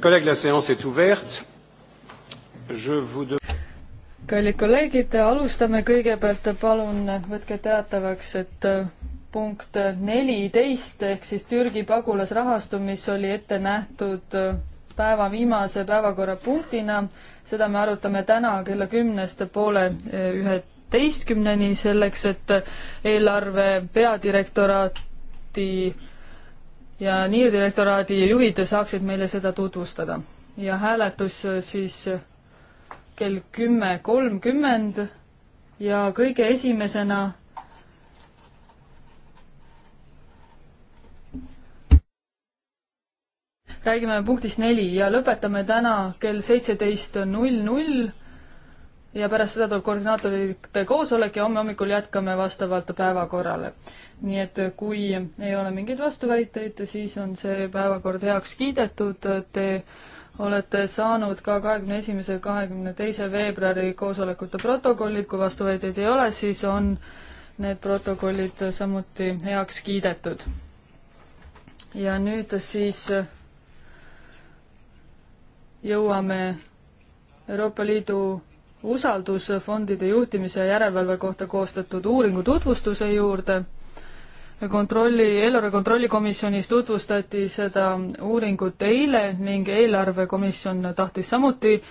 kallid kolleegid, alustame kõigepealt, palun võtke teatavaks, et äh, punkt neliteist ehk siis Türgi pagulasrahastu, mis oli ette nähtud äh, päeva viimase päevakorrapunktina, seda me arutame täna kella kümnest poole äh, üheteistkümneni, selleks et eelarve peadirektoraati ja NIR direktoraadi juhid saaksid meile seda tutvustada. ja hääletus äh, siis äh, kell kümme kolmkümmend ja kõige esimesena räägime punktist neli ja lõpetame täna kell seitseteist null null ja pärast seda tuleb koordinaatorite koosolek ja homme hommikul jätkame vastavalt päevakorrale. nii et kui ei ole mingeid vastuväiteid, siis on see päevakord heaks kiidetud, te olete saanud ka kahekümne esimese, kahekümne teise veebruari koosolekute protokollid, kui vastuväiteid ei ole, siis on need protokollid samuti heaks kiidetud. ja nüüd siis jõuame Euroopa Liidu usaldusfondide juhtimise järelevalve kohta koostatud uuringu tutvustuse juurde. kontrolli, eelarve kontrollikomisjonis tutvustati seda uuringut eile ning eelarvekomisjon tahtis samuti eh,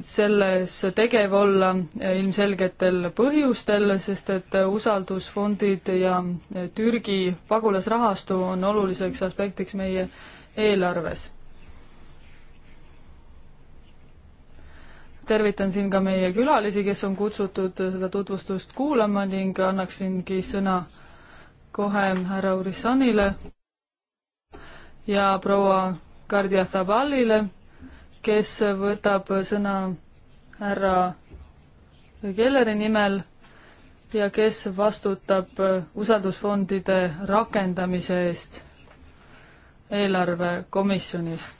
selles tegev olla eh, ilmselgetel põhjustel, sest et usaldusfondid ja eh, Türgi pagulasrahastu on oluliseks aspektiks meie eelarves tervitan siin ka meie külalisi, kes on kutsutud seda tutvustust kuulama ning annaksingi sõna kohe härra Urissanile ja proua Kardia Zabalile, kes võtab sõna härra Kelleri nimel ja kes vastutab usaldusfondide rakendamise eest eelarvekomisjonis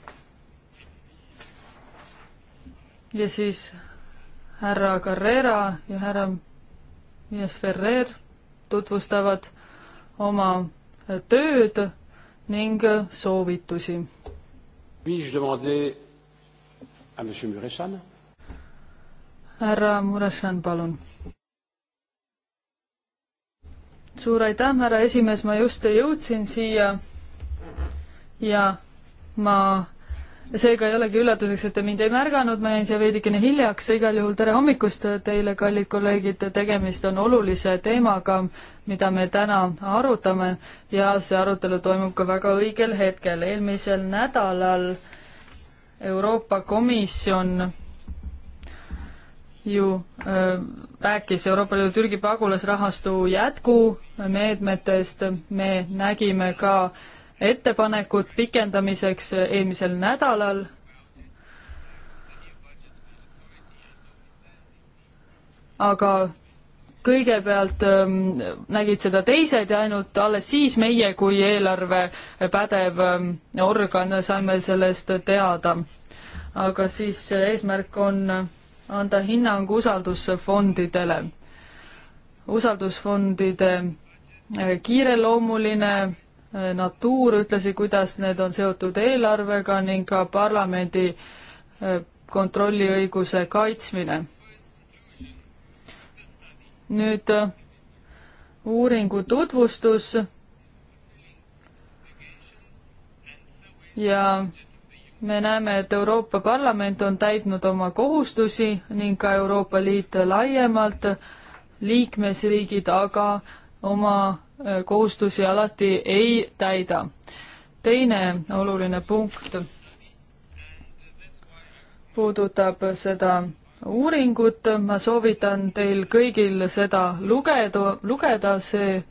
ja siis härra Carrera ja härra Mies Ferrer tutvustavad oma tööd ning soovitusi. härra Muresan, palun. suur aitäh, härra esimees, ma just jõudsin siia ja ma seega ei olegi üllatuseks, et te mind ei märganud, ma jäin siia veidikene hiljaks, igal juhul tere hommikust teile, kallid kolleegid, tegemist on olulise teemaga, mida me täna arutame ja see arutelu toimub ka väga õigel hetkel. eelmisel nädalal Euroopa Komisjon ju äh, rääkis Euroopa Liidu Türgi pagulasrahastu jätkumeetmetest, me nägime ka äh, ettepanekut pikendamiseks eelmisel nädalal. aga kõigepealt ähm, nägid seda teised ja ainult alles siis meie kui eelarve pädev ähm, organ saime sellest teada. aga siis eesmärk on anda hinnang usaldusfondidele. usaldusfondide kiireloomuline Natuur, ühtlasi kuidas need on seotud eelarvega ning ka parlamendi eh, kontrolliõiguse kaitsmine. nüüd eh, uuringu tutvustus ja me näeme, et Euroopa Parlament on täitnud oma kohustusi ning ka Euroopa Liit laiemalt, liikmesriigid aga oma kohustusi alati ei täida. teine oluline punkt puudutab seda uuringut, ma soovitan teil kõigil seda lugeda, lugeda, see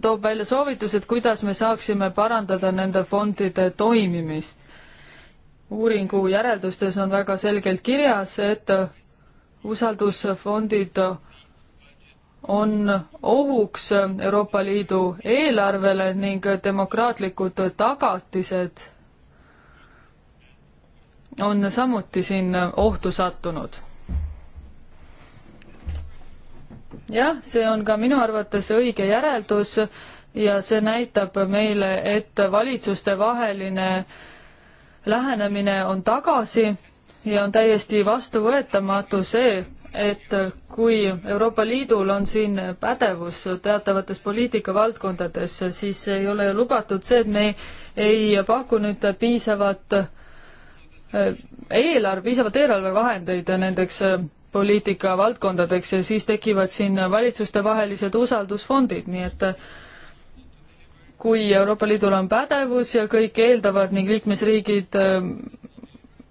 toob välja soovitused, kuidas me saaksime parandada nende fondide toimimist. uuringu järeldustes on väga selgelt kirjas, et usaldusfondid on ohuks Euroopa Liidu eelarvele ning demokraatlikud tagatised on samuti siin ohtu sattunud. jah, see on ka minu arvates õige järeldus ja see näitab meile, et valitsustevaheline lähenemine on tagasi ja on täiesti vastuvõetamatu see, et kui Euroopa Liidul on siin pädevus teatavates poliitikavaldkondades, siis ei ole ju lubatud see, et me ei paku nüüd piisavat eh, eelarve, piisavalt eelarvevahendeid nendeks eh, poliitikavaldkondadeks ja siis tekivad siin valitsustevahelised usaldusfondid, nii et eh, kui Euroopa Liidul on pädevus ja kõik eeldavad ning liikmesriigid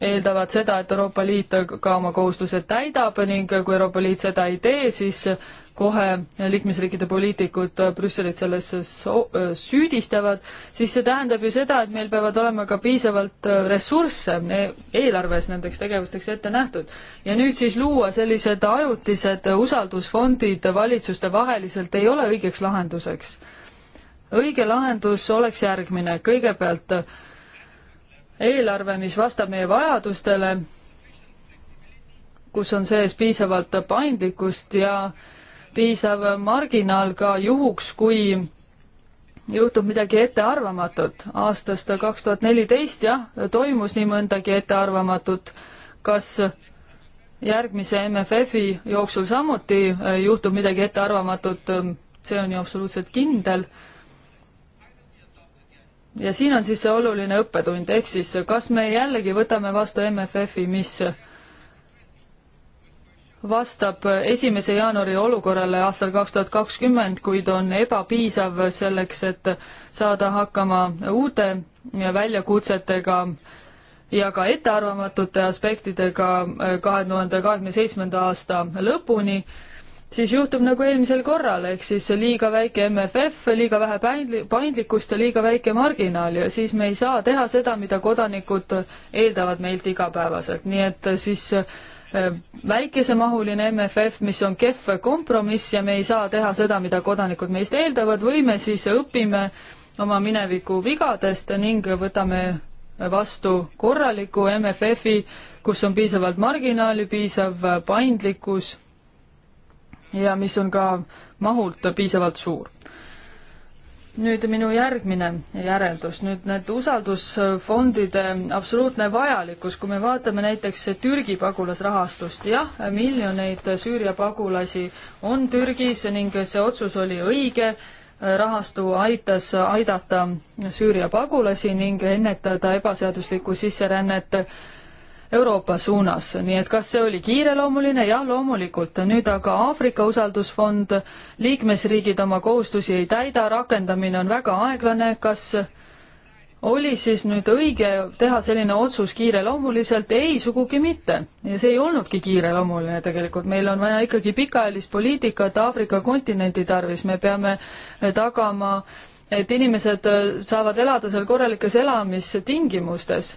eeldavad seda, et Euroopa Liit ka oma kohustused täidab ning kui Euroopa Liit seda ei tee, siis kohe liikmesriikide poliitikud Brüsselit selles süüdistavad, siis see tähendab ju seda, et meil peavad olema ka piisavalt ressursse e-, eelarves nendeks tegevusteks ette nähtud. ja nüüd siis luua sellised ajutised usaldusfondid valitsuste vaheliselt ei ole õigeks lahenduseks. õige lahendus oleks järgmine, kõigepealt eelarve, mis vastab meie vajadustele, kus on sees piisavalt paindlikkust ja piisav marginaal ka juhuks, kui juhtub midagi ettearvamatut. aastast kaks tuhat neliteist jah, toimus nii mõndagi ettearvamatut. kas järgmise MFF-i jooksul samuti eh, juhtub midagi ettearvamatut, see on ju absoluutselt kindel ja siin on siis see oluline õppetund, ehk siis kas me jällegi võtame vastu MFF-i, mis vastab esimese jaanuari olukorrale aastal kaks tuhat kakskümmend, kuid on ebapiisav selleks, et saada hakkama uute väljakutsetega ja ka ettearvamatute aspektidega eh, kahe tuhande kahekümne seitsmenda aasta lõpuni siis juhtub nagu eelmisel korral, ehk siis liiga väike MFF, liiga vähe paindlikkust ja liiga väike marginaal ja siis me ei saa teha seda, mida kodanikud eeldavad meilt igapäevaselt, nii et siis äh, väikesemahuline MFF, mis on kehv kompromiss ja me ei saa teha seda, mida kodanikud meist eeldavad, või me siis õpime oma mineviku vigadest ning võtame vastu korraliku MFF-i, kus on piisavalt marginaali, piisav paindlikkus ja mis on ka mahult piisavalt suur. nüüd minu järgmine järeldus, nüüd need usaldusfondide absoluutne vajalikkus, kui me vaatame näiteks Türgi pagulasrahastust, jah, miljoneid Süüria pagulasi on Türgis ning see otsus oli õige, rahastu aitas aidata Süüria pagulasi ning ennetada ebaseaduslikku sisserännet Euroopa suunas, nii et kas see oli kiireloomuline, jah, loomulikult, nüüd aga Aafrika usaldusfond, liikmesriigid oma kohustusi ei täida, rakendamine on väga aeglane, kas oli siis nüüd õige teha selline otsus kiireloomuliselt, ei, sugugi mitte. ja see ei olnudki kiireloomuline tegelikult, meil on vaja ikkagi pikaajalist poliitikat Aafrika kontinendi tarvis, me peame tagama, et inimesed saavad elada seal korralikes elamistingimustes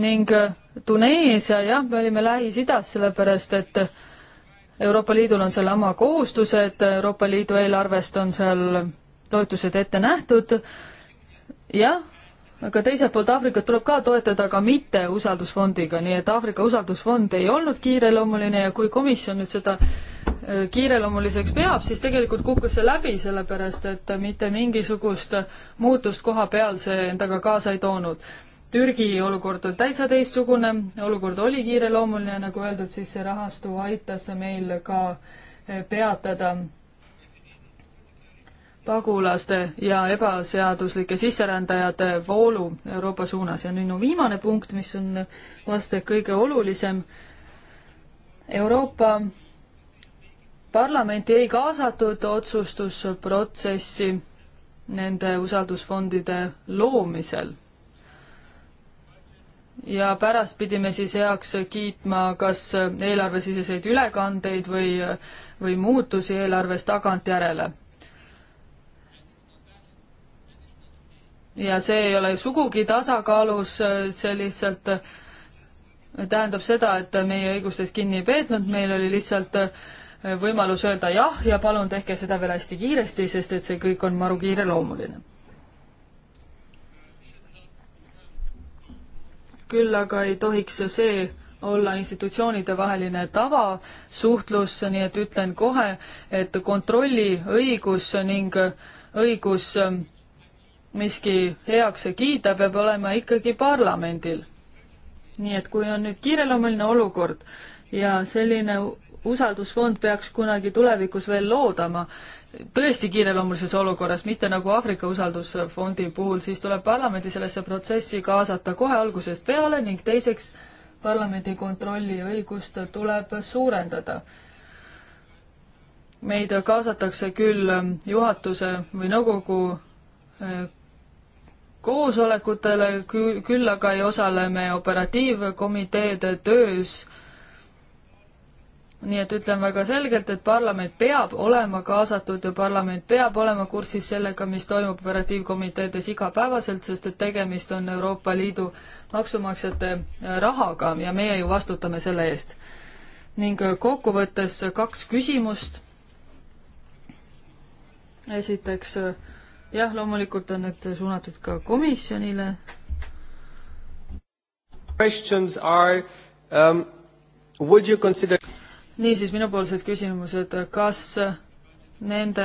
ning äh, Tuneesia, jah, me olime Lähis-Idas, sellepärast et Euroopa Liidul on seal oma kohustused, Euroopa Liidu eelarvest on seal toetused ette nähtud, jah, aga teiselt poolt Aafrikat tuleb ka toetada, aga mitte usaldusfondiga, nii et Aafrika usaldusfond ei olnud kiireloomuline ja kui komisjon nüüd seda äh, kiireloomuliseks peab, siis tegelikult kukkus see läbi, sellepärast et mitte mingisugust muutust koha peal see endaga kaasa ei toonud Türgi olukord on täitsa teistsugune, olukord oli kiireloomuline, nagu öeldud, siis see rahastu aitas meil ka eh, peatada pagulaste ja ebaseaduslike sisserändajate voolu Euroopa suunas ja nüüd no viimane punkt, mis on vast kõige olulisem. Euroopa Parlamenti ei kaasatud otsustusprotsessi nende usaldusfondide loomisel ja pärast pidime siis heaks kiitma kas eelarvesiseseid ülekandeid või, või muutusi eelarves tagantjärele. ja see ei ole sugugi tasakaalus, see lihtsalt tähendab seda, et meie õigustest kinni ei peetnud, meil oli lihtsalt võimalus öelda jah ja palun tehke seda veel hästi kiiresti, sest et see kõik on maru kiireloomuline küll aga ei tohiks see olla institutsioonide vaheline tavasuhtlus, nii et ütlen kohe, et kontrolli õigus ning õigus ähm, miski heaks kiida peab olema ikkagi parlamendil. nii et kui on nüüd kiireloomuline olukord ja selline usaldusfond peaks kunagi tulevikus veel loodama, tõesti kiireloomulises olukorras, mitte nagu Aafrika usaldusfondi puhul, siis tuleb parlamendi sellesse protsessi kaasata kohe algusest peale ning teiseks, parlamendi kontrolli õigust tuleb suurendada. meid kaasatakse küll juhatuse või nõukogu äh, koosolekutele, küll aga ei osale me operatiivkomiteede töös nii et ütlen väga selgelt, et parlament peab olema kaasatud ja parlament peab olema kursis sellega, mis toimub operatiivkomiteedes igapäevaselt, sest et tegemist on Euroopa Liidu maksumaksjate äh, rahaga ja meie ju vastutame selle eest. ning äh, kokkuvõttes äh, kaks küsimust. esiteks, jah, loomulikult on need suunatud ka komisjonile. Questions are um, would you consider niisiis, minupoolsed küsimused, kas nende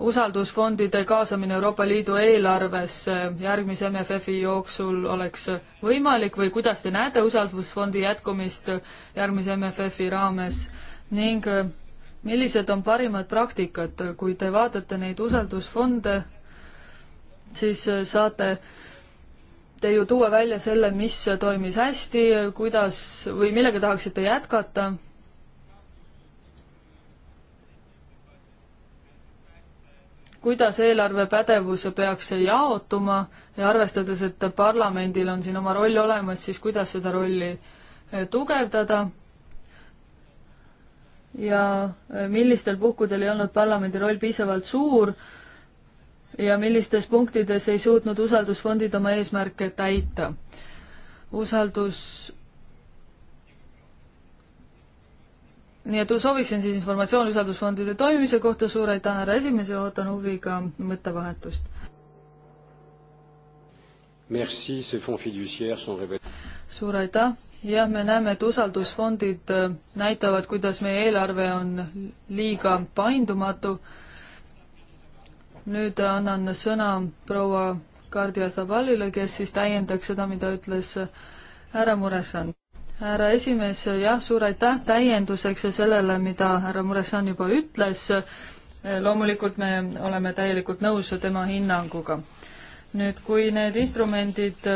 usaldusfondide kaasamine Euroopa Liidu eelarvesse järgmise MFF-i jooksul oleks võimalik või kuidas te näete usaldusfondi jätkumist järgmise MFF-i raames ning millised on parimad praktikad, kui te vaatate neid usaldusfonde, siis saate te ju tuua välja selle, mis toimis hästi, kuidas või millega tahaksite jätkata kuidas eelarvepädevus peaks jaotuma ja arvestades, et parlamendil on siin oma roll olemas, siis kuidas seda rolli eh, tugevdada ja eh, millistel puhkudel ei olnud parlamendi roll piisavalt suur ja millistes punktides ei suutnud usaldusfondid oma eesmärke täita. usaldus nii et sooviksin siis informatsiooni usaldusfondide toimimise kohta, suur aitäh, härra esimees, ja ootan huviga mõttevahetust. suur aitäh, jah, me näeme, et usaldusfondid äh, näitavad, kuidas meie eelarve on liiga paindumatu. nüüd annan sõna proua Kardia Zabalile, kes siis täiendaks seda, mida ütles äh, härra Muresan härra esimees, jah, suur aitäh täienduseks ja sellele, mida härra Muresan juba ütles. loomulikult me oleme täielikult nõus tema hinnanguga. nüüd, kui need instrumendid,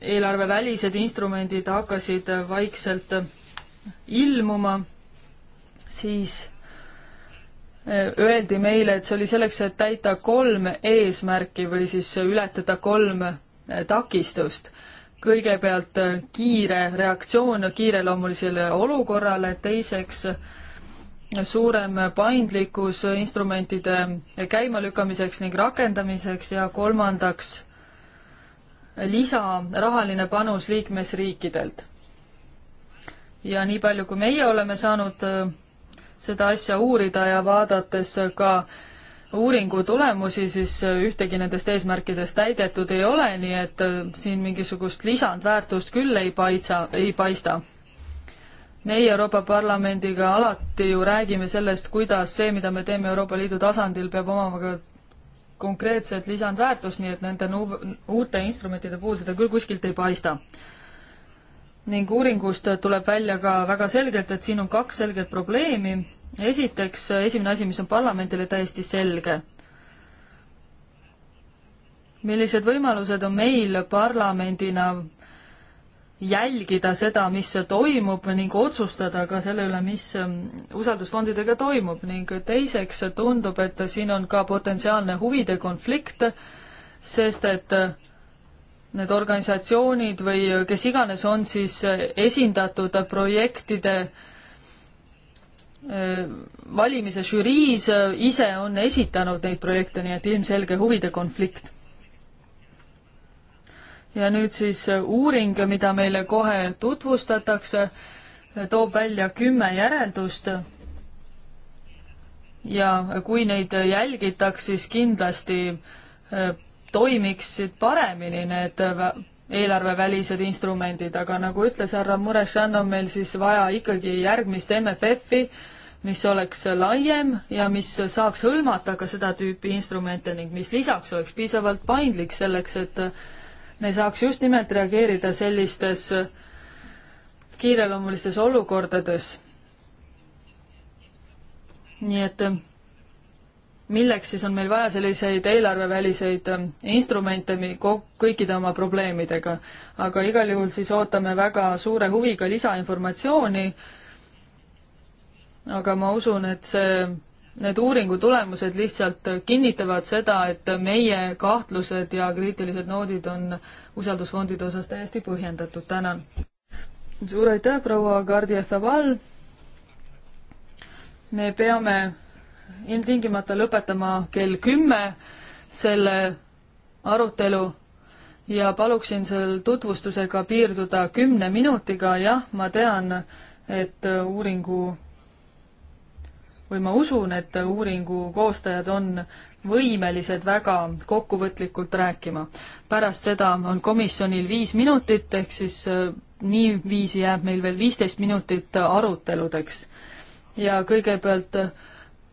eelarvevälised instrumendid hakkasid vaikselt ilmuma, siis eh, öeldi meile, et see oli selleks, et täita kolm eesmärki või siis ületada kolm eh, takistust kõigepealt äh, kiire reaktsioon kiireloomulisele olukorrale, teiseks suurem paindlikkus instrumentide käimalükkamiseks ning rakendamiseks ja kolmandaks lisarahaline panus liikmesriikidelt. ja nii palju, kui meie oleme saanud äh, seda asja uurida ja vaadates ka äh, uuringu tulemusi, siis äh, ühtegi nendest eesmärkidest täidetud ei ole, nii et äh, siin mingisugust lisandväärtust küll ei paisa, ei paista. meie Euroopa Parlamendiga alati ju räägime sellest, kuidas see, mida me teeme Euroopa Liidu tasandil, peab omama ka konkreetset lisandväärtust, nii et nende uute instrumentide puhul seda küll kuskilt ei paista. ning uuringust tuleb välja ka väga selgelt, et siin on kaks selget probleemi esiteks, esimene asi, mis on parlamendile täiesti selge. millised võimalused on meil parlamendina jälgida seda, mis toimub ning otsustada ka selle üle, mis ähm, usaldusfondidega toimub ning teiseks tundub, et siin on ka potentsiaalne huvide konflikt, sest et äh, need organisatsioonid või kes iganes on siis äh, esindatud projektide äh, valimise žüriis äh, ise on esitanud neid projekte, nii et ilmselge huvide konflikt. ja nüüd siis äh, uuring, mida meile kohe tutvustatakse, äh, toob välja kümme järeldust. ja kui neid jälgitaks, siis kindlasti toimiksid paremini need eelarvevälised instrumendid, aga nagu ütles härra Murešan, on meil siis vaja ikkagi järgmist MFF-i, mis oleks laiem ja mis saaks hõlmata ka seda tüüpi instrumente ning mis lisaks oleks piisavalt paindlik selleks, et me saaks just nimelt reageerida sellistes kiireloomulistes olukordades. nii et milleks siis on meil vaja selliseid eelarveväliseid ähm, instrumente kõikide oma probleemidega. aga igal juhul siis ootame väga suure huviga lisainformatsiooni, aga ma usun, et see, need uuringu tulemused lihtsalt kinnitavad seda, et meie kahtlused ja kriitilised noodid on usaldusfondide osas täiesti põhjendatud, tänan. suur aitäh, proua Gardia Zaval! me peame ilmtingimata lõpetama kell kümme selle arutelu ja paluksin seal tutvustusega piirduda kümne minutiga, jah, ma tean, et uuringu või ma usun, et uuringu koostajad on võimelised väga kokkuvõtlikult rääkima. pärast seda on komisjonil viis minutit, ehk siis äh, niiviisi jääb meil veel viisteist minutit aruteludeks. ja kõigepealt äh,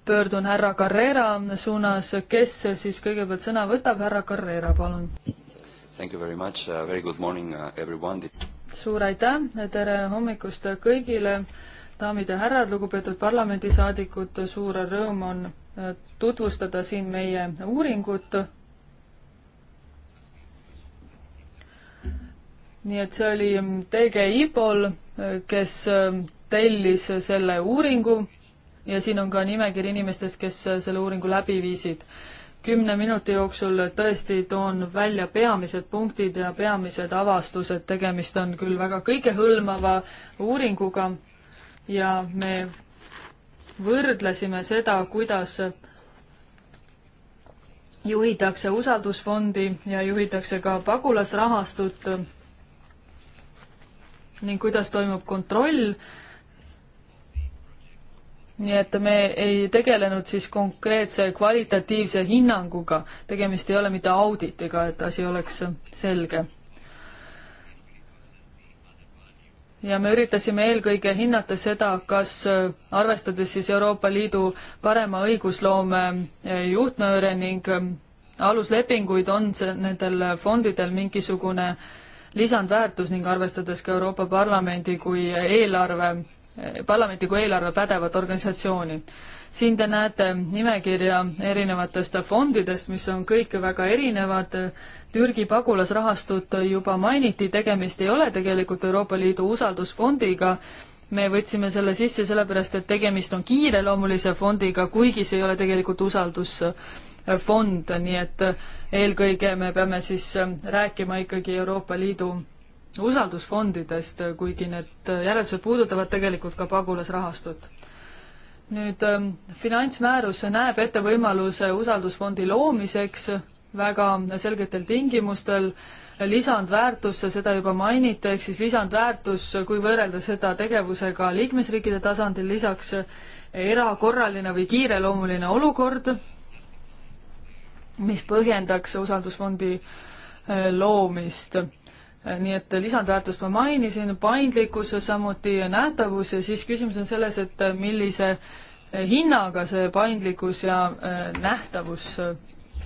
pöördun härra Carrera suunas, kes siis kõigepealt sõna võtab, härra Carrera, palun. Thank you very much uh,, very good morning uh, everyone. suur aitäh, tere hommikust kõigile, daamid ja härrad, lugupeetud parlamendisaadikud, suur rõõm on uh, tutvustada siin meie uuringut. nii et see oli um, TG IPOL, uh, kes um, tellis selle uuringu ja siin on ka nimekiri inimestest, kes selle uuringu läbi viisid. kümne minuti jooksul tõesti toon välja peamised punktid ja peamised avastused, tegemist on küll väga kõigehõlmava uuringuga ja me võrdlesime seda, kuidas juhitakse usaldusfondi ja juhitakse ka pagulasrahastut ning kuidas toimub kontroll nii et me ei tegelenud siis konkreetse kvalitatiivse hinnanguga, tegemist ei ole mitte auditiga, et asi oleks selge. ja me üritasime eelkõige hinnata seda, kas arvestades siis Euroopa Liidu parema õigusloome juhtnööre ning aluslepinguid, on see nendel fondidel mingisugune lisandväärtus ning arvestades ka Euroopa Parlamendi kui eelarve parlamenti kui eelarve pädevat organisatsiooni. siin te näete nimekirja erinevatest fondidest, mis on kõik väga erinevad, Türgi pagulasrahastut juba mainiti, tegemist ei ole tegelikult Euroopa Liidu usaldusfondiga, me võtsime selle sisse sellepärast, et tegemist on kiireloomulise fondiga, kuigi see ei ole tegelikult usaldusfond, nii et eelkõige me peame siis rääkima ikkagi Euroopa Liidu usaldusfondidest, kuigi need järeldused puudutavad tegelikult ka pagulasrahastut. nüüd ähm, finantsmäärus näeb ette võimaluse usaldusfondi loomiseks väga selgetel tingimustel, lisandväärtus, seda juba mainiti, ehk siis lisandväärtus, kui võrrelda seda tegevusega liikmesriikide tasandil, lisaks erakorraline või kiireloomuline olukord, mis põhjendaks usaldusfondi äh, loomist nii et lisandväärtust ma mainisin, paindlikkus, samuti nähtavus ja siis küsimus on selles, et millise hinnaga see paindlikkus ja äh, nähtavus äh,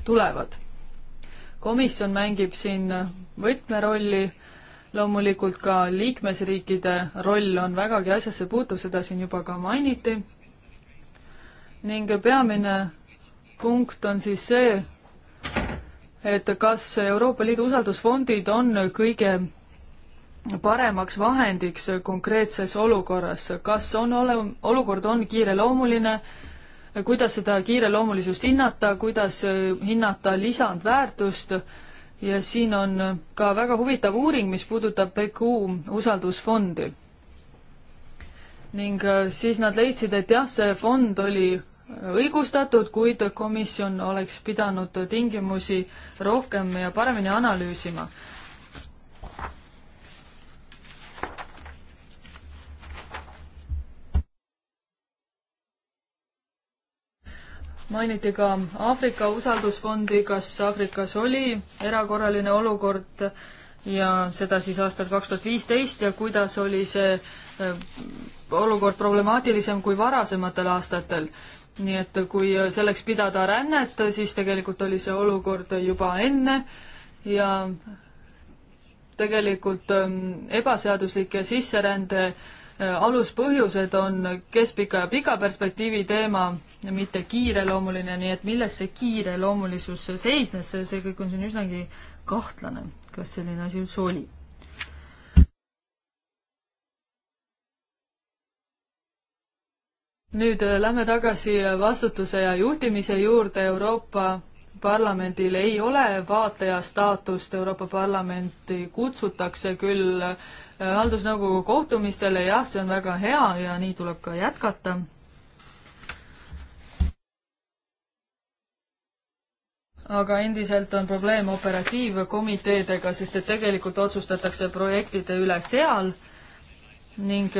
tulevad. komisjon mängib siin võtmerolli, loomulikult ka liikmesriikide roll on vägagi asjasse puutuv, seda siin juba ka mainiti, ning peamine punkt on siis see, et kas Euroopa Liidu usaldusfondid on kõige paremaks vahendiks konkreetses olukorras, kas on ole-, olukord on kiireloomuline, kuidas seda kiireloomulisust hinnata, kuidas hinnata lisandväärtust ja siin on ka väga huvitav uuring, mis puudutab BQ usaldusfondi. ning siis nad leidsid, et jah, see fond oli õigustatud, kuid komisjon oleks pidanud tingimusi rohkem ja paremini analüüsima. mainiti ka Aafrika usaldusfondi, kas Aafrikas oli erakorraline olukord ja seda siis aastal kaks tuhat viisteist ja kuidas oli see eh, olukord problemaatilisem kui varasematel aastatel nii et kui selleks pidada rännet, siis tegelikult oli see olukord juba enne ja tegelikult ähm, ebaseaduslike sisserände äh, aluspõhjused on keskpika ja pika perspektiivi teema, mitte kiireloomuline, nii et milles see kiireloomulisus seisnes, see kõik on siin üsnagi kahtlane, kas selline asi üldse oli nüüd äh, lähme tagasi äh, vastutuse ja juhtimise juurde. Euroopa Parlamendil ei ole vaatleja staatust, Euroopa Parlamenti kutsutakse küll äh, haldusnõukogu kohtumistele, jah, see on väga hea ja nii tuleb ka jätkata. aga endiselt on probleem operatiivkomiteedega, sest et tegelikult otsustatakse projektide üle seal ning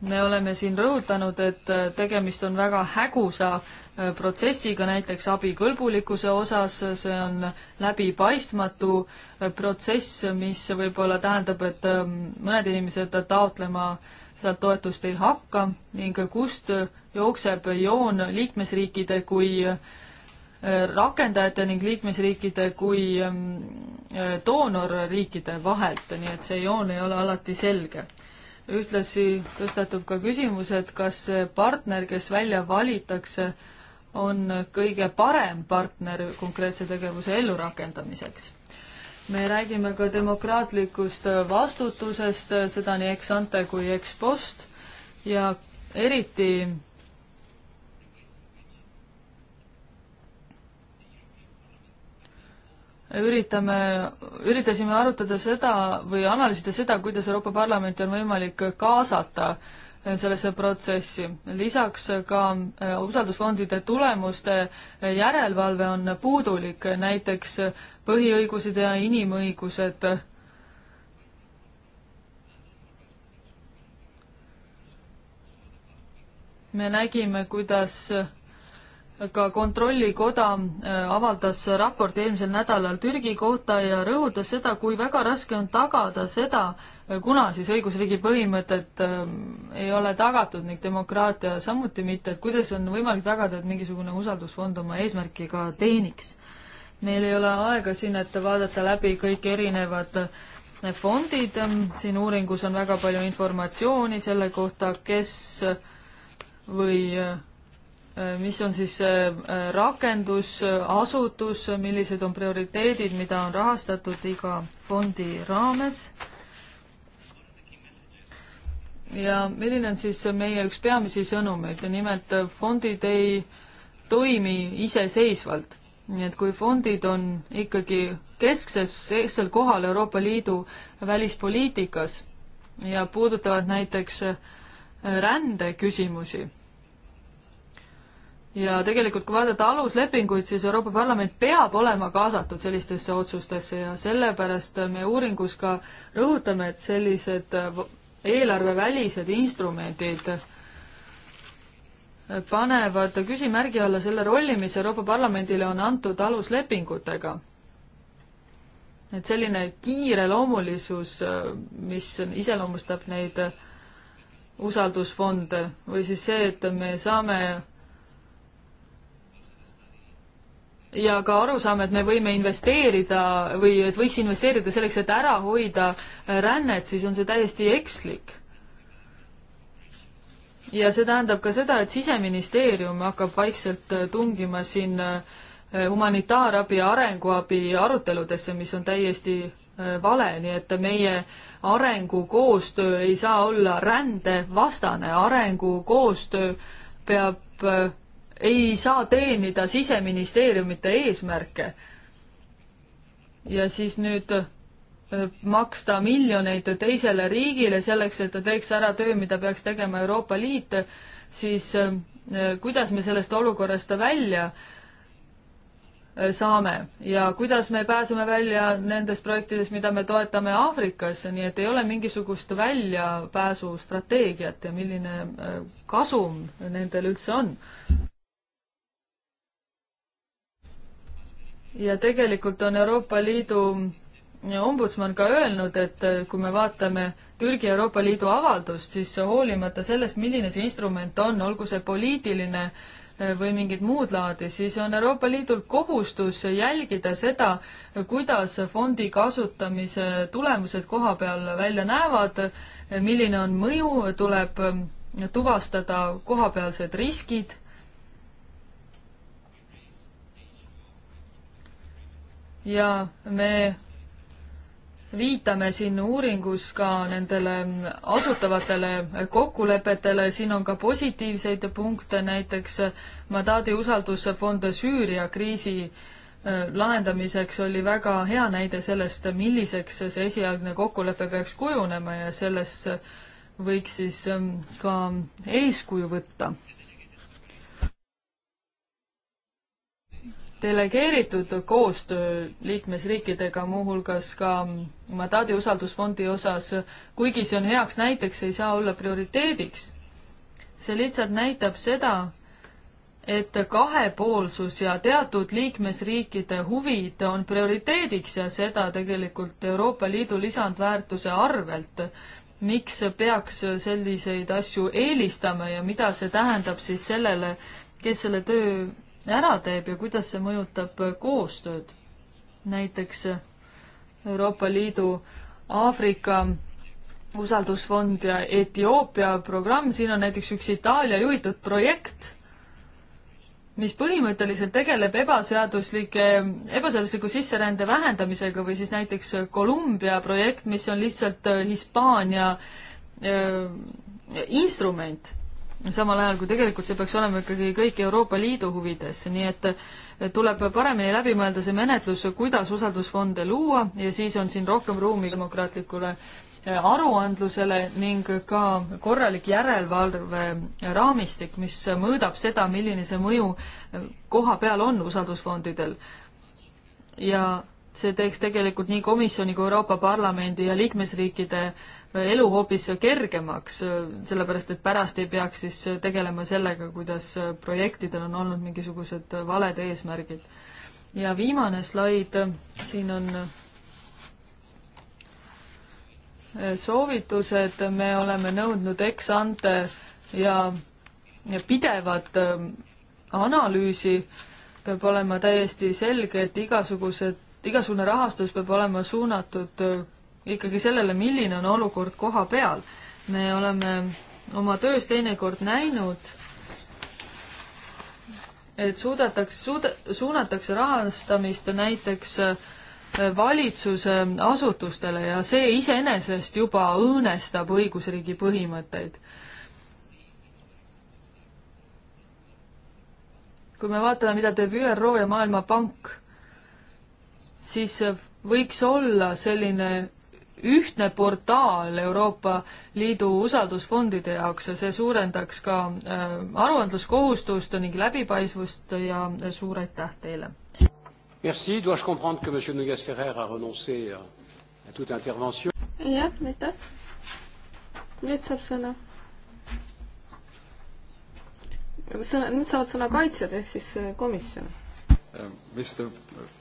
me oleme siin rõhutanud, et äh, tegemist on väga hägusa äh, protsessiga, näiteks abikõlbulikkuse osas, see on läbipaistmatu äh, protsess, mis võib-olla tähendab, et mõned inimesed taotlema sealt toetust ei hakka ning kust jookseb joon liikmesriikide kui rakendajate ning liikmesriikide kui ähm, doonorriikide vahelt, nii et see joon ei ole alati selge ühtlasi tõstatub ka küsimus, et kas see partner, kes välja valitakse, on kõige parem partner konkreetse tegevuse ellurakendamiseks. me räägime ka demokraatlikust vastutusest, seda nii ex ante kui ex post ja eriti üritame, üritasime arutada seda või analüüsida seda, kuidas Euroopa Parlamenti on võimalik kaasata sellesse protsessi. lisaks ka äh, usaldusfondide tulemuste järelevalve on puudulik, näiteks põhiõigused ja inimõigused me nägime, kuidas ka Kontrollikoda äh, avaldas raporti eelmisel nädalal Türgi kohta ja rõhutas seda, kui väga raske on tagada seda, äh, kuna siis õigusriigi põhimõtet äh, ei ole tagatud ning demokraatia samuti mitte, et kuidas on võimalik tagada, et mingisugune usaldusfond oma eesmärki ka teeniks. meil ei ole aega siin, et vaadata läbi kõik erinevad äh, fondid, siin uuringus on väga palju informatsiooni selle kohta, kes või äh, Äh, mis on siis äh, äh, rakendusasutus, millised on prioriteedid, mida on rahastatud iga fondi raames. ja milline on siis meie üks peamisi sõnumeid, nimelt fondid ei toimi iseseisvalt. nii et kui fondid on ikkagi keskses, kesksel kohal Euroopa Liidu välispoliitikas ja puudutavad näiteks rändeküsimusi ja tegelikult, kui vaadata aluslepinguid, siis Euroopa Parlament peab olema kaasatud sellistesse otsustesse ja sellepärast me uuringus ka rõhutame, et sellised äh, eelarvevälised instrumendid äh, panevad küsimärgi alla selle rolli, mis Euroopa Parlamendile on antud aluslepingutega. et selline kiireloomulisus, äh, mis iseloomustab neid usaldusfonde või siis see, et me saame ja ka arusaam, et me võime investeerida või et võiks investeerida selleks, et ära hoida äh, rännet, siis on see täiesti ekslik. ja see tähendab ka seda, et Siseministeerium hakkab vaikselt äh, tungima siin äh, humanitaarabi ja arenguabi aruteludesse, mis on täiesti vale, nii et meie arengukoostöö ei saa olla rändevastane, arengukoostöö peab ei saa teenida siseministeeriumite eesmärke. ja siis nüüd äh, maksta miljoneid teisele riigile selleks, et ta teeks ära töö, mida peaks tegema Euroopa Liit, siis äh, kuidas me sellest olukorrast välja äh, saame ja kuidas me pääseme välja nendest projektidest, mida me toetame Aafrikas, nii et ei ole mingisugust väljapääsustrateegiat ja milline kasum nendel üldse on? ja tegelikult on Euroopa Liidu ombudsman ka öelnud, et äh, kui me vaatame Türgi Euroopa Liidu avaldust, siis hoolimata sellest, milline see instrument on, olgu see poliitiline äh, või mingit muud laadi, siis on Euroopa Liidul kohustus jälgida seda, kuidas fondi kasutamise tulemused koha peal välja näevad, milline on mõju, tuleb äh, tuvastada kohapealsed riskid ja me viitame siin uuringus ka nendele asutavatele kokkulepetele, siin on ka positiivseid punkte, näiteks Madadi usaldusfond Süüria kriisi äh, lahendamiseks oli väga hea näide sellest, milliseks see esialgne kokkulepe peaks kujunema ja selles võiks siis ähm, ka eeskuju võtta delegeeritud koostöö liikmesriikidega, muuhulgas ka mandaadi usaldusfondi osas, kuigi see on heaks näiteks, ei saa olla prioriteediks. see lihtsalt näitab seda, et kahepoolsus ja teatud liikmesriikide huvid on prioriteediks ja seda tegelikult Euroopa Liidu lisandväärtuse arvelt. miks peaks selliseid asju eelistama ja mida see tähendab siis sellele, kes selle töö ära teeb ja kuidas see mõjutab koostööd. näiteks Euroopa Liidu Aafrika usaldusfond ja Etioopia programm, siin on näiteks üks Itaalia juhitud projekt, mis põhimõtteliselt tegeleb ebaseaduslike, ebaseadusliku sisserände vähendamisega või siis näiteks Kolumbia projekt, mis on lihtsalt Hispaania äh, instrument samal ajal kui tegelikult see peaks olema ikkagi kõik Euroopa Liidu huvides, nii et tuleb paremini läbi mõelda see menetlus, kuidas usaldusfonde luua ja siis on siin rohkem ruumi demokraatlikule eh, aruandlusele ning ka korralik järelevalve eh, raamistik, mis mõõdab seda, milline see mõju eh, koha peal on usaldusfondidel. ja see teeks tegelikult nii komisjoni kui Euroopa Parlamendi ja liikmesriikide äh, elu hoopis kergemaks, sellepärast et pärast ei peaks siis tegelema sellega, kuidas projektidel on olnud mingisugused valed eesmärgid. ja viimane slaid, siin on äh, soovitused, me oleme nõudnud ex-ante ja, ja pidevat äh, analüüsi, peab olema täiesti selge, et igasugused, igasugune rahastus peab olema suunatud äh, ikkagi sellele, milline on olukord koha peal. me oleme oma töös teinekord näinud, et suudetakse, suuda-, suunatakse rahastamist näiteks eh, valitsuse asutustele ja see iseenesest juba õõnestab õigusriigi põhimõtteid kui me vaatame, mida teeb ÜRO ja Maailmapank, siis eh, võiks olla selline ühtne portaal Euroopa Liidu usaldusfondide jaoks ja see suurendaks ka äh, aruandluskohustust ning läbipaistvust ja äh, suur aitäh teile! Merci, dois-je comprendre que monsieur Nogas Ferrer a renoncé euh, à toute intervention? jah, aitäh. nüüd saab sõna. sõna, nüüd saavad sõna kaitsjad ehk siis äh, komisjon. Mr um,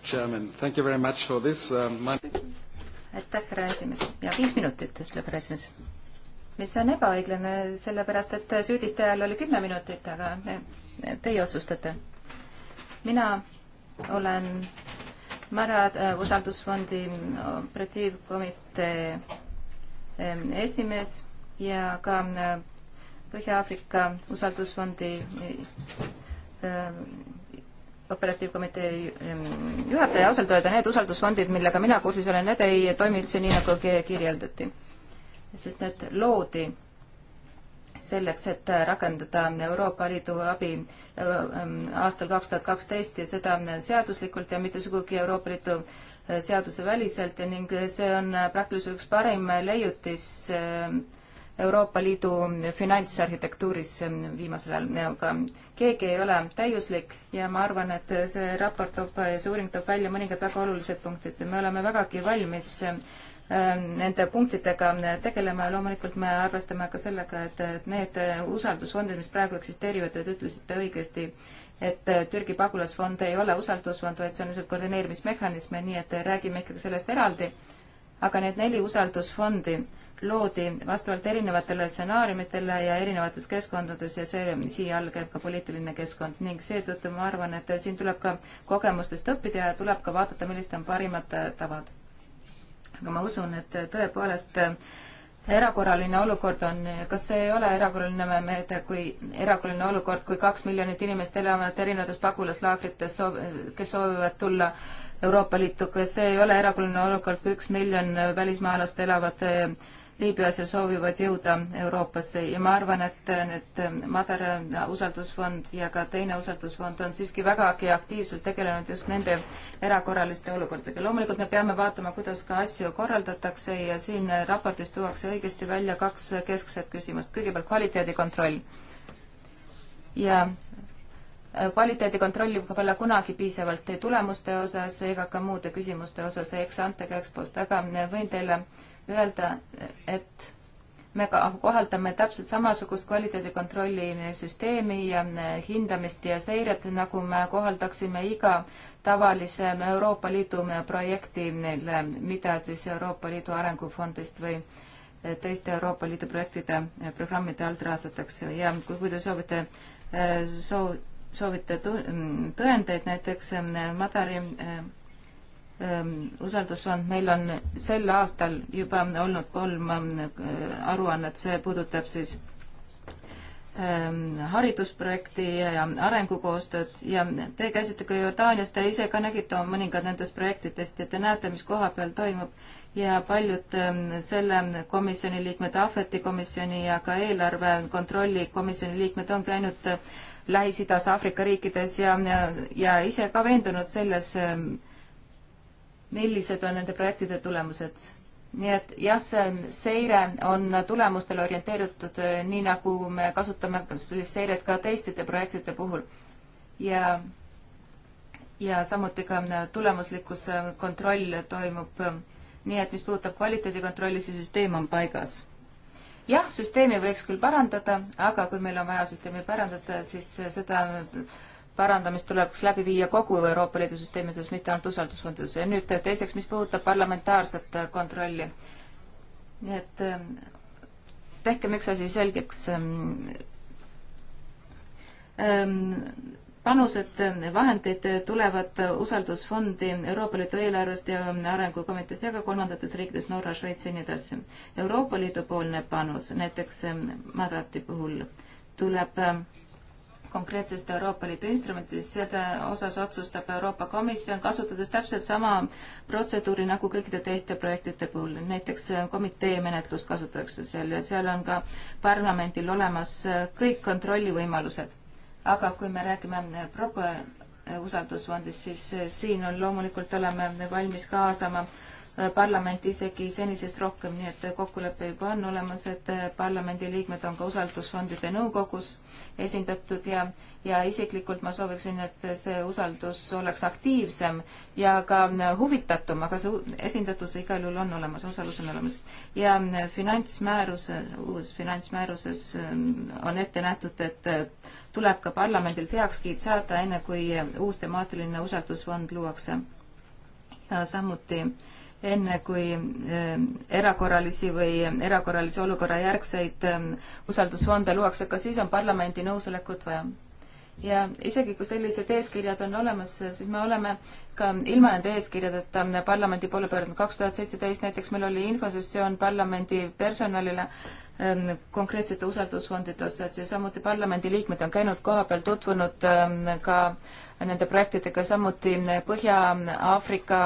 Chairman, thank you very much for this uh,. My aitäh, härra esimees. ja viis minutit, ütleb härra esimees. mis on ebaõiglane, sellepärast et süüdistajal oli kümme minutit, aga teie otsustate. mina olen Mara äh, usaldusfondi operatiivkomitee ähm, esimees ja ka äh, Põhja-Aafrika usaldusfondi äh, operatiivkomitee ehm, juhataja, ausalt öelda need usaldusfondid, millega mina kursis olen, need ei toimi üldse nii, nagu kirjeldati. sest need loodi selleks, et rakendada Euroopa Liidu abi ehm, aastal kaks tuhat kaksteist ja seda seaduslikult ja mitte sugugi Euroopa Liidu eh, seaduse väliselt ja ning see on praktiliselt üks parim leiutis ehm, Euroopa Liidu finantsarhitektuuris viimasel ajal, aga keegi ei ole täiuslik ja ma arvan, et see raport toob, see uuring toob välja mõningad väga olulised punktid. me oleme vägagi valmis ähm, nende punktidega tegelema ja loomulikult me arvestame ka sellega, et need usaldusfondid, mis praegu eksisteerivad, te ütlesite õigesti, et Türgi pagulasfond ei ole usaldusfond, vaid see on lihtsalt koordineerimismehhanism ja nii, et räägime ikkagi sellest eraldi. aga need neli usaldusfondi, loodi vastavalt erinevatele stsenaariumitele ja erinevates keskkondades ja see, siia all käib ka poliitiline keskkond ning seetõttu ma arvan, et siin tuleb ka kogemustest õppida ja tuleb ka vaadata, millised on parimad tavad. aga ma usun, et tõepoolest äh, erakorraline olukord on, kas see ei ole erakorraline meede, kui erakorraline olukord, kui kaks miljonit inimest elavad erinevates pagulaslaagrites, kes soovivad tulla Euroopa Liitu, kas see ei ole erakorraline olukord, kui üks miljon välismaalast elavad äh, Liibüas ja soovivad jõuda Euroopasse ja ma arvan, et need Madar usaldusfond ja ka teine usaldusfond on siiski vägagi aktiivselt tegelenud just nende erakorraliste olukordadega. loomulikult me peame vaatama, kuidas ka asju korraldatakse ja siin raportis tuuakse õigesti välja kaks keskset küsimust. kõigepealt kvaliteedikontroll ja kvaliteedikontrolli pole kunagi piisavalt ei tulemuste osas ega ka muude küsimuste osas, eks ante ka EXPO-st, aga võin teile äh, öelda, et me ka kohaldame täpselt samasugust kvaliteedikontrolli süsteemi ja eh, hindamist ja seiret, nagu me kohaldaksime iga tavalise Euroopa Liidu eh, projektile, mida siis Euroopa Liidu Arengufondist või eh, teiste Euroopa Liidu projektide, programmide alt rahastatakse ja kui, kui te soovite, soov, soovite mm, tõendeid näiteks Madari Ehm, usaldusfond, meil on sel aastal juba olnud kolm ehm, aruannet, see puudutab siis ehm, haridusprojekti ja arengukoostööd ja te käisite ka Jordaanias, te ise ka nägite mõningad nendest projektidest ja te näete, mis koha peal toimub ja paljud selle komisjoni liikmed, Ahveti komisjoni ja ka eelarve kontrolli komisjoni liikmed on käinud Lähis-Idas, Aafrika riikides ja, ja, ja ise ka veendunud selles, millised on nende projektide tulemused. nii et jah, see seire on tulemustele orienteeritud, eh, nii nagu me kasutame sellist seiret ka teistide projektide puhul. ja, ja samuti ka eh, tulemuslikkuse eh, kontroll toimub nii, et mis puudutab kvaliteedikontrolli, see süsteem on paigas jah, süsteemi võiks küll parandada, aga kui meil on vaja süsteemi parandada, siis seda parandamist tuleks läbi viia kogu Euroopa Liidu süsteemides, mitte ainult usaldusfondis. ja nüüd teiseks, mis puudutab parlamentaarset äh, kontrolli. nii et ähm, tehkem üks asi selgeks. Ähm, ähm, panused, vahendid äh, tulevad äh, usaldusfondi Euroopa Liidu eelarvest ja Arengukomiteest ja ka kolmandatest riikidest, Norra, Šveits ja nii edasi. Euroopa Liidu poolne panus, näiteks mandaati puhul, tuleb konkreetsest Euroopa Liidu instrumentist, selle osas otsustab Euroopa Komisjon, kasutades täpselt sama protseduuri nagu kõikide teiste projektide puhul. näiteks komitee menetlust kasutatakse seal ja seal on ka parlamendil olemas kõik kontrollivõimalused. aga kui me räägime propo- usaldusfondist, siis eh, siin on loomulikult, oleme valmis kaasama äh, parlament isegi senisest rohkem, nii et kokkulepe juba on olemas, et parlamendiliikmed on ka usaldusfondide nõukogus esindatud ja, ja isiklikult ma sooviksin, et see usaldus oleks aktiivsem ja ka huvitatum, aga see esindatus igal juhul on olemas, osalus on olemas. ja finantsmääruse, uus finantsmääruses ähm, on ette nähtud, et äh, tuleb ka parlamendilt heakskiit saada, enne kui uus temaatiline usaldusfond luuakse. ja samuti äh, enne kui ehm, erakorralisi või erakorralise olukorra järgseid ehm, usaldusfonde luuakse, ka siis on parlamendi nõusolekut vaja. ja isegi, kui sellised eeskirjad on olemas, siis me oleme ka ilma nende eeskirjadeta parlamendi poole pöördunud. kaks tuhat seitseteist näiteks meil oli infosessioon parlamendi personalile ehm, konkreetsete usaldusfondide osas ja samuti parlamendiliikmed on käinud kohapeal, tutvunud ka äh, nende projektidega, samuti Põhja-Aafrika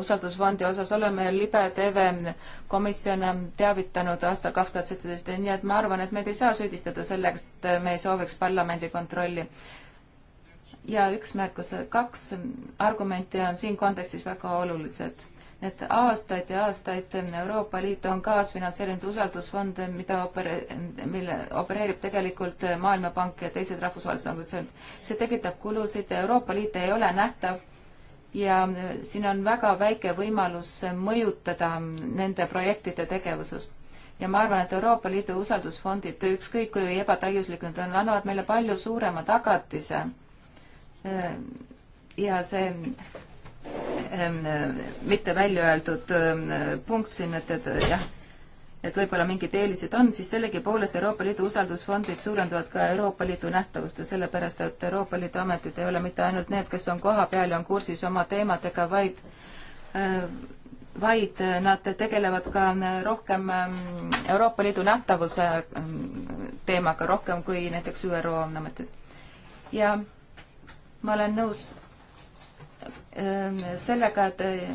usaldusfondi osas oleme libe TV komisjone teavitanud aastal kaks tuhat seitseteist, nii et ma arvan, et meid ei saa süüdistada selleks, et me ei sooviks parlamendi kontrolli. ja üks märkus, kaks argumenti on siin kontekstis väga olulised et aastaid ja aastaid Euroopa Liit on kaasfinantseerinud usaldusfonde, mida opere-, mille opereerib tegelikult Maailmapank ja teised rahvusvahelised organisatsioonid. see tekitab kulusid, Euroopa Liit ei ole nähtav ja siin on väga väike võimalus mõjutada nende projektide tegevusust. ja ma arvan, et Euroopa Liidu usaldusfondid, ükskõik kui ebatäiuslikud nad on, annavad meile palju suurema tagatise ja see Ähm, äh, mitte välja öeldud ähm, äh, punkt siin, et, et äh, jah, et võib-olla mingid eelised on, siis sellegipoolest Euroopa Liidu usaldusfondid suurendavad ka Euroopa Liidu nähtavust ja sellepärast, et Euroopa Liidu ametid ei ole mitte ainult need, kes on kohapeal ja on kursis oma teemadega, vaid vaid nad tegelevad ka rohkem ähm, Euroopa Liidu nähtavuse teemaga, rohkem kui näiteks ÜRO ametid. ja ma olen nõus Ehm, sellega, et eh,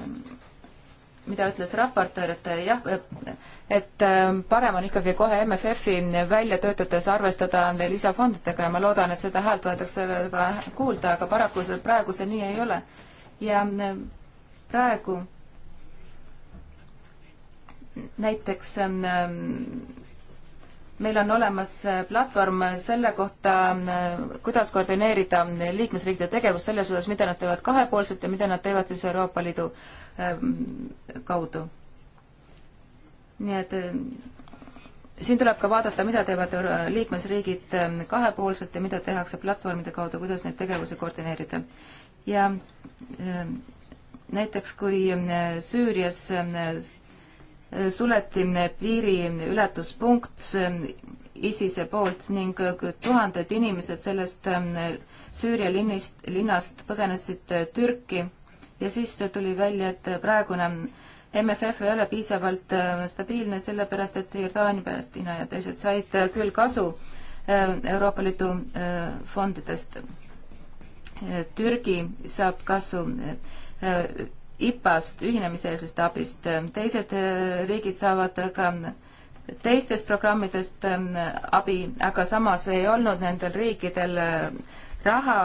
mida ütles raportöör, et eh, jah, et ehm, parem on ikkagi kohe MFF-i välja töötades arvestada lisafondidega ja ma loodan, et seda häält võetakse ka kuulda, aga paraku see praegu see nii ei ole. ja ehm, praegu näiteks meil on olemas äh, platvorm selle kohta, äh, kuidas koordineerida äh, liikmesriikide tegevust selles osas, mida nad teevad kahepoolselt ja mida nad teevad siis Euroopa Liidu ähm, kaudu. nii et siin tuleb ka vaadata, mida teevad liikmesriigid ähm, kahepoolselt ja mida tehakse platvormide kaudu, kuidas neid tegevusi koordineerida. ja ähm, näiteks kui Süürias suleti piiriületuspunkt ISISe poolt ning tuhanded inimesed sellest ähm, Süüria linnist, linnast põgenesid äh, Türki ja siis tuli välja, et praegune MFF ei ole piisavalt äh, stabiilne, sellepärast et Jordaania, Palestiina ja teised said äh, küll kasu Euroopa Liidu fondidest. Türgi saab kasu IPA-st, ühinemiseelsest abist, teised äh, riigid saavad ka teistest programmidest ähm, abi, aga samas ei olnud nendel riikidel äh, raha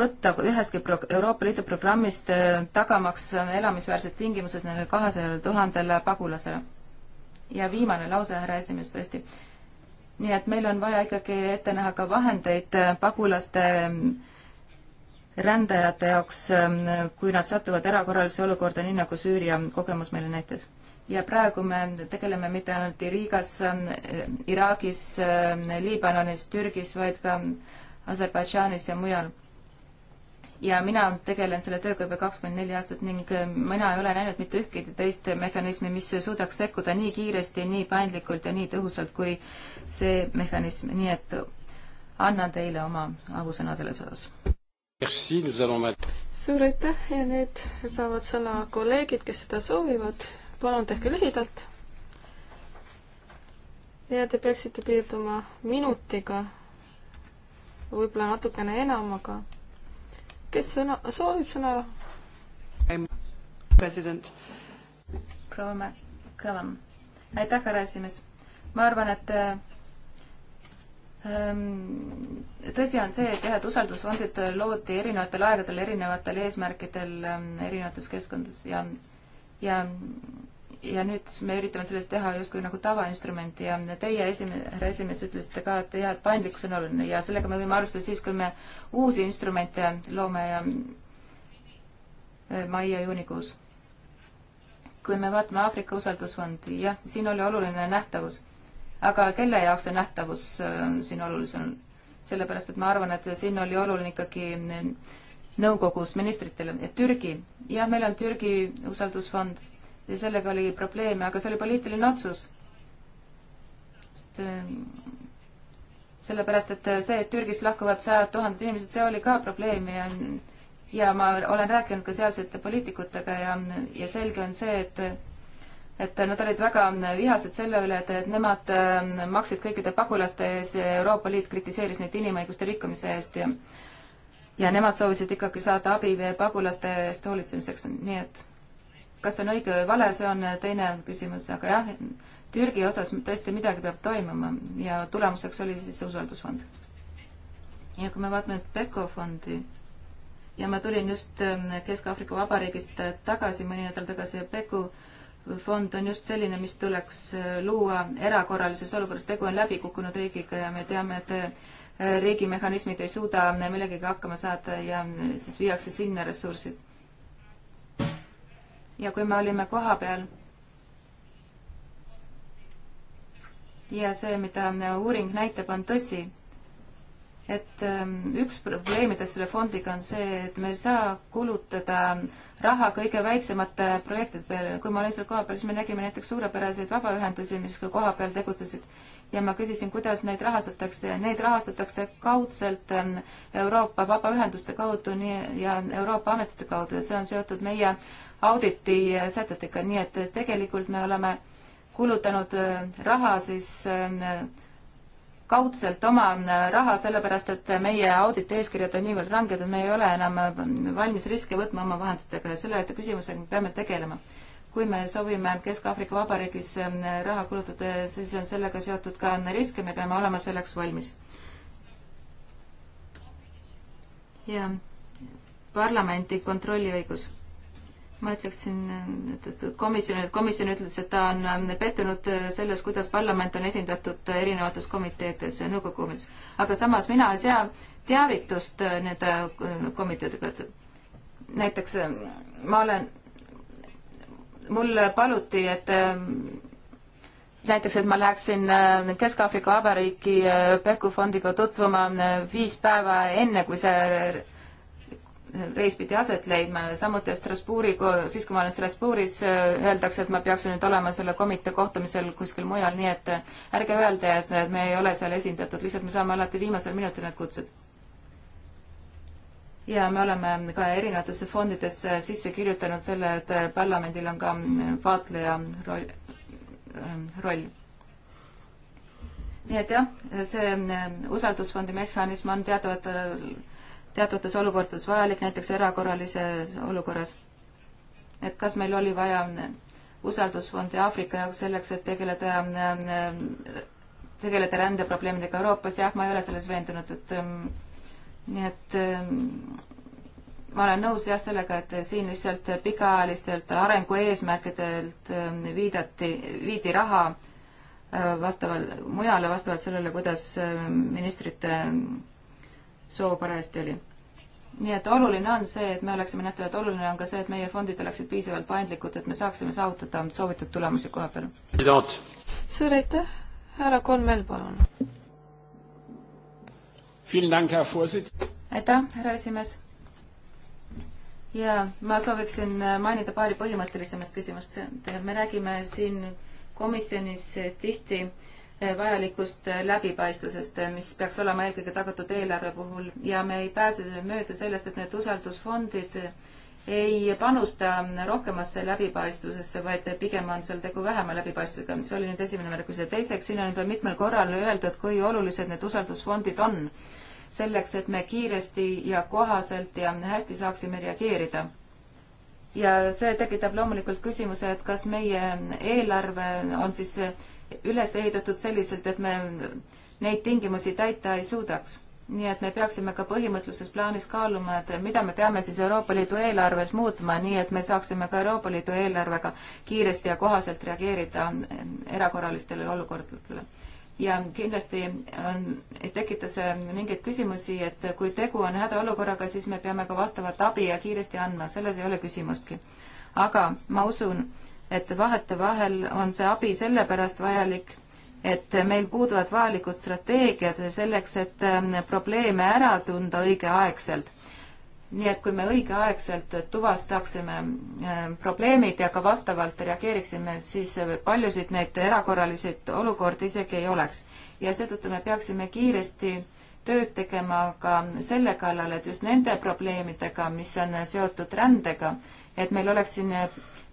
võtta ühestki pro-, Euroopa Liidu programmist äh, tagamaks elamisväärsed tingimused neile kahesajale tuhandele pagulasele. ja viimane lause, härra esimees, tõesti. nii et meil on vaja ikkagi ette näha ka vahendeid pagulaste äh, rändajate jaoks, ähm, kui nad satuvad erakorralisse olukorda, nii nagu Süüria kogemus meile näitas. ja praegu me tegeleme mitte ainult Iriigas, ähm, Iraagis, ähm, Liibanonis, Türgis, vaid ka Aserbaidžaanis ja mujal. ja mina tegelen selle tööga juba kakskümmend neli aastat ning mina ei ole näinud mitte ühtegi teist mehhanismi, mis suudaks sekkuda nii kiiresti, nii paindlikult ja nii tõhusalt kui see mehhanism, nii et annan teile oma ausõna selles osas suur aitäh ja nüüd saavad sõna kolleegid, kes seda soovivad. palun tehke lühidalt. ja te peaksite piirduma minutiga, võib-olla natukene enam, aga kes sõna, soovib sõna? president. proua McCallum, aitäh, härra esimees. ma arvan, et Ehm, tõsi on see, et jah, et usaldusfondid loodi erinevatel aegadel, erinevatel eesmärkidel, ehm, erinevates keskkondades ja, ja, ja nüüd me üritame sellest teha justkui nagu tavainstrumenti ja teie esime-, härra esimees, ütlesite ka, et jah, et paindlikkus on oluline ja sellega me võime arvestada siis, kui me uusi instrumente loome ja ehm, mai ja juunikuus. kui me vaatame Aafrika usaldusfondi, jah, siin oli oluline nähtavus aga kelle jaoks see nähtavus äh, on siin olulisem? sellepärast, et ma arvan, et siin oli oluline ikkagi äh, nõukogus ministritele, et Türgi, jah, meil on Türgi usaldusfond ja sellega oli probleeme, aga see oli poliitiline otsus. sest äh, sellepärast, et see, et Türgist lahkuvad sajad tuhanded inimesed, see oli ka probleem ja ja ma olen rääkinud ka sealsete poliitikutega ja, ja selge on see, et et nad olid väga vihased selle üle, et, et nemad ähm, maksid kõikide pagulaste ees, Euroopa Liit kritiseeris neid inimõiguste rikkumise eest ja ja nemad soovisid ikkagi saada abi pagulaste eest hoolitsemiseks, nii et kas see on õige või vale, see on äh, teine küsimus, aga jah, Türgi osas tõesti midagi peab toimuma ja tulemuseks oli siis see usaldusfond. ja kui me vaatame nüüd Beko fondi ja ma tulin just ähm, Kesk-Aafrika Vabariigist äh, tagasi mõni nädal tagasi ja Beku fond on just selline, mis tuleks äh, luua erakorralises olukorras, tegu on läbikukkunud riigiga ja me teame, et äh, riigimehhanismid ei suuda äh, millegagi hakkama saada ja siis viiakse sinna ressursid. ja kui me olime koha peal ja see, mida uuring näitab, on tõsi et ähm, üks probleemidest selle fondiga on see, et me ei saa kulutada raha kõige väiksemate projektide peale. kui ma olin seal kohapeal, siis me nägime näiteks suurepäraseid vabaühendusi, mis ka kohapeal tegutsesid ja ma küsisin, kuidas neid rahastatakse. Neid rahastatakse kaudselt ähm, Euroopa vabaühenduste kaudu nii, ja Euroopa ametite kaudu ja see on seotud meie auditi äh, sätetega, nii et äh, tegelikult me oleme kulutanud äh, raha siis äh, kaudselt oma äh, raha, sellepärast et meie auditi eeskirjad on niivõrd ranged, et me ei ole enam äh, valmis riske võtma oma vahenditega ja selle küsimusega me peame tegelema. kui me soovime Kesk-Aafrika Vabariigis äh, raha kulutada, siis on sellega seotud ka riske, me peame olema selleks valmis. ja parlamendi kontrolliõigus ma ütleksin, et komisjon, et komisjon ütles, et ta on ähm, pettunud äh, selles, kuidas parlament on esindatud äh, erinevates komiteedes ja äh, nõukogu komitees. aga samas mina ei sea teavitust nende komiteedega, et näiteks ma olen, mul paluti, et ähm, näiteks, et ma läheksin Kesk-Aafrika Vabariiki Peku fondiga tutvuma viis päeva enne, kui see reis pidi aset leidma, samuti Strasbourgi, siis kui ma olen Strasbourgis, äh, öeldakse, et ma peaksin nüüd olema selle komitee kohtumisel kuskil mujal, nii et äh, ärge öelge, et me ei ole seal esindatud, lihtsalt me saame alati viimasel minutil need kutsed. ja me oleme ka erinevatesse fondidesse sisse kirjutanud selle, et äh, parlamendil on ka mm, vaatleja roll, ähm, roll nii et jah, see mm, usaldusfondi mehhanism on teatavatel teatavates olukordades vajalik, näiteks erakorralises olukorras. et kas meil oli vaja usaldusfondi Aafrika jaoks selleks, et tegeleda, tegeleda rändeprobleemidega Euroopas, jah, ma ei ole selles veendunud, et ähm, nii et ähm, ma olen nõus jah sellega, et siin lihtsalt pikaajalistelt arengueesmärkidelt ähm, viidati, viidi raha äh, vastaval, mujale vastavalt sellele, kuidas äh, ministrite soov parajasti oli. nii et oluline on see, et me oleksime nähtavad, oluline on ka see, et meie fondid oleksid piisavalt paindlikud, et me saaksime saavutada soovitud tulemusi koha peal. suur aitäh, härra Kolmel, palun. aitäh, härra esimees. ja ma sooviksin äh, mainida paari põhimõttelisemast küsimust. me räägime siin komisjonis tihti äh, Eh, vajalikust eh, läbipaistvusest, eh, mis peaks olema eelkõige tagatud eelarve puhul ja me ei pääse mööda sellest, et need usaldusfondid ei panusta rohkemasse läbipaistvusesse, vaid pigem on seal tegu vähema läbipaistvusega. see oli nüüd esimene märkus ja teiseks, siin on juba mitmel korral öeldud, kui olulised need usaldusfondid on selleks, et me kiiresti ja kohaselt ja hästi saaksime reageerida ja see tekitab loomulikult küsimuse, et kas meie eelarve on siis üles ehitatud selliselt, et me neid tingimusi täita ei suudaks. nii et me peaksime ka põhimõttelises plaanis kaaluma, et mida me peame siis Euroopa Liidu eelarves muutma, nii et me saaksime ka Euroopa Liidu eelarvega kiiresti ja kohaselt reageerida erakorralistele olukordadele. ja kindlasti on, ei tekita see mingeid küsimusi, et kui tegu on hädaolukorraga, siis me peame ka vastavat abi ja kiiresti andma, selles ei ole küsimustki. aga ma usun, et vahetevahel on see abi sellepärast vajalik, et meil puuduvad vajalikud strateegiad selleks, et ähm, probleeme ära tunda õigeaegselt. nii et kui me õigeaegselt tuvastaksime ähm, probleemid ja ka vastavalt reageeriksime, siis paljusid neid erakorralisi olukordi isegi ei oleks. ja seetõttu me peaksime kiiresti tööd tegema ka selle kallal, et just nende probleemidega, mis on seotud rändega, et meil oleks siin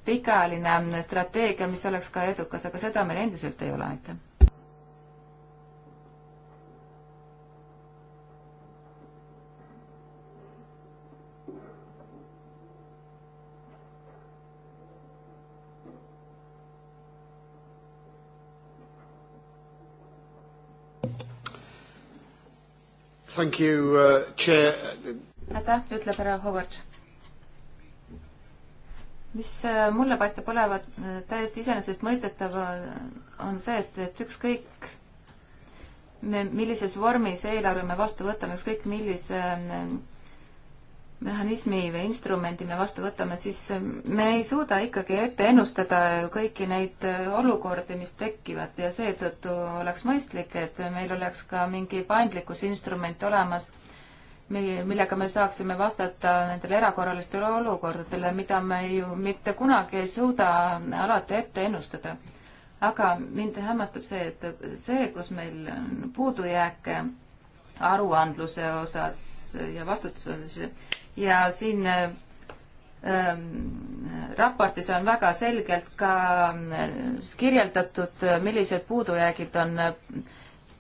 pikaajaline strateegia, mis oleks ka edukas, aga seda meil endiselt ei ole, aitäh. Thank you uh,, chair. aitäh, ütleb härra Howard mis äh, mulle paistab olevat äh, täiesti iseenesestmõistetav, äh, on see, et, et ükskõik me, millises vormis eelarve me vastu võtame, ükskõik millise mehhanismi või instrumendi me vastu võtame, siis me ei suuda ikkagi ette ennustada kõiki neid olukordi, mis tekivad ja seetõttu oleks mõistlik, et meil oleks ka mingi paindlikkusinstrument olemas millega me saaksime vastata nendele erakorralistele olukordadele, mida me ju mitte kunagi ei suuda alati ette ennustada. aga mind hämmastab see, et see, kus meil on puudujääke aruandluse osas ja vastutuse osas ja siin ähm, raportis on väga selgelt ka kirjeldatud, millised puudujäägid on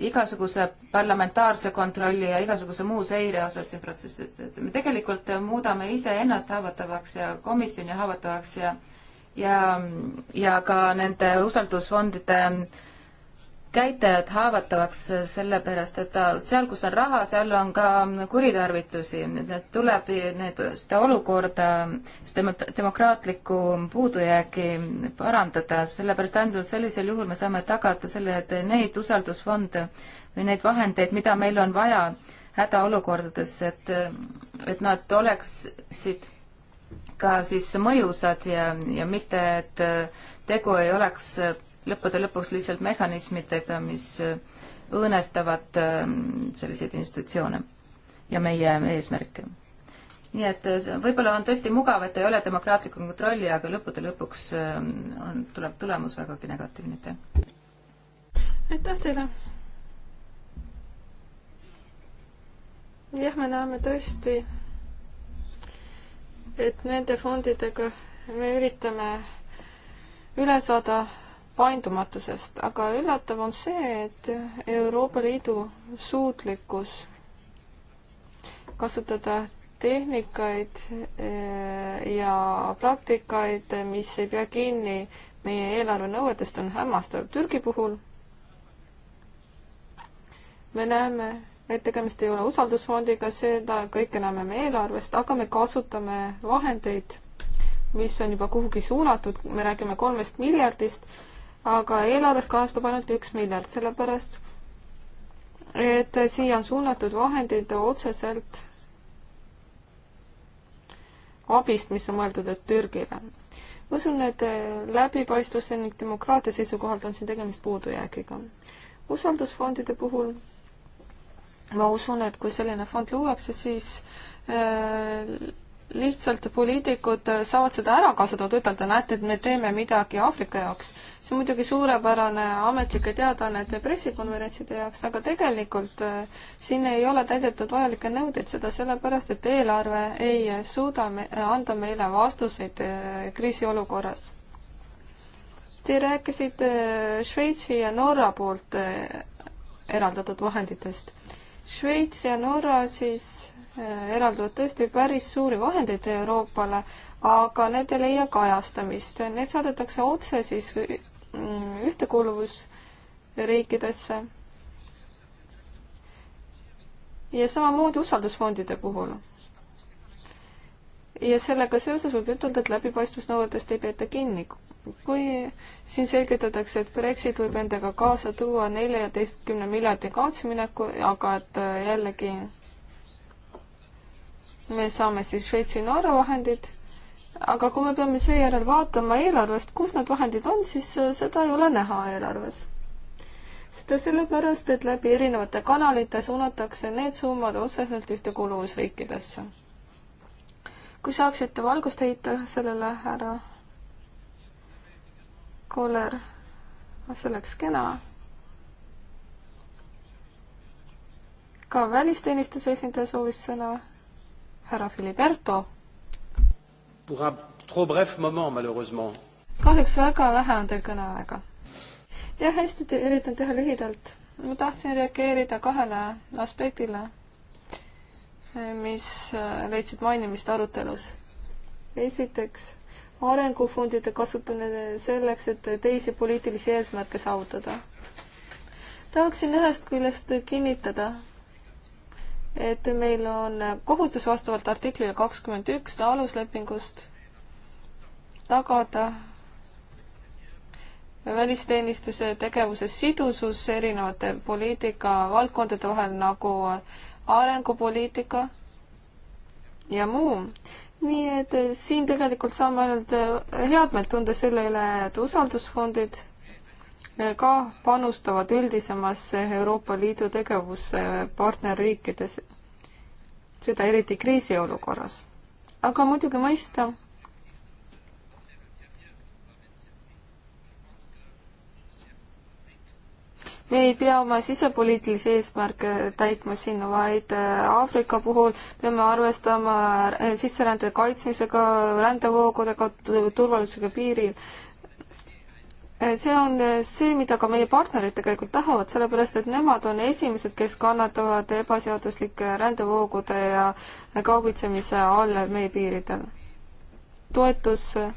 igasuguse parlamentaarse kontrolli ja igasuguse muu seire osas siin protsessis, et me tegelikult muudame iseennast haavatavaks ja komisjoni haavatavaks ja ja, ja ka nende usaldusfondide äh, käitajad haavatavaks, sellepärast et ta, seal, kus on raha, seal on ka kuritarvitusi, et tuleb need, seda olukorda, seda demokraatlikku puudujääki parandada, sellepärast ainult sellisel juhul me saame tagada selle, et neid usaldusfonde või neid vahendeid, mida meil on vaja hädaolukordades, et, et nad oleksid ka siis mõjusad ja, ja mitte, et tegu ei oleks lõppude lõpuks lihtsalt mehhanismidega, mis äh, õõnestavad äh, selliseid institutsioone ja meie eesmärke. nii et äh, võib-olla on tõesti mugav, et ei ole demokraatlikku kontrolli, aga lõppude lõpuks on, tuleb tulemus vägagi negatiivne, aitäh. aitäh teile! jah, me näeme tõesti, et nende fondidega me üritame üle saada paindumatusest, aga üllatav on see, et Euroopa Liidu suutlikkus kasutada tehnikaid eh, ja praktikaid, mis ei pea kinni meie eelarvenõuetest, on hämmastav. Türgi puhul me näeme, et tegemist ei ole usaldusfondiga, seda kõike näeme me eelarvest, aga me kasutame vahendeid, mis on juba kuhugi suunatud, me räägime kolmest miljardist aga eelarves kajastub ainult üks miljard, sellepärast et siia on suunatud vahendid otseselt abist, mis on mõeldud Türgile. usun, et läbipaistvuse ning demokraatia seisukohalt on siin tegemist puudujäägiga. usaldusfondide puhul ma usun, et kui selline fond luuakse, siis äh, lihtsalt poliitikud saavad seda ära kasutada, ütelda, näete, et me teeme midagi Aafrika jaoks. see on muidugi suurepärane ametlike teadaannete ja pressikonverentside jaoks, aga tegelikult eh, siin ei ole täidetud vajalikke nõudeid, seda sellepärast, et eelarve ei suuda me, anda meile vastuseid eh, kriisiolukorras. Te rääkisite eh, Šveitsi ja Norra poolt eraldatud vahenditest. Šveits ja Norra siis Äh, eralduvad tõesti päris suuri vahendeid Euroopale, aga need ei leia kajastamist, need saadetakse otse siis mm, ühtekuuluvusriikidesse. ja samamoodi usaldusfondide puhul. ja sellega seoses võib ütelda, et läbipaistvusnõuetest ei peeta kinni. kui siin selgitatakse, et Brexit võib endaga kaasa tuua neljateistkümne miljardi kaotsimineku, aga et jällegi me saame siis Šveitsi Norra vahendid, aga kui me peame seejärel vaatama eelarvest, kus need vahendid on, siis äh, seda ei ole näha eelarves. seda sellepärast, et läbi erinevate kanalite suunatakse need summad otseselt ühtekuuluvusriikidesse. kui saaksite valgust heita sellele, härra Koller, see oleks kena. ka välisteenistuse esindaja soovis sõna härra Filiberto. kahjuks väga vähe on teil kõneaega. jah, hästi te, üritan teha lühidalt. ma tahtsin reageerida kahele aspektile, mis äh, leidsid mainimist arutelus. esiteks, arengufondide kasutamine selleks, et teisi poliitilisi eesmärke saavutada. tahaksin ühest küljest kinnitada et meil on kohustus vastavalt artiklile kakskümmend üks aluslepingust tagada välisteenistuse tegevuse sidusus erinevate poliitikavaldkondade vahel nagu arengupoliitika ja muu. nii et siin tegelikult saame ainult head meelt tunda selle üle, et usaldusfondid ka panustavad üldisemasse Euroopa Liidu tegevusse partnerriikides, seda eriti kriisiolukorras. aga muidugi mõista, me ei pea oma sisepoliitilisi eesmärke täitma siin, vaid äh, Aafrika puhul peame arvestama äh, sisserände kaitsmisega, rändevoogudega, turvalisusega piiril see on äh, see, mida ka meie partnerid tegelikult tahavad, sellepärast et nemad on esimesed, kes kannatavad ebaseaduslike rändevoogude ja kaubitsemise all meie piiridel. toetus äh,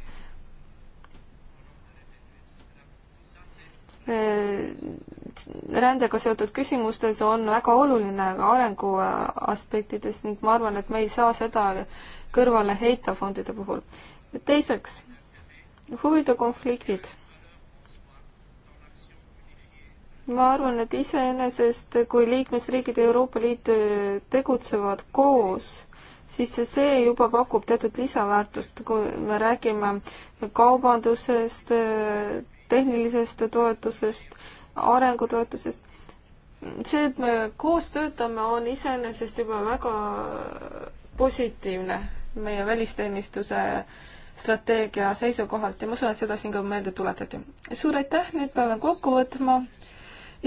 rändega seotud küsimustes on väga oluline arengu äh, aspektides ning ma arvan, et me ei saa seda kõrvale heita fondide puhul. teiseks, huvide konfliktid ma arvan, et iseenesest, kui liikmesriigid ja Euroopa Liit äh, tegutsevad koos, siis see juba pakub teatud lisaväärtust, kui me räägime kaubandusest, äh, tehnilisest toetusest, arengutoetusest. see, et me koos töötame, on iseenesest juba väga positiivne meie välisteenistuse strateegia seisukohalt ja ma usun, et seda siin ka meelde tuletati. suur aitäh, nüüd peame kokku võtma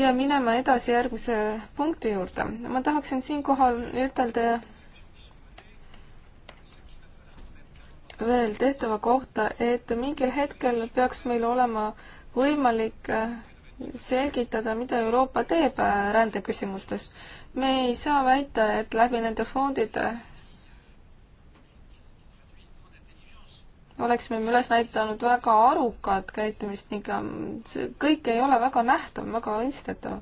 ja minema edasi järgmise punkti juurde. ma tahaksin siinkohal ütelda veel tehtava kohta, et mingil hetkel peaks meil olema võimalik selgitada, mida Euroopa teeb rändeküsimustes. me ei saa väita, et läbi nende fondide oleksime me üles näidanud väga arukad käitumist ning ähm, see kõik ei ole väga nähtav, väga mõistetav.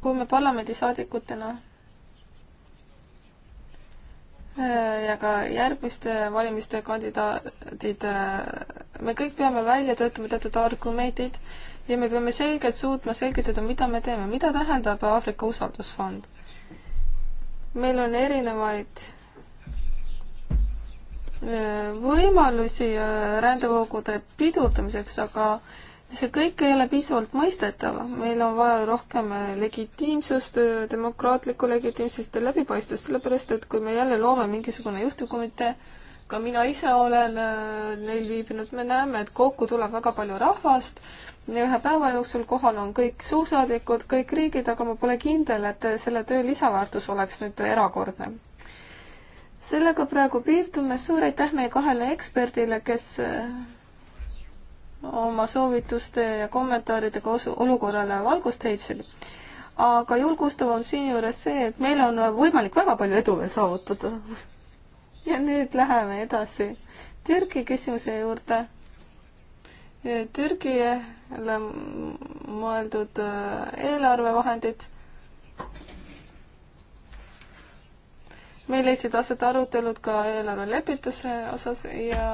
kui me parlamendisaadikutena äh, ja ka järgmiste valimiste kandidaadid, äh, me kõik peame välja töötama teatud argumendid ja me peame selgelt suutma selgitada, mida me teeme, mida tähendab Aafrika usaldusfond. meil on erinevaid võimalusi äh, rändevoogude pidurdamiseks, aga see kõik ei ole piisavalt mõistetav. meil on vaja rohkem äh, legitiimsust, äh, demokraatlikku legitiimsust ja läbipaistvust, sellepärast et kui me jälle loome mingisugune juhtukomitee, ka mina ise olen neil viibinud, me näeme, et kokku tuleb väga palju rahvast ja ühe päeva jooksul kohal on kõik suursaadikud, kõik riigid, aga ma pole kindel, et selle töö lisaväärtus oleks nüüd erakordne sellega praegu piirdume, suur aitäh meie kahele eksperdile, kes äh, oma soovituste ja kommentaaridega osu-, olukorrale valgust heitsid. aga julgustav on siinjuures see, et meil on võimalik väga palju edu veel saavutada. ja nüüd läheme edasi Türgi küsimuse juurde. Türgile mõeldud äh, eelarvevahendid meil leidsid aset arutelud ka eelarvelepituse osas ja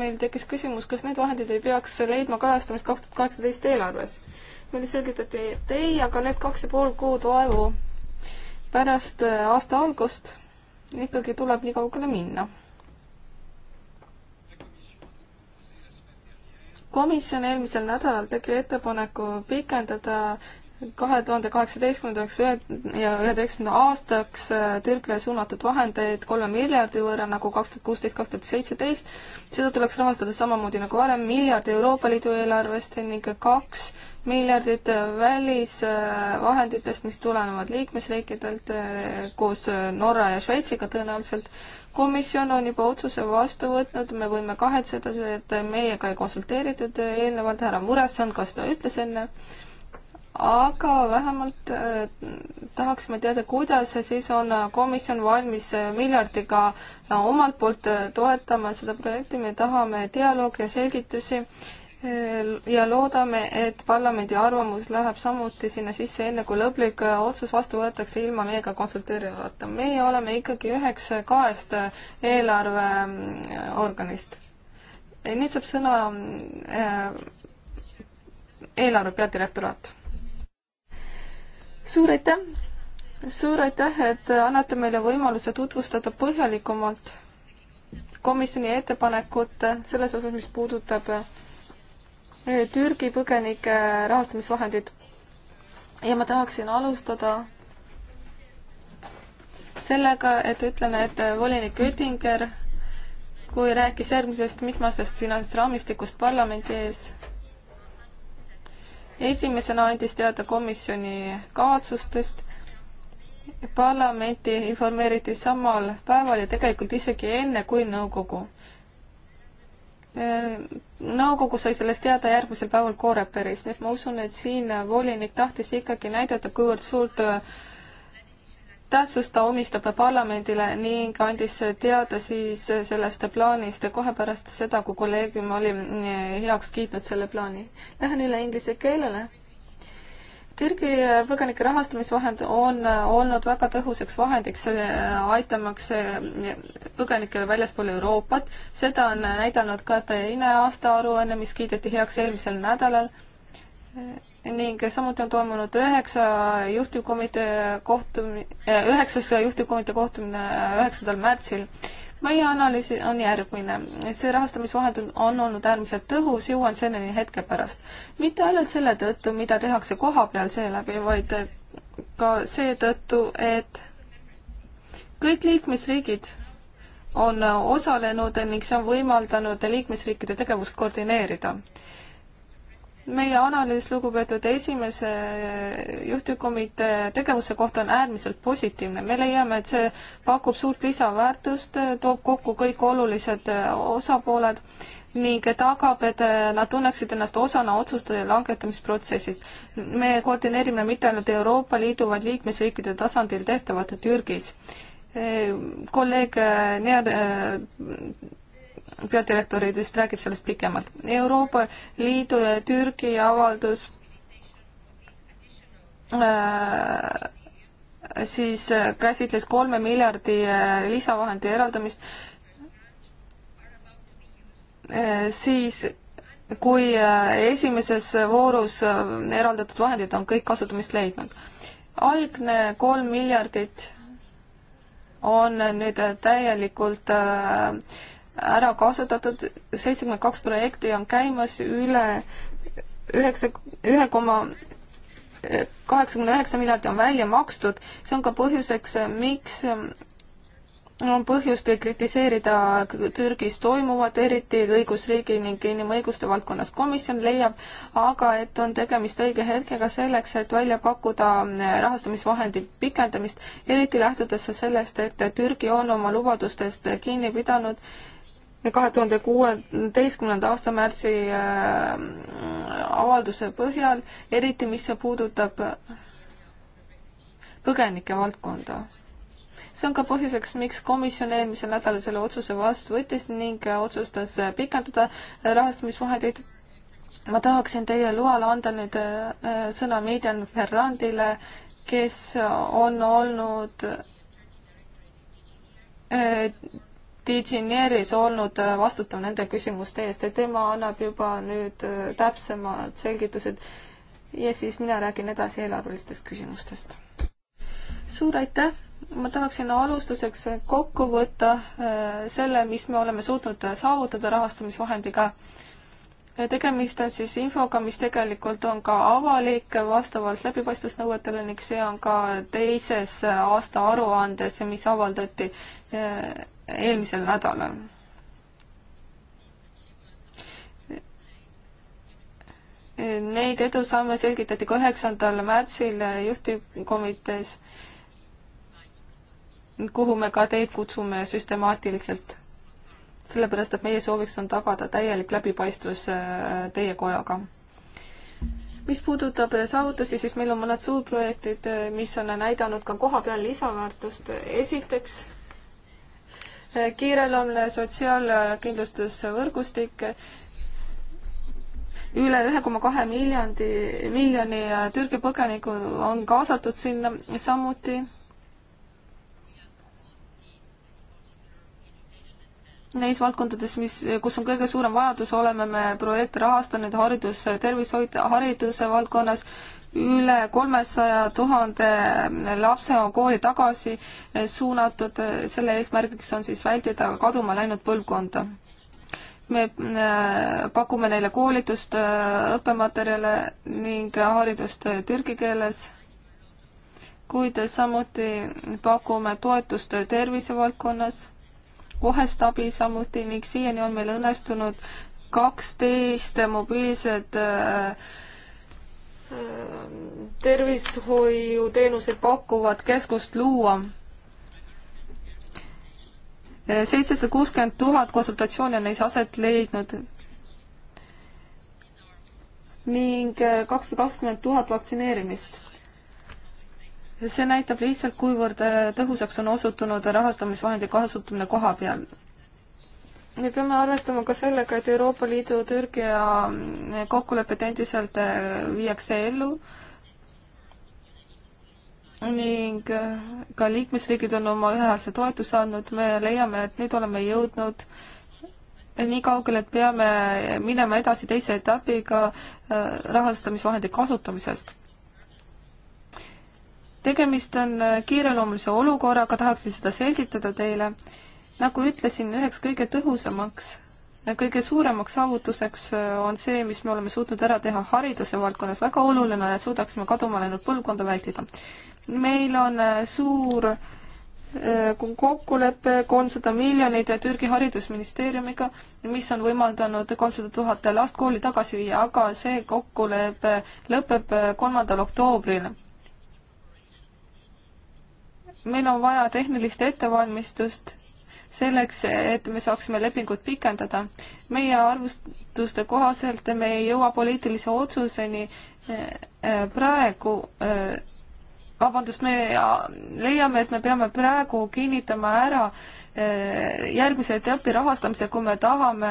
meil tekkis küsimus, kas need vahendid ei peaks leidma kajastamist kaks tuhat kaheksateist eelarves. meile selgitati, et ei, aga need kaks ja pool kuud vaevu pärast äh, aasta algust ikkagi tuleb nii kaugele minna. komisjon eelmisel nädalal tegi ettepaneku pikendada kahe tuhande kaheksateistkümnendaks ja üheteistkümnenda aastaks äh, Türgile suunatud vahendeid kolme miljardi võrra nagu kaks tuhat kuusteist, kaks tuhat seitseteist. seda tuleks rahastada samamoodi nagu varem, miljard Euroopa Liidu eelarvest ning kaks miljardit äh, välisvahenditest, äh, mis tulenevad liikmesriikidelt koos Norra ja Šveitsiga tõenäoliselt. komisjon on juba otsuse vastu võtnud, me võime kahetseda, et meiega ei konsulteeritud eelnevalt, härra Muresson, kas ta ütles enne aga vähemalt äh, tahaksime teada, kuidas siis on äh, komisjon valmis äh, miljardiga omalt poolt toetama seda projekti, me tahame dialoogi ja selgitusi ja loodame, et parlamendi arvamus läheb samuti sinna sisse, enne kui lõplik otsus vastu võetakse ilma meiega konsulteerimata. meie oleme ikkagi üheks kahest eelarveorganist. nüüd saab sõna eelarve peadirektoraat suur aitäh! suur aitäh, et annate meile võimaluse tutvustada põhjalikumalt komisjoni ettepanekut selles osas, mis puudutab eh, Türgi põgenike rahastamisvahendid. ja ma tahaksin alustada sellega, et ütlen, et eh, volinik Oettinger, kui rääkis järgmisest mitmesest finantsraamistikust parlamendi ees, esimesena andis teada komisjoni kavatsustest. parlamenti informeeriti samal päeval ja tegelikult isegi enne kui nõukogu. Äh, nõukogu sai sellest teada järgmisel päeval Koreperis, nii et ma usun, et siin volinik tahtis ikkagi näidata, kuivõrd suurt äh, tähtsust ta omistab parlamendile ning andis teada siis sellest plaanist kohe pärast seda, kui kolleegium oli eh, heaks kiitnud selle plaani. Lähen üle inglise keelele. Türgi põgenike rahastamisvahend on olnud väga tõhusaks vahendiks eh, aitamaks eh, põgenikele väljaspool Euroopat. seda on näidanud ka teine aastaaruanne, mis kiideti heaks eelmisel nädalal ning samuti on toimunud üheksa juhtivkomitee kohtumine, äh, üheksas juhtivkomitee kohtumine äh, üheksandal märtsil. meie analüüs on järgmine. see rahastamisvahend on, on olnud äärmiselt tõhus, jõuan selleni hetke pärast. mitte ainult selle tõttu, mida tehakse koha peal seeläbi, vaid ka seetõttu, et kõik liikmesriigid on osalenud ning see on võimaldanud liikmesriikide tegevust koordineerida meie analüüs lugupeetud esimese juhtivkomitee tegevuse kohta on äärmiselt positiivne. me leiame, et see pakub suurt lisaväärtust, toob kokku kõik olulised äh, osapooled ning tagab, et äh, nad tunneksid ennast osana otsuste langetamisprotsessist. me koordineerime mitte ainult Euroopa Liidu, vaid liikmesriikide tasandil tehtavat Türgis. Äh, kolleeg Neer peadirektoridest räägib sellest pikemalt. Euroopa Liidu ja Türgi avaldus äh, siis käsitles kolme miljardi äh, lisavahendi eraldamist, äh, siis kui äh, esimeses voorus eraldatud vahendid on kõik kasutamist leidnud. algne kolm miljardit on nüüd täielikult ära kasutatud, seitsekümmend kaks projekti on käimas, üle üheksa, ühe koma eh, kaheksakümne üheksa miljardi on välja makstud, see on ka põhjuseks, eh, miks eh, on põhjust kritiseerida Türgis toimuvat, eriti õigusriigi ning inimõiguste valdkonnas. komisjon leiab aga, et on tegemist õige hetkega selleks, et välja pakkuda rahastamisvahendi pikendamist, eriti lähtudes sellest, et Türgi on oma lubadustest kinni pidanud kahe tuhande kuueteistkümnenda aasta märtsi äh, avalduse põhjal, eriti mis puudutab põgenike valdkonda. see on ka põhjuseks, miks komisjon eelmisel nädalal selle otsuse vastu võttis ning äh, otsustas äh, pikendada rahastamisvahendeid. ma tahaksin teie loal anda nüüd sõna Median Ferrandile, kes on olnud Digineeris olnud äh, vastutav nende küsimuste eest ja tema annab juba nüüd äh, täpsemad selgitused ja siis mina räägin edasi eelarvelistest küsimustest. suur aitäh! ma tahaksin alustuseks kokku võtta äh, selle, mis me oleme suutnud saavutada rahastamisvahendiga. tegemist on siis infoga, mis tegelikult on ka avalik vastavalt läbipaistvusnõuetele ning see on ka teises aastaaruandes, mis avaldati eelmisel nädalal. Neid edusamme selgitati ka üheksandal märtsil juhtivkomitees, kuhu me ka teid kutsume süstemaatiliselt. sellepärast, et meie sooviks on tagada täielik läbipaistvus äh, teie kojaga mis puudutab saavutusi, siis meil on mõned suurprojektid, äh, mis on näidanud ka kohapeal lisaväärtust. esiteks kiireloomne sotsiaalkindlustusvõrgustik üle ühe koma kahe miljardi, miljoni Türgi põgeniku on kaasatud sinna samuti. Neis valdkondades, mis, kus on kõige suurem vajadus, oleme me projekte rahastanud haridus, tervishoid, hariduse valdkonnas üle kolmesaja tuhande lapse on kooli tagasi suunatud, selle eesmärgiks on siis vältida kaduma läinud põlvkonda. me äh, pakume neile koolitust, äh, õppematerjale ning haridust äh, türgi keeles, kuid samuti pakume toetust tervisevaldkonnas, kohest abi samuti ning siiani on meil õnnestunud kaksteist mobiilset äh, tervishoiuteenuseid pakkuvat keskust luua. seitsesada kuuskümmend tuhat konsultatsiooni on neis aset leidnud ning kakssada kakskümmend tuhat vaktsineerimist. see näitab lihtsalt, kuivõrd tõhusaks on osutunud rahastamisvahendi kasutamine koha peal me peame arvestama ka sellega, et Euroopa Liidu Türgia eh, kokkulepet endiselt eh, viiakse ellu ning eh, ka liikmesriigid on oma ühehäälse toetuse andnud, me leiame, et nüüd oleme jõudnud nii kaugele, et peame minema edasi teise etapiga rahastamisvahendi kasutamisest. tegemist on kiireloomulise olukorraga, tahaksin seda selgitada teile nagu ütlesin, üheks kõige tõhusamaks kõige suuremaks saavutuseks äh, on see, mis me oleme suutnud ära teha hariduse valdkonnas, väga oluline, et suudaksime kaduma läinud põlvkonda vältida. meil on äh, suur äh, kokkulepe kolmsada miljonit Türgi haridusministeeriumiga, mis on võimaldanud kolmsada tuhat last kooli tagasi viia, aga see kokkulepe lõpeb kolmandal oktoobril. meil on vaja tehnilist ettevalmistust selleks, et me saaksime lepingut pikendada. meie arvustuste kohaselt me ei jõua poliitilise otsuseni eh, eh, praegu, eh, vabandust, me leiame, et me peame praegu kinnitama ära järgmise etapi rahastamise, kui me tahame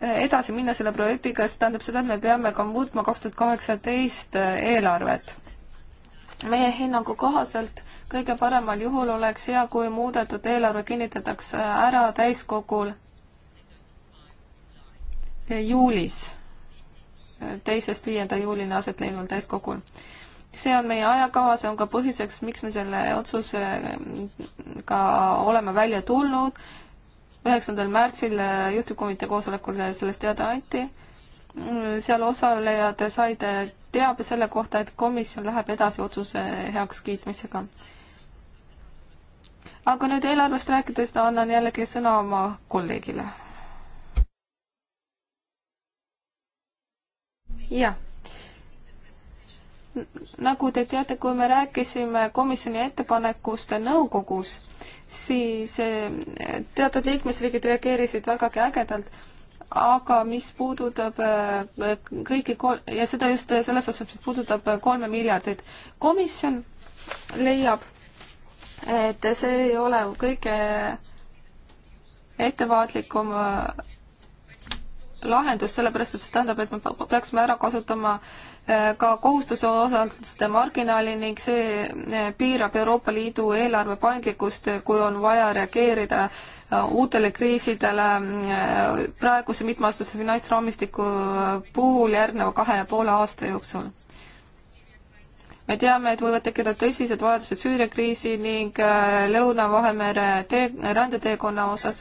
edasi minna selle projektiga, see tähendab seda, et me peame ka muutma kaks tuhat kaheksateist eelarvet meie hinnangu kohaselt kõige paremal juhul oleks hea, kui muudetud eelarve kinnitatakse ära täiskogul juulis, teisest viienda juulini aset leidnud täiskogul. see on meie ajakava, see on ka põhjuseks, miks me selle otsusega mm, oleme välja tulnud. üheksandal märtsil eh, juhtivkomitee koosolekul eh, sellest teada anti seal osalejad said teabe selle kohta, et komisjon läheb edasi otsuse heakskiitmisega. aga nüüd eelarvest rääkides annan jällegi sõna oma kolleegile. jah nagu te teate, kui me rääkisime komisjoni ettepanekust nõukogus, siis eh, teatud liikmesriigid reageerisid vägagi ägedalt aga mis puudutab äh, kõiki kol-, ja seda just äh, selles osas, mis puudutab äh, kolme miljardit. komisjon leiab, et see ei ole kõige ettevaatlikum lahendus, sellepärast et see tähendab, et me peaksime ära kasutama ka kohustuse osaliste marginaali ning see piirab Euroopa Liidu eelarve paindlikkust, kui on vaja reageerida äh, Äh, uutele kriisidele. Äh, praeguse mitmeaastase finantsraamistiku äh, puhul järgneva kahe ja poole aasta jooksul. me teame, et võivad tekkida tõsised vajadused Süüria kriisi ning Lõuna-Vahemere tee, rändeteekonna osas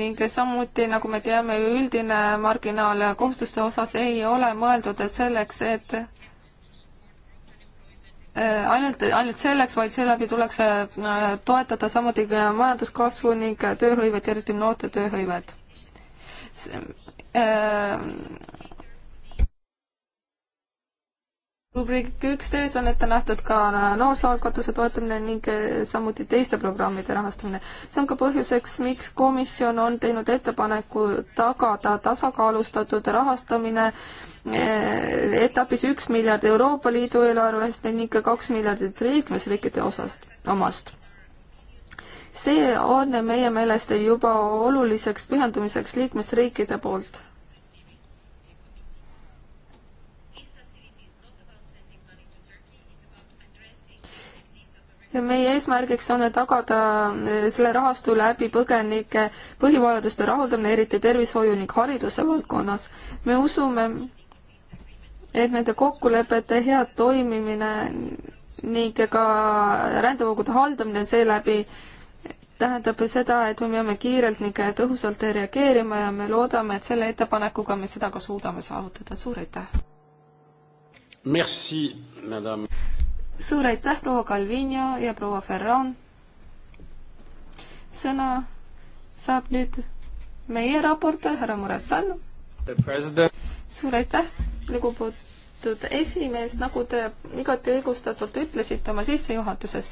ning samuti, nagu me teame, üldine marginaal kohustuste osas ei ole mõeldud selleks, et Äh, ainult, ainult selleks, vaid seeläbi tuleks äh, toetada samuti majanduskasvu ning tööhõivet, eriti noorte tööhõivet äh, rubriik üksteist on ette nähtud ka noorsoolkatuse toetamine ning eh, samuti teiste programmide rahastamine. see on ka põhjuseks, miks komisjon on teinud ettepaneku tagada tasakaalustatud rahastamine eh, etapis üks miljard Euroopa Liidu eelarvest ning kaks miljardit liikmesriikide osast, omast see on meie meelest juba oluliseks pühendumiseks liikmesriikide poolt meie eesmärgiks on tagada eh, selle rahastu läbi põgenike põhivajaduste rahuldamine, eriti tervishoiu ning hariduse valdkonnas. me usume, et nende kokkulepete hea toimimine ning ka rändevoogude haldamine seeläbi tähendab seda, et me peame kiirelt ning tõhusalt reageerima ja me loodame, et selle ettepanekuga me seda ka suudame saavutada. suur aitäh! Merci, madame! suur aitäh, proua Calvino ja proua Ferron. sõna saab nüüd meie raportöör härra Murassan. suur aitäh, lugupeetud esimees, nagu te igati õigustatult ütlesite oma sissejuhatuses,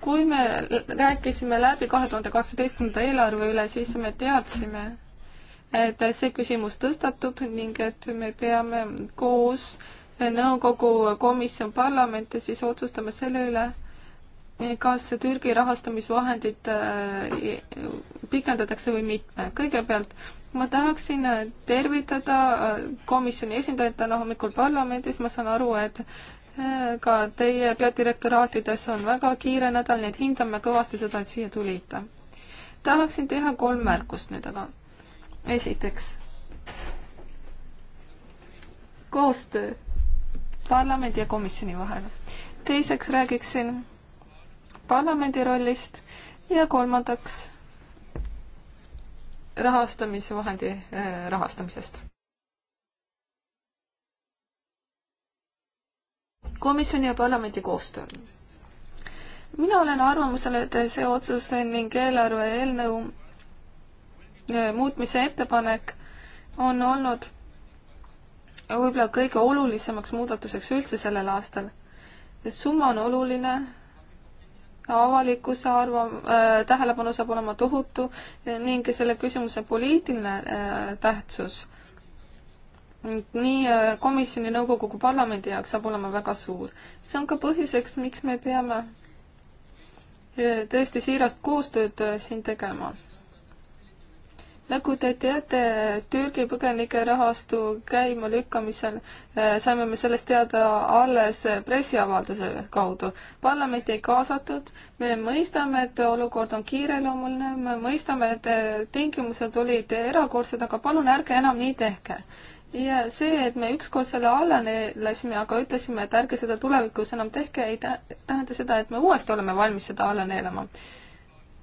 kui me rääkisime läbi kahe tuhande kaheksateistkümnenda eelarve üle, siis me teadsime, et see küsimus tõstatub ning et me peame koos nõukogu komisjon parlament ja siis otsustame selle üle, kas Türgi rahastamisvahendit äh, pikendatakse või mitte. kõigepealt ma tahaksin tervitada äh, komisjoni esindajat täna hommikul parlamendis, ma saan aru, et äh, ka teie peadirektoraatides on väga kiire nädal, nii et hindame kõvasti seda, et siia tulite. tahaksin teha kolm märkust nüüd aga. esiteks, koostöö parlamendi ja komisjoni vahel. teiseks räägiksin parlamendi rollist ja kolmandaks rahastamisvahendi äh, rahastamisest. komisjoni ja parlamendi koostöö. mina olen arvamusel, et see otsus ning eelarve eelnõu äh, muutmise ettepanek on olnud võib-olla kõige olulisemaks muudatuseks üldse sellel aastal. et summa on oluline, avalikkuse arvam- äh,, tähelepanu saab olema tohutu ning selle küsimuse poliitiline äh, tähtsus nii äh, komisjoni, nõukogu kui parlamendi jaoks saab olema väga suur. see on ka põhjuseks, miks me peame äh, tõesti siirast koostööd äh, siin tegema nagu te teate, Türgi põgenike rahastu käimalükkamisel eh, saime me sellest teada alles pressiavalduse kaudu. parlamenti ei kaasatud, me mõistame, et olukord on kiireloomuline, me mõistame, et eh, tingimused olid erakordsed, aga palun ärge enam nii tehke ja see, et me ükskord selle alla neelasime, aga ütlesime, et ärge seda tulevikus enam tehke, ei tähenda seda, et me uuesti oleme valmis seda alla neelama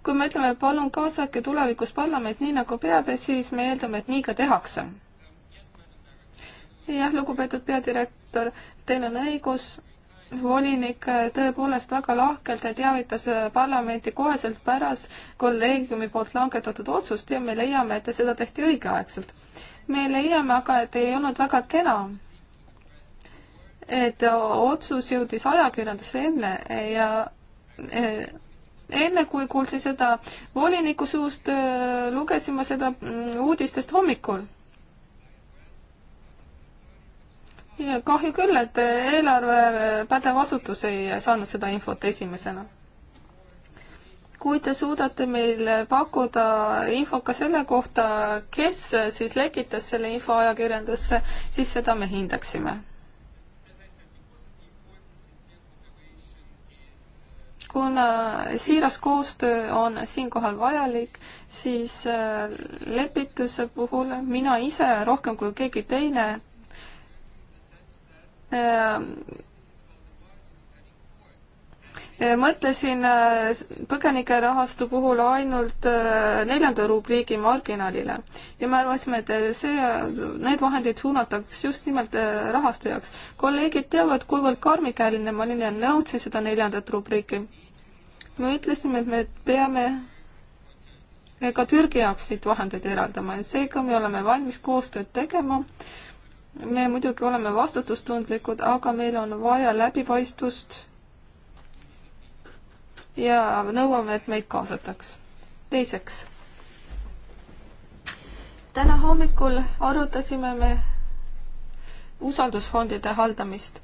kui me ütleme, palun kaasake tulevikus parlament nii, nagu peab, siis me eeldame, et nii ka tehakse. jah, lugupeetud peadirektor, teil on õigus, volinik eh, tõepoolest väga lahkelt eh, teavitas eh, parlamenti koheselt pärast kolleegiumi poolt langetatud otsust ja me leiame, et seda tehti õigeaegselt. me leiame aga, et ei olnud väga kena, et otsus jõudis ajakirjandusse enne ja enne kui kuulsin seda voliniku suust, äh, lugesin ma seda mm, uudistest hommikul. ja kahju küll, et äh, eelarve äh, pädev asutus ei saanud seda infot esimesena. kui te suudate meil pakkuda infot ka selle kohta, kes siis lekitas selle info ajakirjandusse, siis seda me hindaksime kuna siiras koostöö on siinkohal vajalik, siis äh, lepituse puhul mina ise rohkem kui keegi teine äh, mõtlesin äh, põgenikerahastu puhul ainult neljanda rubriigi marginaalile ja me arvasime, et see, need vahendid suunatakse just nimelt rahastu jaoks. kolleegid teavad, kuivõrd karmikäeline ma olin ja nõudsin seda neljandat rubriiki me ütlesime, et me peame ka Türgi jaoks siit vahendeid eraldama ja seega me oleme valmis koostööd tegema. me muidugi oleme vastutustundlikud, aga meil on vaja läbipaistvust ja nõuame, et meid kaasataks. teiseks, täna hommikul arutasime me usaldusfondide haldamist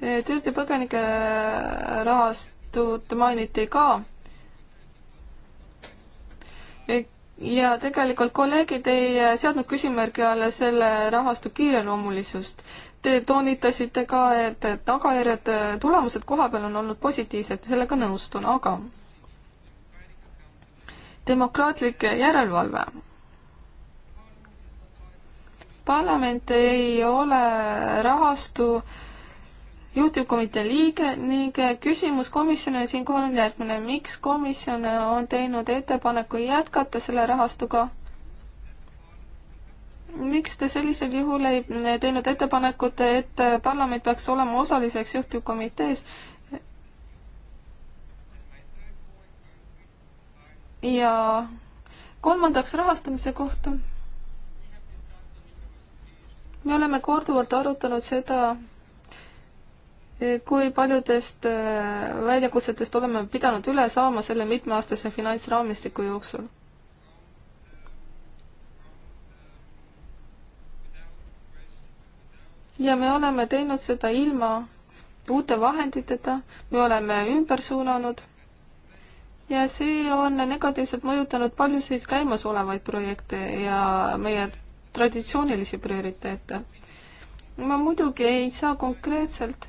Türgi põgenike rahast töötut mainiti ka. ja tegelikult kolleegid ei seadnud küsimärgi alla selle rahastu kiireloomulisust. Te toonitasite ka, et tagajärjed, tulemused kohapeal on olnud positiivsed, sellega nõustun, aga demokraatlik järelevalve parlament ei ole rahastu juhtivkomitee liige ning küsimus komisjonile siinkohal on järgmine. miks komisjon on teinud ettepaneku jätkata selle rahastuga? miks te sellisel juhul ei teinud ettepanekut, et parlament peaks olema osaliseks juhtivkomitees? ja kolmandaks rahastamise kohta. me oleme korduvalt arutanud seda, kui paljudest äh, väljakutsetest oleme pidanud üle saama selle mitmeaastase finantsraamistiku jooksul? ja me oleme teinud seda ilma uute vahenditeta, me oleme ümber suunanud ja see on negatiivselt mõjutanud paljusid käimasolevaid projekte ja meie traditsioonilisi prioriteete. ma muidugi ei saa konkreetselt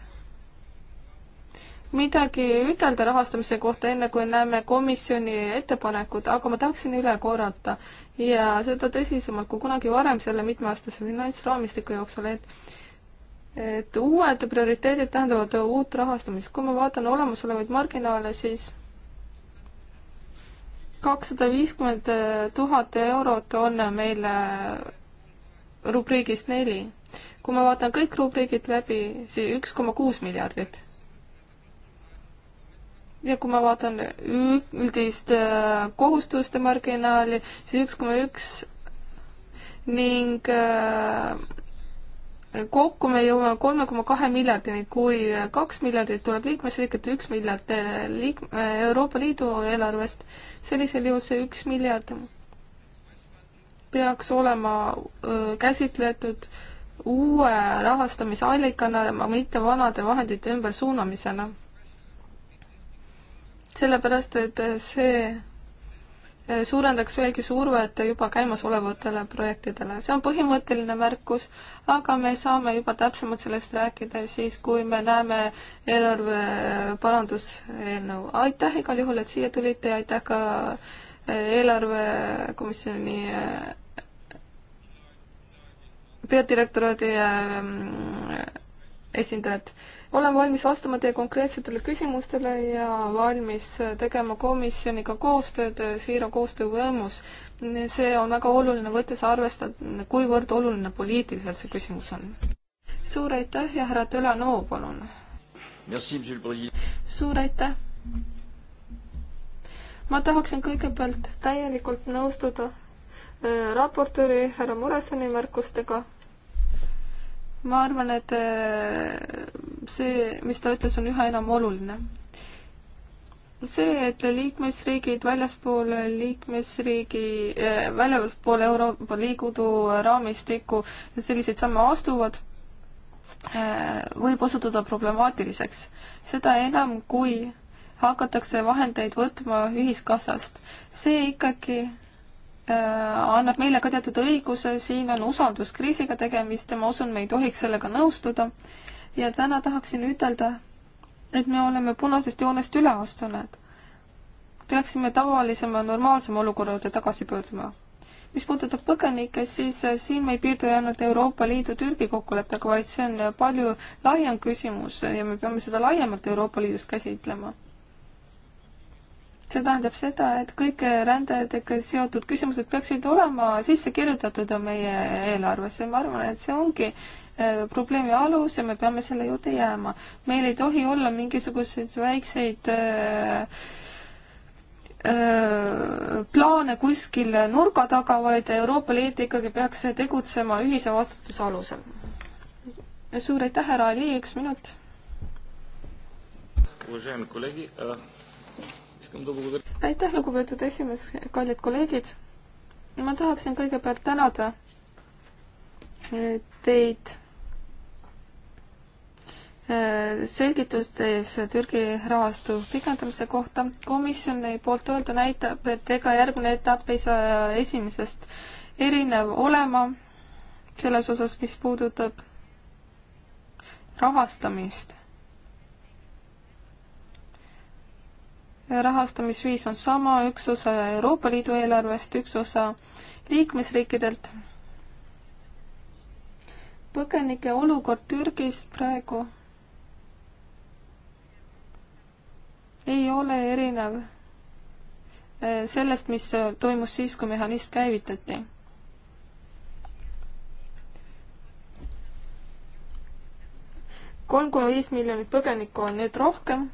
midagi ütelda rahastamise kohta, enne kui näeme komisjoni ettepanekut, aga ma tahaksin üle korrata ja seda tõsisemalt kui kunagi varem selle mitmeaastase finantsraamistiku jooksul, et et uued prioriteedid tähendavad uut rahastamist. kui ma vaatan olemasolevaid marginaale, siis kakssada viiskümmend tuhat eurot on meil rubriigis neli. kui ma vaatan kõik rubriigid läbi, siis üks koma kuus miljardit ja kui ma vaatan üldist äh, kohustuste marginaali, siis üks koma üks ning äh, kokku me jõuame kolme koma kahe miljardini, kui kaks miljardit tuleb liikmesriikilt, üks miljard äh, liik-, Euroopa Liidu eelarvest, sellisel juhul see üks miljard peaks olema käsitletud uue rahastamisallikana, mitte vanade vahendite ümbersuunamisena sellepärast, et see eh, suurendaks veelgi survet juba käimasolevatele projektidele. see on põhimõtteline märkus, aga me saame juba täpsemalt sellest rääkida siis, kui me näeme eelarve paranduseelnõu. aitäh igal juhul, et siia tulite ja aitäh ka eh, eelarvekomisjoni eh, peadirektoraadi mm, esindajad olen valmis vastama teie konkreetsetele küsimustele ja valmis tegema komisjoniga koostööd eh, siira koostöövõimus. see on väga oluline, võttes arvestada, kuivõrd oluline poliitiliselt see küsimus on. suur aitäh ja härra Delano, palun. suur aitäh. ma tahaksin kõigepealt täielikult nõustuda eh, raportööri härra Muresoni märkustega ma arvan, et äh, see, mis ta ütles, on üha enam oluline. see, et liikmesriigid väljaspool liikmesriigi, äh, väljaspool Euroopa Liidu raamistikku selliseid samme astuvad, äh, võib osutuda problemaatiliseks. seda enam, kui hakatakse vahendeid võtma ühiskassast. see ikkagi Äh, annab meile ka teatud õiguse, siin on usalduskriisiga tegemist ja ma usun, me ei tohiks sellega nõustuda. ja täna tahaksin ütelda, et me oleme punasest joonest üle astunud. peaksime tavalisema, normaalsema olukorra juurde tagasi pöörduma. mis puudutab põgenikke, siis äh, siin me ei piirdu ainult Euroopa Liidu-Türgi kokkuleppega, vaid see on palju laiem küsimus ja me peame seda laiemalt Euroopa Liidus käsitlema see tähendab seda, et kõik rändajatega seotud küsimused peaksid olema sisse kirjutatud meie eelarvesse. ma arvan, et see ongi äh, probleemi alus ja me peame selle juurde jääma. meil ei tohi olla mingisuguseid väikseid äh, äh, plaane kuskil nurga taga, vaid Euroopa Liit ikkagi peaks tegutsema ühise vastutuse alusel. suur aitäh, härra Ali, üks minut. Уважаемые коллеги, aitäh, lugupeetud esimees, kallid kolleegid. ma tahaksin kõigepealt tänada eh, teid eh, selgitustes Türgi rahastu pikendamise kohta. komisjoni poolt öelda näitab, et ega järgmine etapp ei saa esimesest erinev olema selles osas, mis puudutab rahastamist. rahastamisviis on sama, üks osa Euroopa Liidu eelarvest, üks osa liikmesriikidelt. põgenike olukord Türgist praegu ei ole erinev eh, sellest, mis toimus siis, kui mehhanism käivitati. kolm koma viis miljonit põgenikku on nüüd rohkem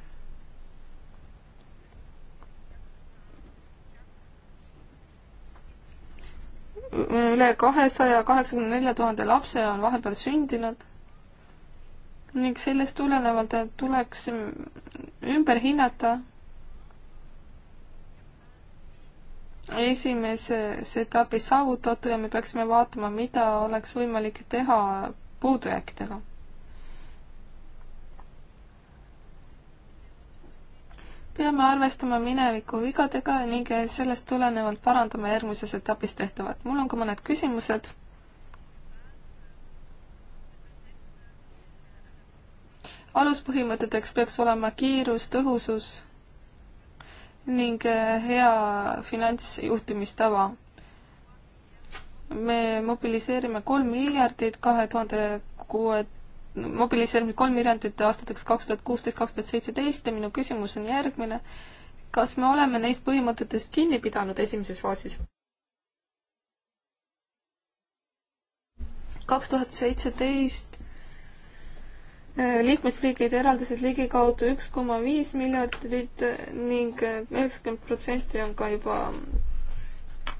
üle kahesaja kaheksakümne nelja tuhande lapse on vahepeal sündinud ning sellest tulenevalt tuleks ümber hinnata esimeses etapis saavutatu ja me peaksime vaatama, mida oleks võimalik teha puudujääkidega peame arvestama mineviku vigadega ning sellest tulenevalt parandama järgmises etapis tehtavat. mul on ka mõned küsimused. aluspõhimõteteks peaks olema kiirus, tõhusus ning hea finantsjuhtimistava. me mobiliseerime kolm miljardit kahe tuhande kuue mobiliseerimine kolm miljardit aastateks kaks tuhat kuusteist, kaks tuhat seitseteist ja minu küsimus on järgmine. kas me oleme neist põhimõtetest kinni pidanud esimeses faasis? kaks tuhat seitseteist äh, liikmesriigid eraldasid ligikaudu üks koma viis miljardit ning äh, üheksakümmend protsenti on ka juba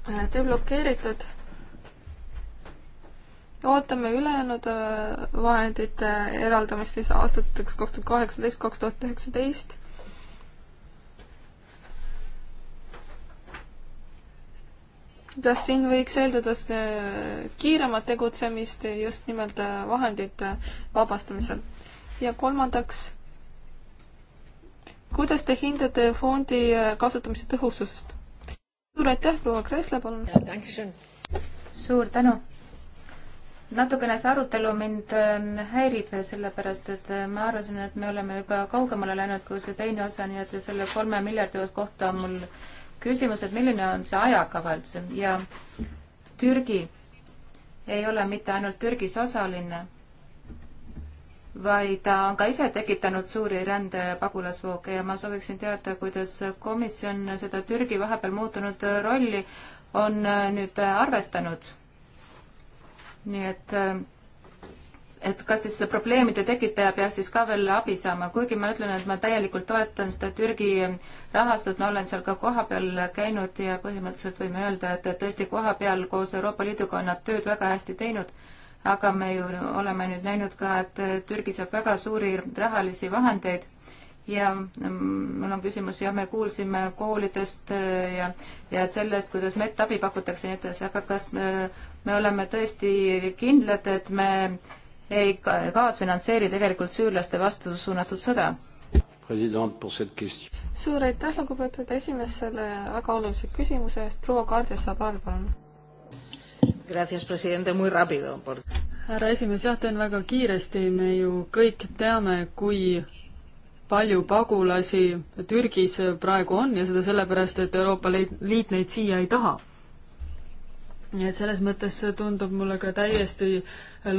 äh, deblokeeritud ootame ülejäänud äh, vahendite eraldamist siis aastateks kaks tuhat kaheksateist, kaks tuhat üheksateist. kas siin võiks eeldada äh, kiiremat tegutsemist just nimelt äh, vahendite vabastamisel? ja kolmandaks, kuidas te hindate fondi kasutamise tõhususest? suur aitäh, proua Kressle, palun! suur tänu! natukene see arutelu mind ähm, häirib, sellepärast et äh, ma arvasin, et me oleme juba kaugemale läinud kui see teine osa, nii et selle kolme miljardi kohta on mul küsimus, et milline on see ajakava üldse ja Türgi ei ole mitte ainult Türgis osaline, vaid ta on ka ise tekitanud suuri rände- ja pagulasvooge ja ma sooviksin teada, kuidas komisjon seda Türgi vahepeal muutunud rolli on äh, nüüd äh, arvestanud nii et, äh, et kas siis probleemide tekitaja peaks siis ka veel abi saama, kuigi ma ütlen, et ma täielikult toetan seda Türgi rahastut, ma olen seal ka kohapeal käinud ja põhimõtteliselt võime öelda, et tõesti kohapeal koos Euroopa Liiduga on nad tööd väga hästi teinud, aga me ju oleme nüüd näinud ka, et Türgi saab väga suuri rahalisi vahendeid ja mm, mul on küsimus, jah, me kuulsime koolidest äh, ja, ja sellest, kuidas mettabi pakutakse ja nii edasi, aga kas äh, me oleme tõesti kindlad, et me ei kaasfinantseeri tegelikult süürlaste vastu suunatud sõda. suur aitäh, lugupeetud esimees, selle väga olulise küsimuse eest, proua Kaardes saab aru, palun. härra esimees, jah, teen väga kiiresti, me ju kõik teame, kui palju pagulasi Türgis praegu on ja seda sellepärast, et Euroopa Liit neid siia ei taha nii et selles mõttes tundub mulle ka täiesti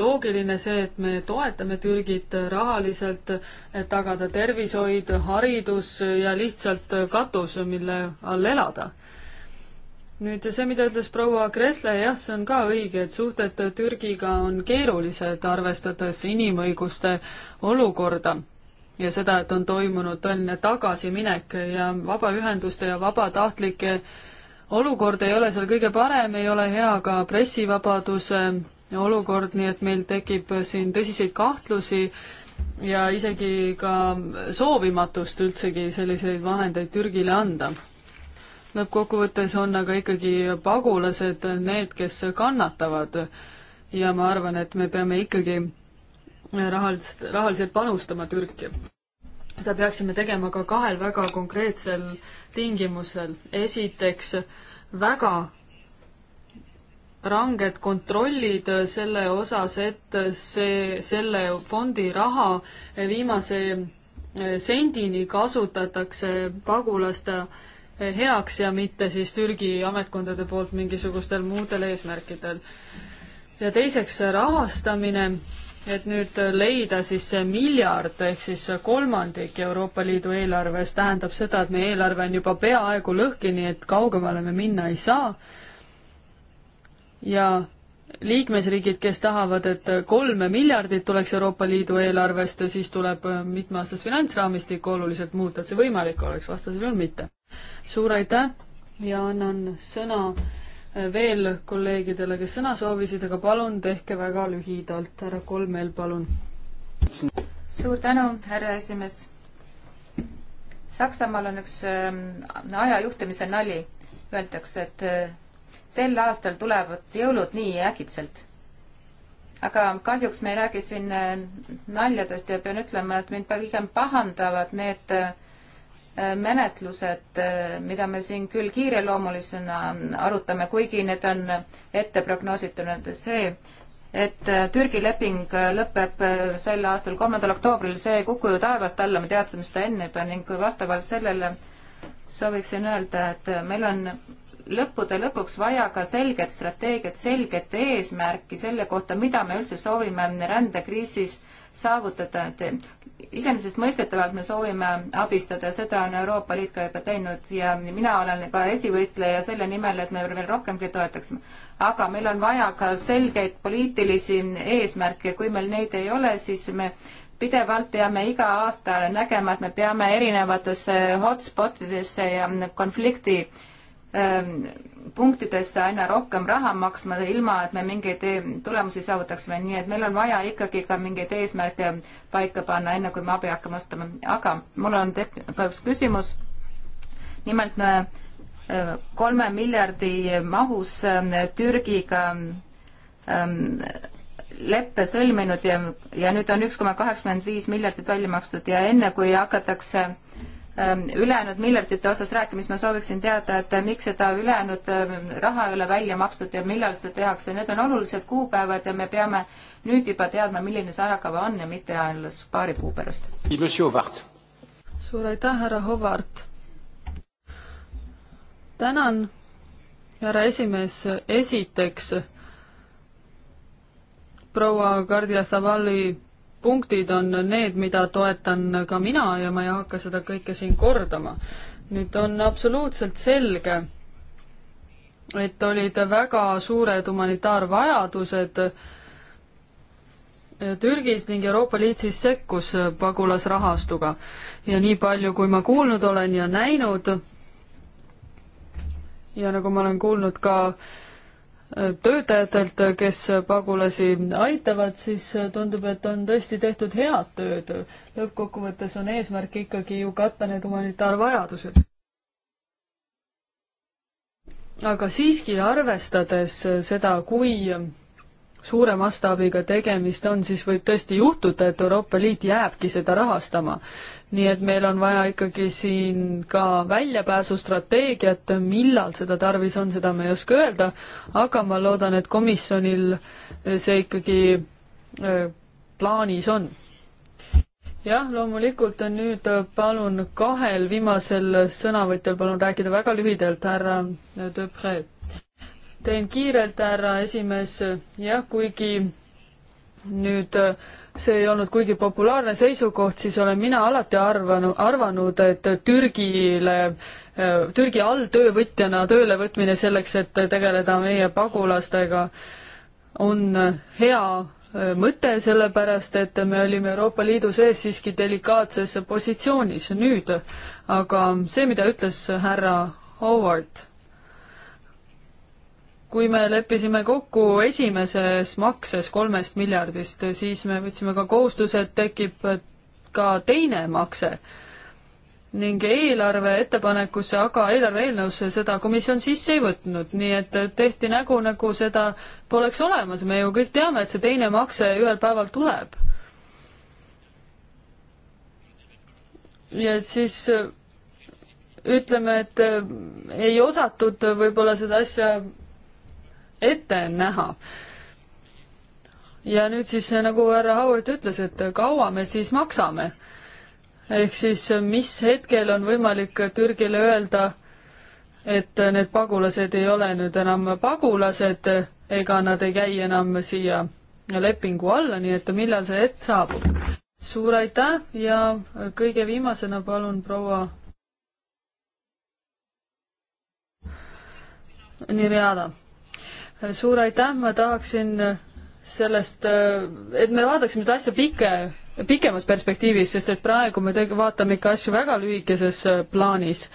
loogiline see, et me toetame Türgit rahaliselt, et tagada tervishoid, haridus ja lihtsalt katus, mille all elada. nüüd see, mida ütles proua Kresle, jah, see on ka õige, et suhted Türgiga on keerulised, arvestades inimõiguste olukorda ja seda, et on toimunud tõeline tagasiminek ja vabaühenduste ja vabatahtlike olukord ei ole seal kõige parem, ei ole hea ka pressivabaduse olukord, nii et meil tekib siin tõsiseid kahtlusi ja isegi ka soovimatust üldsegi selliseid vahendeid Türgile anda. lõppkokkuvõttes on aga ikkagi pagulased need, kes kannatavad ja ma arvan, et me peame ikkagi rahalist, rahaliselt panustama Türki seda peaksime tegema ka kahel väga konkreetsel tingimusel. esiteks väga ranged kontrollid selle osas, et see, selle fondi raha viimase eh, sendini kasutatakse pagulaste eh, heaks ja mitte siis Türgi ametkondade poolt mingisugustel muudel eesmärkidel. ja teiseks rahastamine et nüüd äh, leida siis see miljard ehk siis kolmandik Euroopa Liidu eelarvest tähendab seda, et meie eelarve on juba peaaegu lõhki, nii et kaugemale me minna ei saa. ja liikmesriigid, kes tahavad, et kolme miljardit tuleks Euroopa Liidu eelarvest, siis tuleb äh, mitmeaastast finantsraamistikku oluliselt muuta, et see võimalik oleks, vastasel juhul mitte. suur aitäh ja annan sõna veel kolleegidele, kes sõna soovisid, aga palun tehke väga lühidalt. härra Kolmel, palun. suur tänu, härra esimees. Saksamaal on üks ähm, aja juhtimise nali. Öeldakse, et äh, sel aastal tulevad jõulud nii äkitselt. aga kahjuks me ei räägi siin äh, naljadest ja pean ütlema, et mind pigem pahandavad need äh, menetlused, mida me siin küll kiireloomulisena arutame, kuigi need on ette prognoositunud, see, et Türgi leping lõpeb sel aastal kolmandal oktoobril, see ei kuku ju taevast alla, me teadsime seda enne juba ning vastavalt sellele sooviksin öelda, et meil on lõppude lõpuks vaja ka selget strateegiat, selget eesmärki selle kohta, mida me üldse soovime rändekriisis saavutada, et iseenesestmõistetavalt me soovime abistada, seda on Euroopa Liit ka juba teinud ja mina olen ka esivõitleja selle nimel, et me veel rohkemgi toetaksime. aga meil on vaja ka selgeid poliitilisi eesmärke, kui meil neid ei ole, siis me pidevalt peame iga aasta nägema, et me peame erinevatesse hotspot idesse ja konflikti äh, Ähm, punktidesse aina rohkem raha maksma, ilma et me mingeid e- tulemusi saavutaksime, nii et meil on vaja ikkagi ka mingeid eesmärke paika panna, enne kui me abi hakkame ostma. aga mul on ka üks küsimus. nimelt me äh, kolme miljardi mahus ähm, Türgiga ähm, leppe sõlminud ja, ja nüüd on üks koma kaheksakümmend viis miljardit välja makstud ja enne, kui hakatakse äh, Ähm, ülejäänud miljardite osas rääkimist, ma sooviksin teada, et äh, miks seda ülejäänud ähm, raha ei ole välja makstud ja millal seda tehakse, need on olulised kuupäevad ja me peame nüüd juba teadma, milline see ajakava on ja mitte alles paari kuu pärast. suur aitäh, härra Howard! tänan, härra esimees, esiteks proua Gardia Zavali punktid on need, mida toetan ka mina ja ma ei hakka seda kõike siin kordama. nüüd on absoluutselt selge, et olid väga suured humanitaarvajadused Türgis ning Euroopa Liit siis sekkus pagulasrahastuga. ja nii palju, kui ma kuulnud olen ja näinud ja nagu ma olen kuulnud ka äh, töötajatelt, kes pagulasi aitavad, siis tundub, et on tõesti tehtud head tööd. lõppkokkuvõttes on eesmärk ikkagi ju katta need humanitaarvajadused. aga siiski, arvestades seda, kui suure mastaabiga tegemist on, siis võib tõesti juhtuda, et Euroopa Liit jääbki seda rahastama. nii et meil on vaja ikkagi siin ka väljapääsustrateegiat, millal seda tarvis on, seda ma ei oska öelda, aga ma loodan, et komisjonil see ikkagi äh, plaanis on jah, loomulikult on nüüd äh, palun kahel viimasel sõnavõtjal palun rääkida väga lühidalt, härra Depree teen kiirelt, härra esimees, jah, kuigi nüüd äh, see ei olnud kuigi populaarne seisukoht, siis olen mina alati arvanud, arvanud, et Türgile, äh, Türgi alltöövõtjana töölevõtmine selleks, et tegeleda meie pagulastega, on hea äh, mõte, sellepärast et me olime Euroopa Liidu sees siiski delikaatses positsioonis nüüd. aga see, mida ütles härra Howard kui me leppisime kokku esimeses makses kolmest miljardist, siis me võtsime ka kohustuse, et tekib ka teine makse. ning eelarve ettepanekusse, aga eelarve eelnõusse seda komisjon sisse ei võtnud, nii et tehti nägu, nagu seda poleks olemas, me ju kõik teame, et see teine makse ühel päeval tuleb. ja siis ütleme, et ei osatud võib-olla seda asja ette näha. ja nüüd siis nagu härra Howard ütles, et kaua me siis maksame? ehk siis mis hetkel on võimalik Türgile öelda, et need pagulased ei ole nüüd enam pagulased ega nad ei käi enam siia lepingu alla, nii et millal see hetk saabub? suur aitäh ja kõige viimasena palun proua Nirjada suur aitäh, ma tahaksin sellest, et me vaataksime seda asja pike, pikemas perspektiivis, sest et praegu me tege-, vaatame ikka asju väga lühikeses äh, plaanis.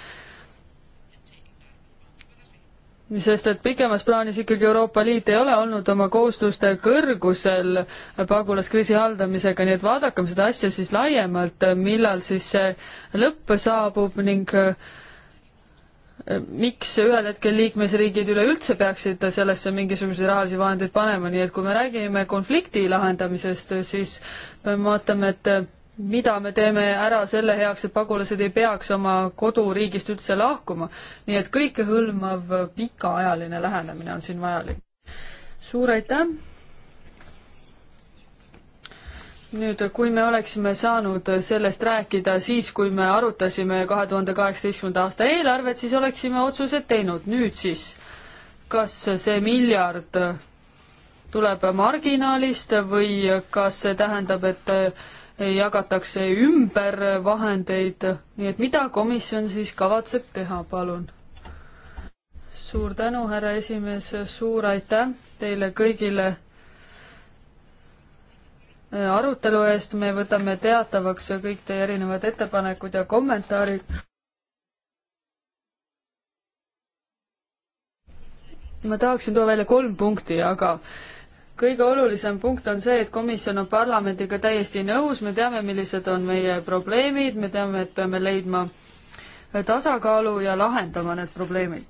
sest et pikemas plaanis ikkagi Euroopa Liit ei ole olnud oma kohustuste kõrgusel äh, pagulaskriisi haldamisega, nii et vaadakem seda asja siis laiemalt, äh, millal siis see lõpp saabub ning äh, miks ühel hetkel liikmesriigid üleüldse peaksid sellesse mingisuguseid rahalisi vahendeid panema, nii et kui me räägime konflikti lahendamisest, siis me vaatame, et mida me teeme ära selle heaks, et pagulased ei peaks oma koduriigist üldse lahkuma. nii et kõikehõlmav pikaajaline lähenemine on siin vajalik. suur aitäh! nüüd, kui me oleksime saanud sellest rääkida siis, kui me arutasime kahe tuhande kaheksateistkümnenda aasta eelarvet, siis oleksime otsused teinud. nüüd siis, kas see miljard tuleb marginaalist või kas see tähendab, et jagatakse ümber vahendeid, nii et mida komisjon siis kavatseb teha, palun? suur tänu, härra esimees, suur aitäh teile kõigile Äh, arutelu eest, me võtame teatavaks kõik teie erinevad ettepanekud ja kommentaarid. ma tahaksin tuua välja kolm punkti, aga kõige olulisem punkt on see, et komisjon on parlamendiga täiesti nõus, me teame, millised on meie probleemid, me teame, et peame leidma tasakaalu ja lahendama need probleemid.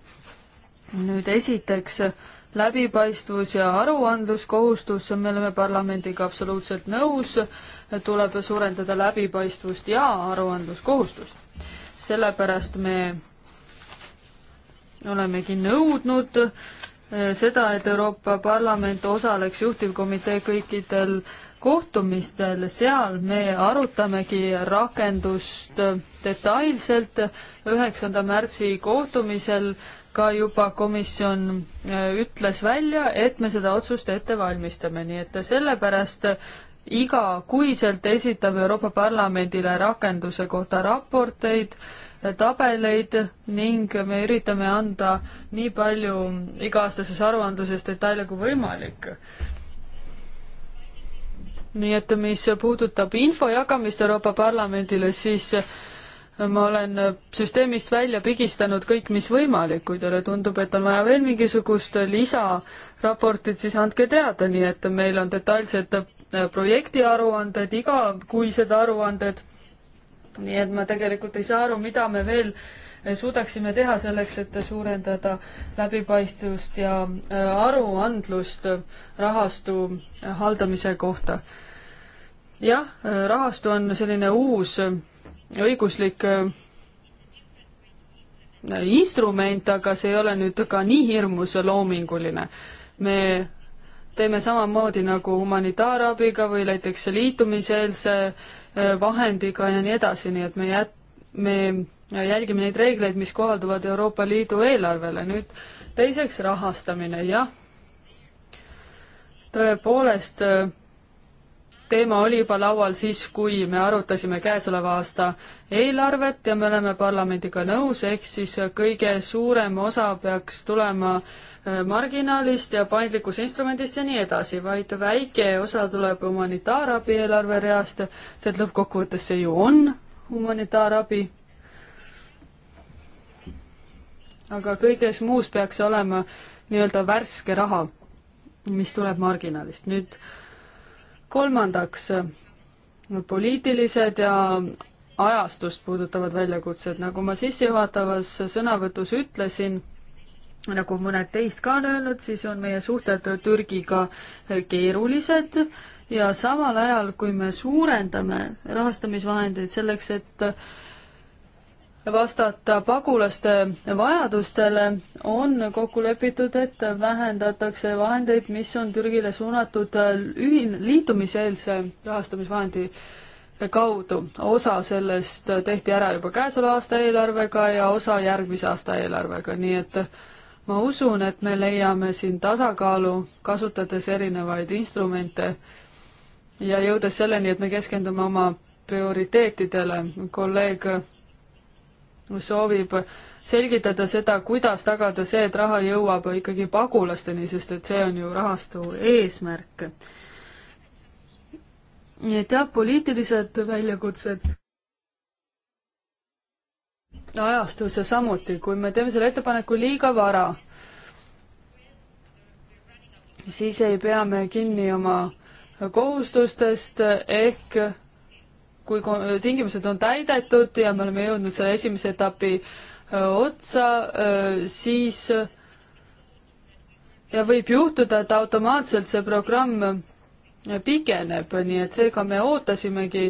nüüd esiteks äh, läbipaistvus ja aruandluskohustus, me oleme parlamendiga absoluutselt nõus, tuleb suurendada läbipaistvust ja aruandluskohustust. sellepärast me olemegi nõudnud eh, seda, et Euroopa Parlament osaleks juhtivkomitee kõikidel kohtumistel, seal me arutamegi rakendust detailselt. üheksanda märtsi kohtumisel äh, ka juba komisjon äh, ütles välja, et me seda otsust ette valmistame, nii et sellepärast igakuiselt esitab Euroopa Parlamendile rakenduse kohta raporteid, tabeleid ning me üritame anda nii palju iga-aastases aruandluses detaile kui võimalik. nii et mis puudutab info jagamist Euroopa Parlamendile, siis ma olen äh, süsteemist välja pigistanud kõik, mis võimalik, kui teile tundub, et on vaja veel mingisugust äh, lisaraportit, siis andke teada, nii et meil on detailsed äh, projektiaruanded, igakuised aruanded. nii et ma tegelikult ei saa aru, mida me veel suudaksime teha selleks, et suurendada läbipaistvust ja aruandlust rahastu haldamise kohta. jah, rahastu on selline uus õiguslik äh, instrument, aga see ei ole nüüd ka nii hirmus loominguline. me teeme samamoodi nagu humanitaarabiga või näiteks liitumiseelse äh, vahendiga ja nii edasi, nii et me jät-, me jälgime neid reegleid, mis kohalduvad Euroopa Liidu eelarvele. nüüd teiseks rahastamine, jah. tõepoolest äh, teema oli juba laual siis, kui me arutasime käesoleva aasta eelarvet ja me oleme parlamendiga nõus, ehk siis kõige suurem osa peaks tulema äh, marginaalist ja paindlikkusinstrumendist ja nii edasi, vaid väike osa tuleb humanitaarabi eelarvereast, see lõppkokkuvõttes see ju on humanitaarabi. aga kõiges muus peaks olema nii-öelda värske raha, mis tuleb marginaalist. nüüd äh, kolmandaks, poliitilised ja ajastust puudutavad väljakutsed, nagu ma sissejuhatavas sõnavõtus ütlesin, nagu mõned teist ka on öelnud, siis on meie suhted Türgiga keerulised ja samal ajal, kui me suurendame rahastamisvahendeid selleks, et vastata pagulaste vajadustele, on kokku lepitud, et vähendatakse vahendeid, mis on Türgile suunatud ühin-, liitumiseelse rahastamisvahendi kaudu. osa sellest tehti ära juba käesoleva aasta eelarvega ja osa järgmise aasta eelarvega, nii et ma usun, et me leiame siin tasakaalu, kasutades erinevaid instrumente ja jõudes selleni, et me keskendume oma prioriteetidele. kolleeg soovib selgitada seda, kuidas tagada see, et raha jõuab ikkagi pagulasteni, sest et see on ju rahastu eesmärk. nii et jah, poliitilised väljakutsed ajastus ja samuti, kui me teeme selle ettepaneku liiga vara, siis ei pea me kinni oma kohustustest ehk kui tingimused on täidetud ja me oleme jõudnud selle esimese etapi otsa, siis ja võib juhtuda, et automaatselt see programm pikeneb, nii et seega me ootasimegi,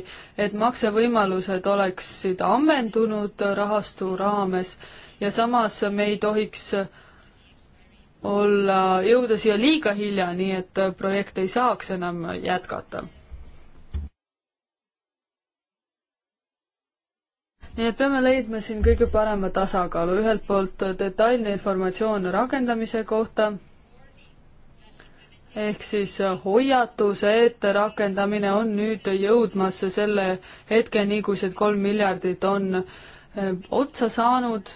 et maksevõimalused oleksid ammendunud rahastu raames ja samas me ei tohiks olla, jõuda siia liiga hilja, nii et projekt ei saaks enam jätkata nii et peame leidma siin kõige parema tasakaalu, ühelt poolt detailne informatsioon rakendamise kohta, ehk siis hoiatus, et rakendamine on nüüd jõudmas selle hetkeni, kui see kolm miljardit on eh, otsa saanud,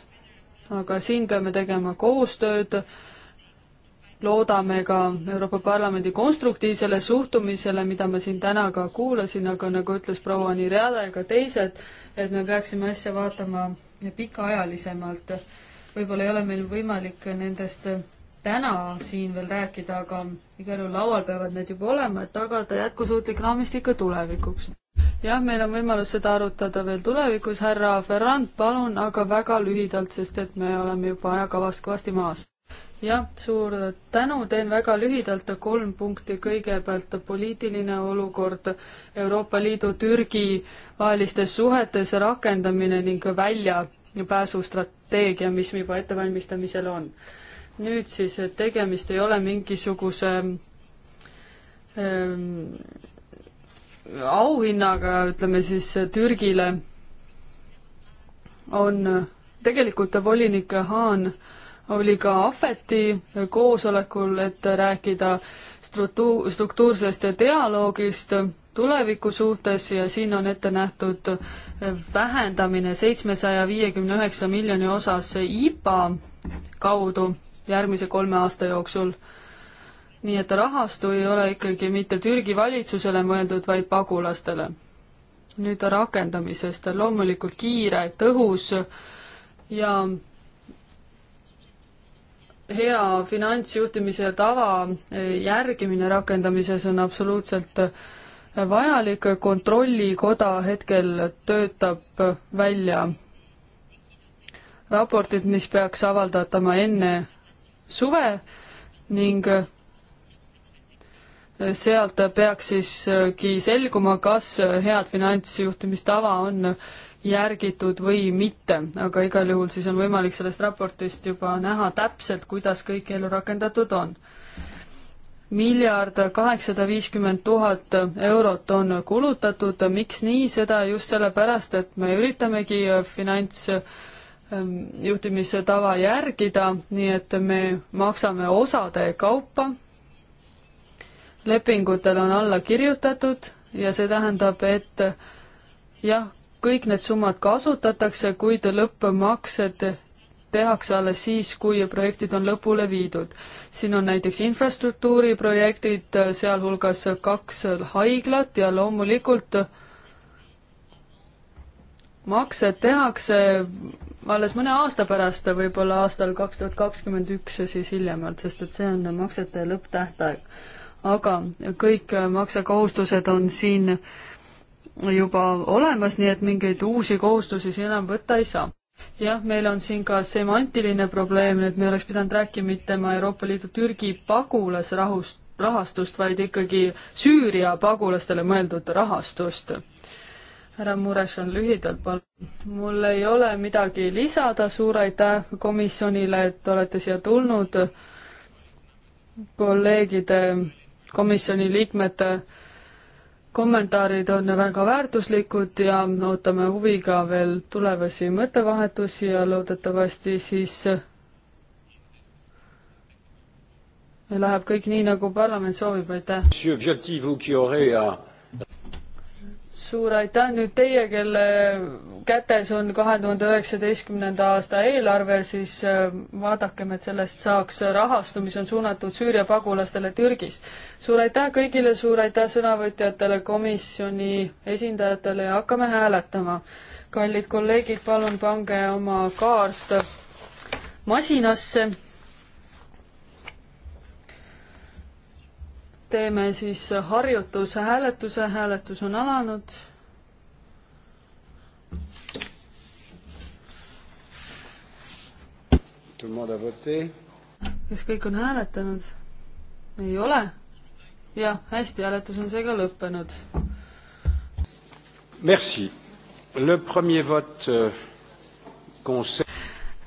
aga siin peame tegema koostööd loodame ka Euroopa Parlamendi konstruktiivsele suhtumisele, mida ma siin täna ka kuulasin, aga nagu ütles proua Nirjada ja ka teised, et me peaksime asja vaatama pikaajalisemalt. võib-olla ei ole meil võimalik nendest täna siin veel rääkida, aga igal juhul laual peavad need juba olema, et tagada jätkusuutlik raamistik ka tulevikuks. jah, meil on võimalus seda arutada veel tulevikus, härra Ferrand, palun, aga väga lühidalt, sest et me oleme juba ajakavast kõvasti maas jah, suur tänu, teen väga lühidalt kolm punkti, kõigepealt poliitiline olukord Euroopa Liidu, Türgi vahelistes suhetes rakendamine ning väljapääsustrateegia, mis juba ettevalmistamisel on. nüüd siis, et tegemist ei ole mingisuguse ähm, auhinnaga, ütleme siis Türgile, on tegelikult volinik Haan äh, oli ka Ahveti koosolekul, et rääkida struktuur, struktuursest dialoogist tuleviku suhtes ja siin on ette nähtud vähendamine seitsmesaja viiekümne üheksa miljoni osas IPA kaudu järgmise kolme aasta jooksul. nii et rahastu ei ole ikkagi mitte Türgi valitsusele mõeldud, vaid pagulastele. nüüd rakendamisest, loomulikult kiire, tõhus ja hea finantsjuhtimise tava eh, järgimine rakendamises on absoluutselt eh, vajalik, kontrollikoda hetkel töötab eh, välja raportit, mis peaks avaldatama enne suve ning sealt peaks siiski selguma, kas head finantsjuhtimistava on järgitud või mitte, aga igal juhul siis on võimalik sellest raportist juba näha täpselt, kuidas kõik ellu rakendatud on. miljard kaheksasada viiskümmend tuhat eurot on kulutatud, miks nii, seda just sellepärast, et me üritamegi äh, finants ähm, juhtimise tava järgida, nii et me maksame osade kaupa, lepingutel on alla kirjutatud ja see tähendab, et jah, kõik need summad kasutatakse, kuid lõppmaksed tehakse alles siis, kui projektid on lõpule viidud. siin on näiteks infrastruktuuriprojektid, sealhulgas kaks haiglat ja loomulikult maksed tehakse alles mõne aasta pärast, võib-olla aastal kaks tuhat kakskümmend üks ja siis hiljemalt, sest et see on maksete lõpptähtaeg. aga kõik maksekohustused on siin äh, juba olemas, nii et mingeid uusi kohustusi siin enam võtta ei saa. jah, meil on siin ka semantiline probleem, et me oleks pidanud rääkima Euroopa Liidu Türgi pagulasrahust, rahastust, vaid ikkagi Süüria pagulastele mõeldud rahastust. härra Mures on lühidalt, palun. mul ei ole midagi lisada, suur aitäh komisjonile, et olete siia tulnud kolleegide, komisjoni liikmete kommentaarid on väga väärtuslikud ja ootame huviga veel tulevasi mõttevahetusi ja loodetavasti siis läheb kõik nii, nagu parlament soovib, aitäh! suur aitäh nüüd teie, kelle kätes on kahe tuhande üheksateistkümnenda aasta eelarve, siis äh, vaadakem, et sellest saaks rahastu, mis on suunatud Süüria pagulastele Türgis. suur aitäh kõigile, suur aitäh sõnavõtjatele, komisjoni esindajatele ja hakkame hääletama. kallid kolleegid, palun pange oma kaart masinasse teeme siis harjutuse hääletuse, hääletus on alanud. kas kõik on hääletanud? ei ole? jah, hästi, hääletus on seega lõppenud. Merci. Le premier vote euh, conseil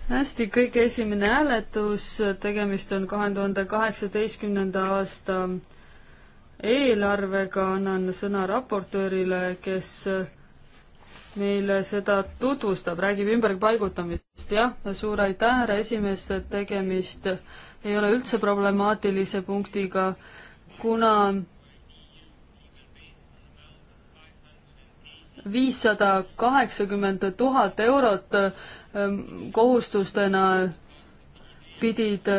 hästi, kõige esimene hääletus, tegemist on kahe tuhande kaheksateistkümnenda aasta eelarvega, annan sõna raportöörile, kes meile seda tutvustab, räägib ümberpaigutamisest, jah, suur aitäh, härra esimees, tegemist ei ole üldse problemaatilise punktiga, kuna viissada kaheksakümmend tuhat eurot ähm, kohustustena pidid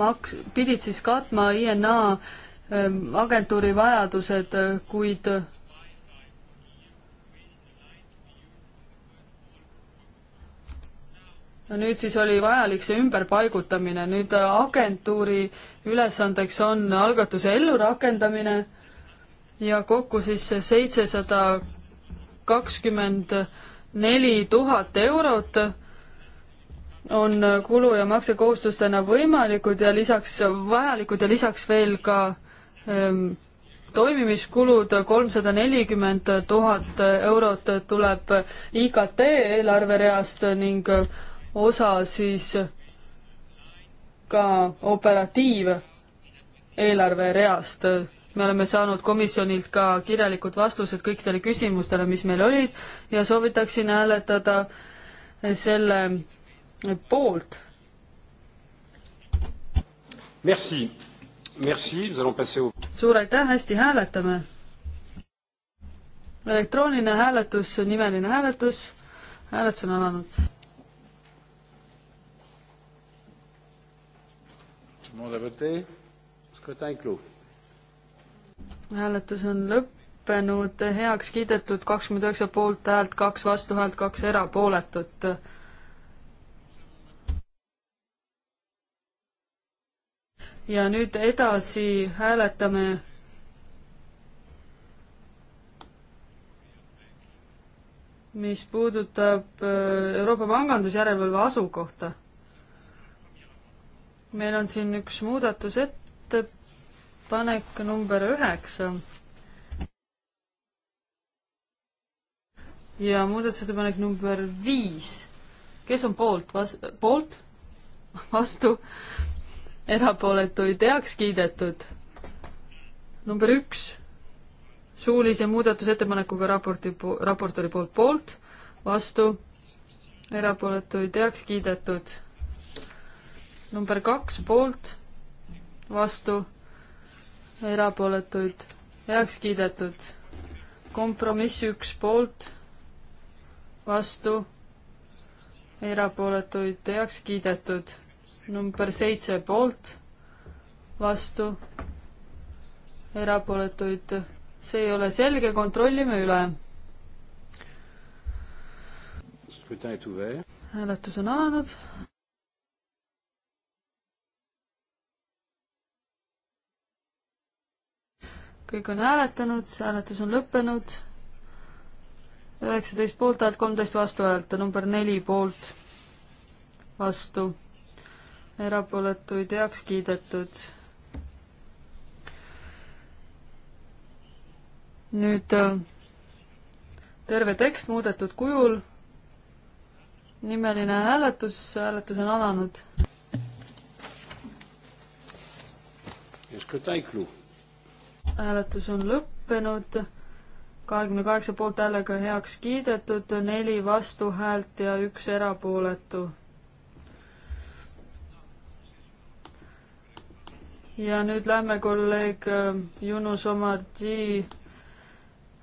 maks-, pidid siis katma INA Ehm, agentuuri vajadused, eh, kuid eh, nüüd siis oli vajalik see ümberpaigutamine, nüüd eh, agentuuri ülesandeks on algatuse ellurakendamine ja kokku siis seitsesada kakskümmend neli tuhat eurot on kulu- ja maksekohustustena võimalikud ja lisaks, vajalikud ja lisaks veel ka Ehm, toimimiskulud kolmsada nelikümmend tuhat eurot tuleb IKT eelarvereast ning osa siis ka operatiiveelarvereast. me oleme saanud komisjonilt ka kirjalikud vastused kõikidele küsimustele, mis meil olid ja soovitaksin hääletada selle poolt. Merci suur aitäh, hästi hääletame. elektrooniline hääletus, nimeline hääletus, hääletus on alanud. hääletus on lõppenud, heaks kiidetud kakskümmend üheksa poolthäält, kaks vastuhäält, kaks erapooletut ja nüüd edasi hääletame mis puudutab äh, Euroopa pangandusjärelevalve asukohta. meil on siin üks muudatusettepanek number üheksa. ja muudatusettepanek number viis. kes on poolt, vas-, poolt, vastu, erapooletuid heaks kiidetud. number üks, suulise muudatusettepanekuga raporti, raportööri poolt poolt, vastu, erapooletuid heaks kiidetud. number kaks poolt, vastu, erapooletuid heaks kiidetud. kompromiss üks poolt, vastu, erapooletuid heaks kiidetud number seitse poolt, vastu, erapooletuid, see ei ole selge, kontrollime üle. hääletus on alanud. kõik on hääletanud, hääletus on lõppenud. üheksateist poolthäält, kolmteist vastuhäält, number neli poolt, vastu erapooletuid heaks kiidetud. nüüd äh, terve tekst muudetud kujul, nimeline hääletus, hääletus on alanud. hääletus on lõppenud kahekümne kaheksa poolthäälega heaks kiidetud, neli vastuhäält ja üks erapooletu. ja nüüd lähme kolleeg äh, Yunus Omarji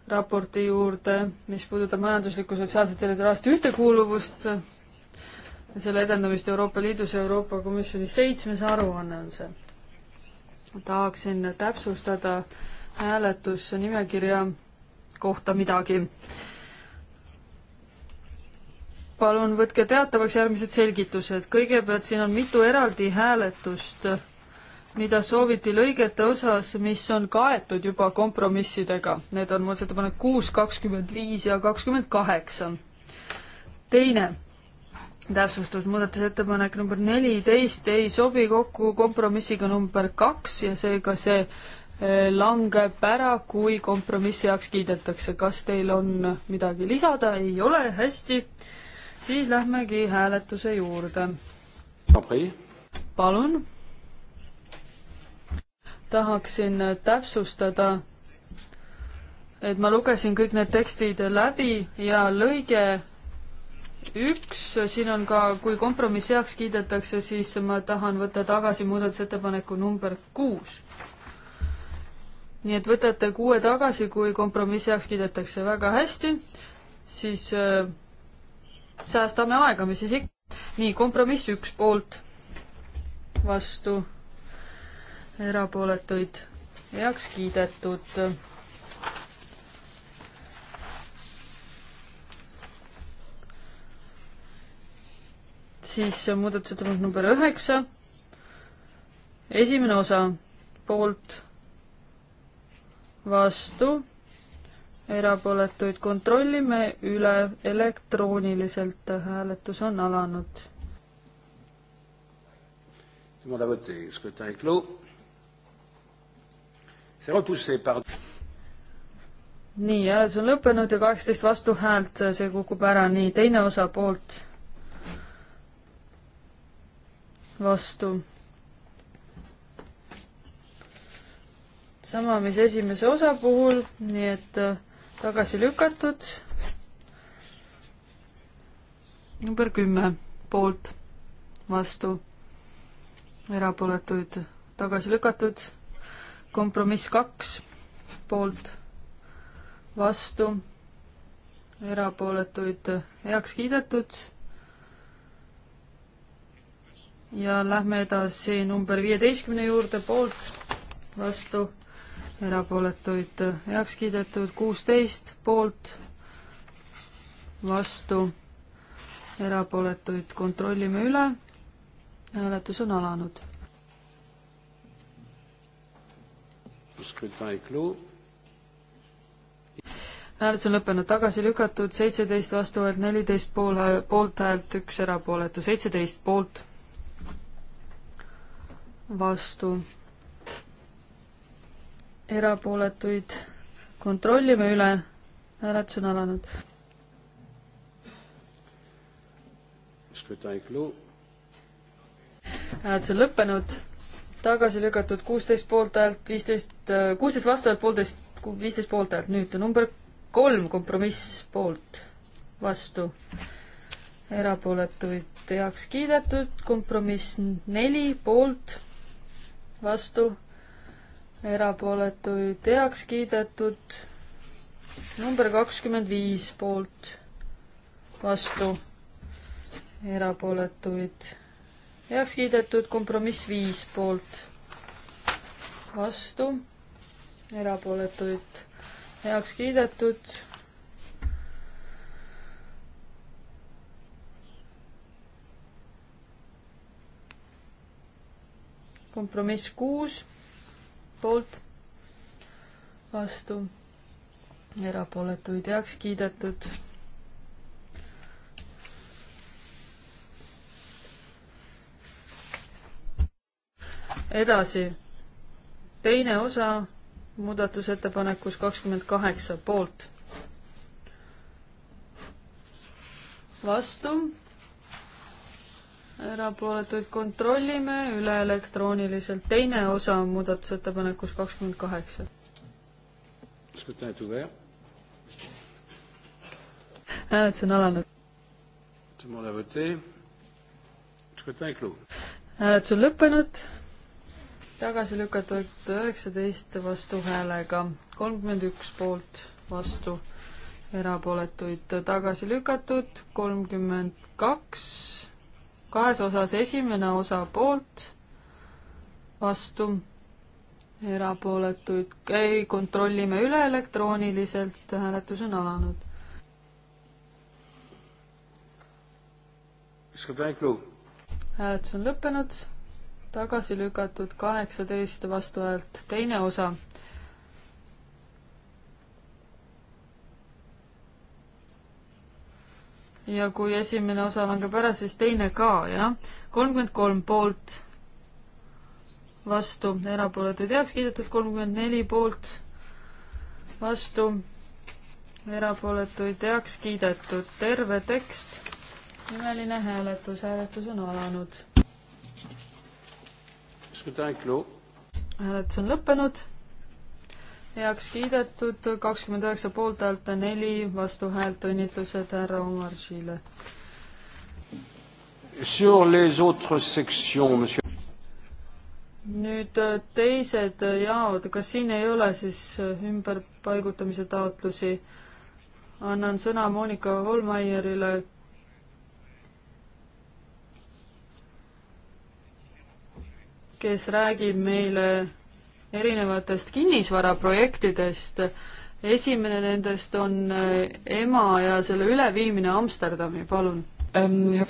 raporti juurde, mis puudutab majanduslikku, sotsiaalset ja territoriaalset ühtekuuluvust, selle edendamist Euroopa Liidus ja Euroopa Komisjoni seitsmes aruanne on see. tahaksin täpsustada hääletusnimekirja kohta midagi. palun võtke teatavaks järgmised selgitused. kõigepealt siin on mitu eraldi hääletust mida sooviti lõigete osas, mis on kaetud juba kompromissidega. Need on muudatusettepanek kuus, kakskümmend viis ja kakskümmend kaheksa. teine täpsustus, muudatusettepanek number neliteist ei sobi kokku kompromissiga number kaks ja seega see eh, langeb ära, kui kompromiss heaks kiidetakse. kas teil on midagi lisada? ei ole, hästi. siis lähmegi hääletuse juurde. palun tahaksin täpsustada, et ma lugesin kõik need tekstid läbi ja lõige üks, siin on ka, kui kompromiss heaks kiidetakse, siis ma tahan võtta tagasi muudatusettepaneku number kuus. nii et võtate kuue tagasi, kui kompromiss heaks kiidetakse väga hästi, siis äh, säästame aega, mis siis ikka. nii, kompromiss üks poolt, vastu erapooletuid heaks kiidetud. siis muudatusettepanek number üheksa, esimene osa poolt, vastu, erapooletuid kontrollime üle elektrooniliselt, hääletus on alanud. Demande à voter. Scrutin est clos nii, hääletus on lõppenud ja kaheksateist vastuhäält, see kukub ära, nii, teine osa poolt, vastu. sama, mis esimese osa puhul, nii et äh, tagasi lükatud. number kümme, poolt, vastu, erapooletuid tagasi lükatud kompromiss kaks poolt, vastu, erapooletuid heaks kiidetud. ja lähme edasi number viieteistkümne juurde, poolt, vastu, erapooletuid heaks kiidetud, kuusteist poolt, vastu, erapooletuid kontrollime üle. hääletus on alanud hääletus on lõppenud, tagasi lükatud, seitseteist vastuhäält, neliteist pool, poolthäält, üks erapooletu, seitseteist poolt, vastu, erapooletuid kontrollime üle, hääletus on alanud. hääletus on lõppenud tagasi lükatud kuusteist poolthäält, viisteist, kuusteist vastuhäält, poolteist, viisteist poolthäält, nüüd number kolm kompromiss poolt, vastu, erapooletuid heaks kiidetud, kompromiss neli poolt, vastu, erapooletuid heaks kiidetud, number kakskümmend viis poolt, vastu, erapooletuid heaks kiidetud kompromiss viis poolt, vastu, erapooletuid heaks kiidetud. kompromiss kuus poolt, vastu, erapooletuid heaks kiidetud edasi, teine osa muudatusettepanekus kakskümmend kaheksa poolt. vastu. erapooletuid kontrollime üle elektrooniliselt, teine osa muudatusettepanekus kakskümmend kaheksa. hääletus ah, on alanud. hääletus on lõppenud tagasi lükatud üheksateist vastuhäälega, kolmkümmend üks poolt vastu, erapooletuid tagasi lükatud, kolmkümmend kaks, kahes osas esimene osa poolt, vastu, erapooletuid, ei, kontrollime üle elektrooniliselt, hääletus on alanud. hääletus on lõppenud tagasi lükatud kaheksateist vastuhäält, teine osa. ja kui esimene osa langeb ära, siis teine ka, jah. kolmkümmend kolm poolt, vastu, erapooletuid heaks kiidetud, kolmkümmend neli poolt, vastu, erapooletuid heaks kiidetud, terve tekst, nimeline hääletus, hääletus on alanud hääletus on lõppenud. heaks kiidetud kakskümmend üheksa poolthäält, neli vastuhäält, õnnitlused härra Omaržile. Sur les autres sections, monsieur nüüd äh, teised jaod, kas siin ei ole siis äh, ümberpaigutamise taotlusi? annan sõna Monika Holmeierile, kes räägib meile erinevatest kinnisvaraprojektidest. esimene nendest on äh, ema ja selle üleviimine Amsterdami, palun ähm,.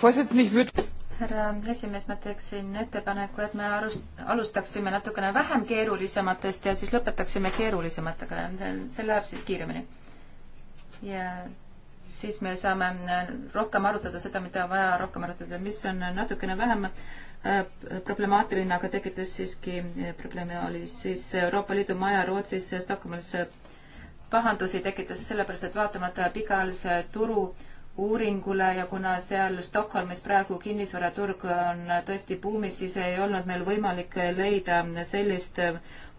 härra esimees, ma teeksin ettepaneku, et me arust-, alustaksime natukene vähem keerulisematest ja siis lõpetaksime keerulisematega, see läheb siis kiiremini. ja siis me saame rohkem arutada seda, mida on vaja rohkem arutada, mis on natukene vähem äh, Äh, problemaatiline, aga tekitas siiski äh, probleeme, oli siis Euroopa Liidu maja Rootsis äh, Stockholmis pahandusi tekitas sellepärast, et vaatamata pikaajalise turu uuringule ja kuna seal Stockholmis praegu kinnisvaraturg on tõesti buumis, siis ei olnud meil võimalik leida sellist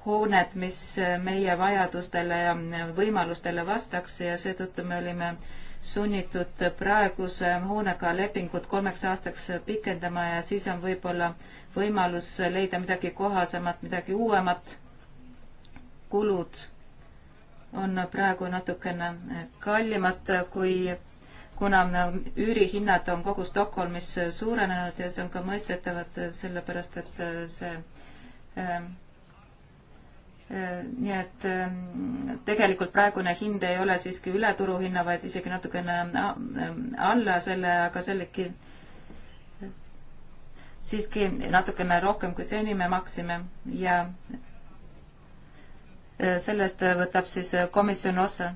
hoonet, mis meie vajadustele ja võimalustele vastaks ja seetõttu me olime sunnitud praeguse hoonega lepingut kolmeks aastaks pikendama ja siis on võib-olla võimalus leida midagi kohasemat, midagi uuemat. kulud on praegu natukene kallimad kui kuna üürihinnad on kogu Stockholmis suurenenud ja see on ka mõistetavad, sellepärast et see ähm, nii et ähm, tegelikult praegune hind ei ole siiski üle turuhinna, vaid isegi natukene äh, ähm, alla selle, aga sellegi siiski natukene rohkem, kui seni me maksime ja äh, sellest võtab siis äh, komisjon osa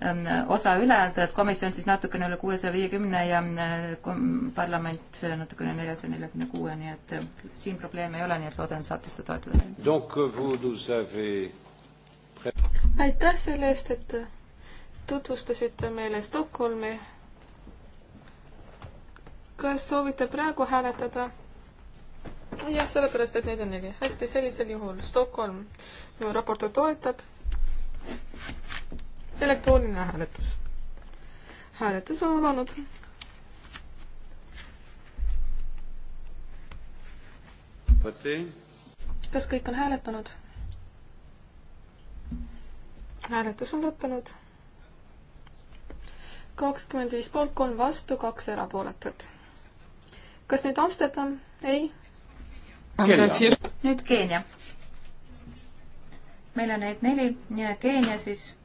Ähm, osa üle, et komisjon siis natukene üle kuuesaja viiekümne ja äh, parlament äh, natukene neljasaja neljakümne kuue, nii et äh, siin probleeme ei ole, nii et loodan, et saate seda toetada. aitäh selle eest, et tutvustasite meile Stockholmi. kas soovite praegu hääletada? jah, sellepärast, et neid on neli. hästi, sellisel juhul Stockholm raportit toetab elektrooniline hääletus. hääletus on alanud. kas kõik on hääletanud? hääletus on lõppenud. kakskümmend viis poolt, kolm vastu, kaks erapooletut. kas nüüd Amsterdam? ei? nüüd Keenia. meil on neid neli ja Keenia siis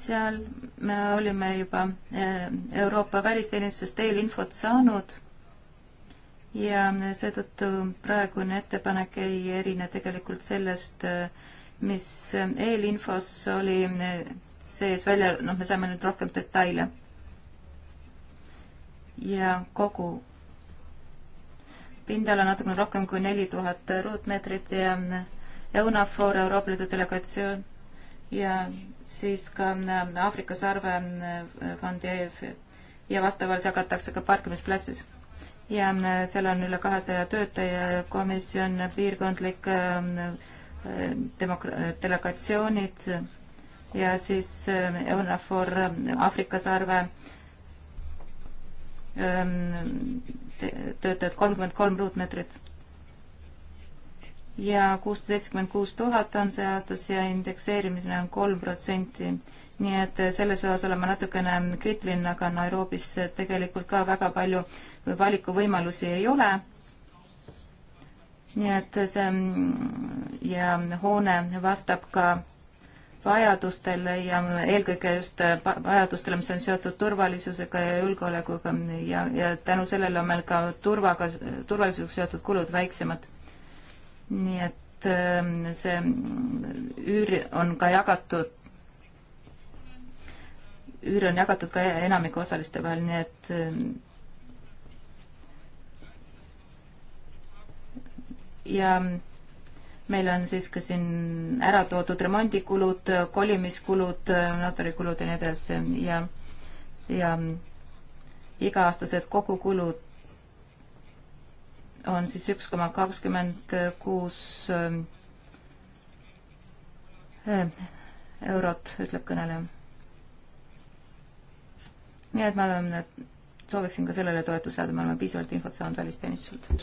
seal me olime juba eh, Euroopa välisteenistusest eelinfot saanud ja seetõttu praegune ettepanek ei erine tegelikult sellest, eh, mis eelinfos oli eh, sees välja, noh, me saame nüüd rohkem detaile. ja kogu pindala natukene rohkem kui neli tuhat ruutmeetrit ja EUNAFOR, Euroopa Liidu delegatsioon ja siis ka äh, Aafrika sarve äh, fondi ja vastavalt jagatakse ka parkimisplatsis. ja äh, seal on üle kahesaja töötaja, komisjon, piirkondlik demok-, delegatsioonid ja siis EUNAFOR Aafrika sarve ähm, töötajad kolmkümmend kolm ruutmeetrit ja kuussada seitsekümmend kuus tuhat on see aastas ja indekseerimisena on kolm protsenti. nii et selles osas olen ma natukene kriitiline, aga Nairobis tegelikult ka väga palju valikuvõimalusi ei ole. nii et see ja hoone vastab ka vajadustele ja eelkõige just vajadustele, mis on seotud turvalisusega ja julgeolekuga ja, ja tänu sellele on meil ka turvaga, turvalisusega seotud kulud väiksemad nii et ähm, see üür on ka jagatud, üür on jagatud ka enamike osaliste vahel, nii et ähm, ja meil on siis ka siin ära toodud remondikulud, kolimiskulud, notarikulud ja nii edasi ja, ja ähm, iga-aastased kogukulud on siis üks koma kakskümmend kuus ähm, eurot, ütleb kõneleja. nii et ma sooviksin ka sellele toetust saada, me oleme piisavalt infot saanud välisteenistuselt.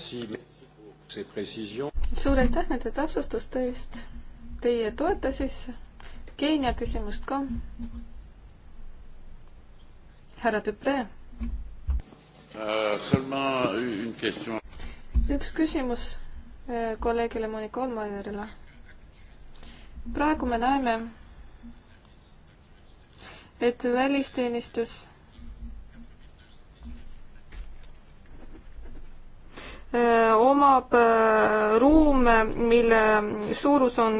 suur aitäh nende täpsustuste eest. Teie toeta siis Keenia küsimust ka. härra Dupree. Äh, üks küsimus äh, kolleegile Monika Olmajerile. praegu me näeme, et välisteenistus äh, omab äh, ruume, mille suurus on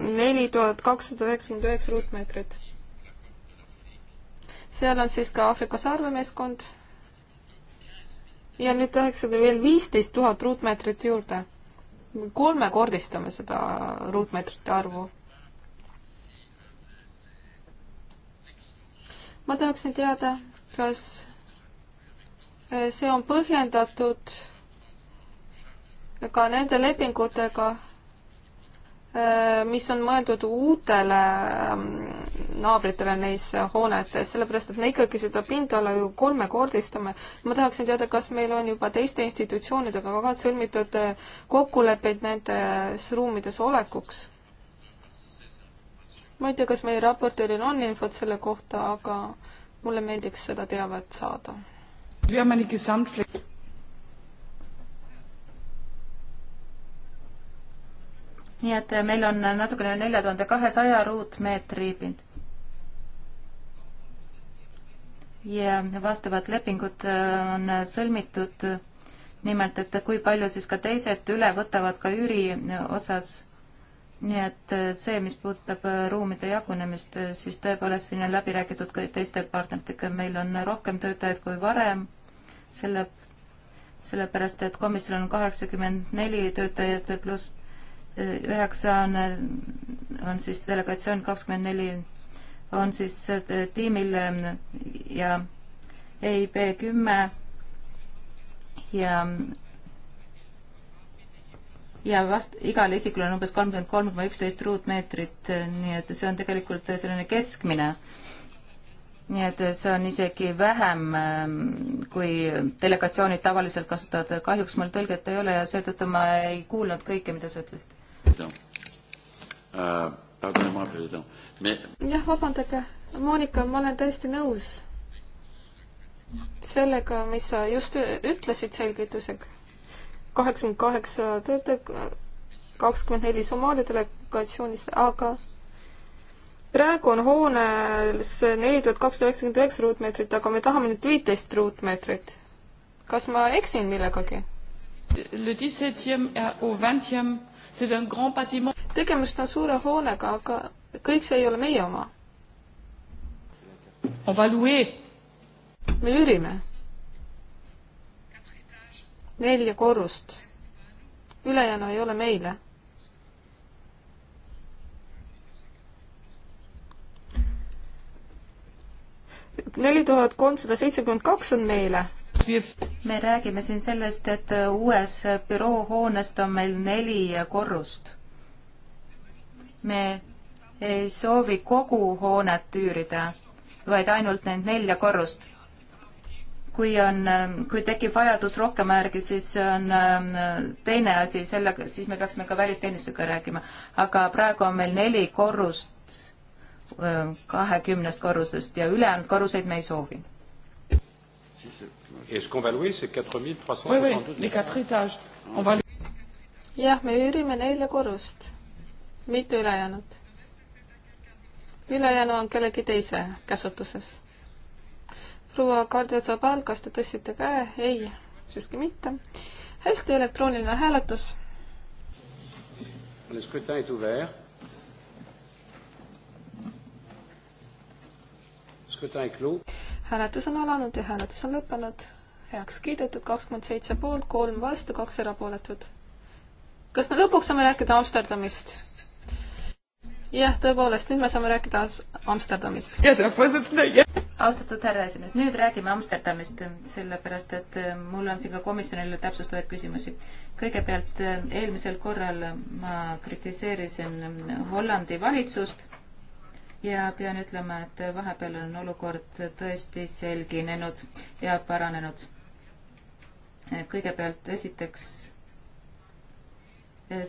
neli tuhat kakssada üheksakümmend üheksa ruutmeetrit. seal on siis ka Aafrika sarvemeeskond ja nüüd tahaksime veel viisteist tuhat ruutmeetrit juurde. kolmekordistame seda ruutmeetrite arvu. ma tahaksin teada, kas eh, see on põhjendatud ka nende lepingutega, Äh, mis on mõeldud uutele ähm, naabritele neis hoonetes, sellepärast et me ikkagi seda pindala ju kolmekordistame. ma tahaksin teada, kas meil on juba teiste institutsioonidega ka sõlmitud äh, kokkuleppeid nendes ruumides olekuks? ma ei tea, kas meie raportööril on infot selle kohta, aga mulle meeldiks seda teavet saada. nii et eh, meil on natukene nelja tuhande kahesaja ruutmeetri pind. ja vastavad lepingud eh, on sõlmitud nimelt, et kui palju siis ka teised üle võtavad ka üüri eh, osas. nii et see, mis puudutab ruumide jagunemist, siis tõepoolest siin on läbi räägitud ka teiste partneritega, meil on rohkem töötajaid kui varem, selle, sellepärast et komisjon on kaheksakümmend neli töötajat pluss üheksa on, on siis delegatsioon kakskümmend neli on siis tiimil ja EIB kümme ja ja vast igal isikul on umbes kolmkümmend kolm koma üksteist ruutmeetrit, nii et see on tegelikult selline keskmine. nii et see on isegi vähem, kui delegatsioonid tavaliselt kasutavad. kahjuks mul tõlget ei ole ja seetõttu ma ei kuulnud kõike, mida sa ütlesid. Euh, jah, vabandage, Monika, ma olen täiesti nõus sellega, mis sa just ütlesid selgituseks. kaheksakümmend kaheksa töötaja, kakskümmend neli Somaalia delegatsioonist, aga praegu on hoones neli tuhat kakssada üheksakümmend üheksa ruutmeetrit, aga me tahame nüüd viiteist ruutmeetrit. kas ma eksin millegagi? Le 17e au 20e tegemist on suure hoonega, aga kõik see ei ole meie oma. me üürime. nelja korrust. ülejäänu ei ole meile neli tuhat kolmsada seitsekümmend kaks on meile me räägime siin sellest, et uues büroohoonest on meil neli korrust. me ei soovi kogu hoonet üürida, vaid ainult neid nelja korrust. kui on, kui tekib vajadus rohkem järgi, siis on ähm, teine asi, sellega, siis me peaksime ka välisteenistusega rääkima. aga praegu on meil neli korrust äh, kahekümnest korrusest ja ülejäänud korruseid me ei soovi Et ce qu'on va louer, c'est 4300. Oui, oui, les quatre étages. On va... Mmh. jah, me üürime neile korrust, mitte ülejäänut. ülejäänu on kellegi teise käsutuses. proua Kadri Sabal, kas te tõstsite käe? ei, siiski mitte. hästi, elektrooniline hääletus. Le scrutin est ouvert. Scrutin est clos hääletus on alanud ja hääletus on lõppenud. heaks kiidetud, kakskümmend seitse poolt, kolm vastu, kaks erapooletut. kas me lõpuks saame rääkida Amsterdamist? jah, tõepoolest, nüüd me saame rääkida Amsterdamist. austatud härra esimees, nüüd räägime Amsterdamist, sellepärast et äh, mul on siin ka komisjonile täpsustavaid küsimusi. kõigepealt äh, eelmisel korral ma kritiseerisin äh, Hollandi valitsust ja pean ütlema, et vahepeal on olukord tõesti selginenud ja paranenud. kõigepealt esiteks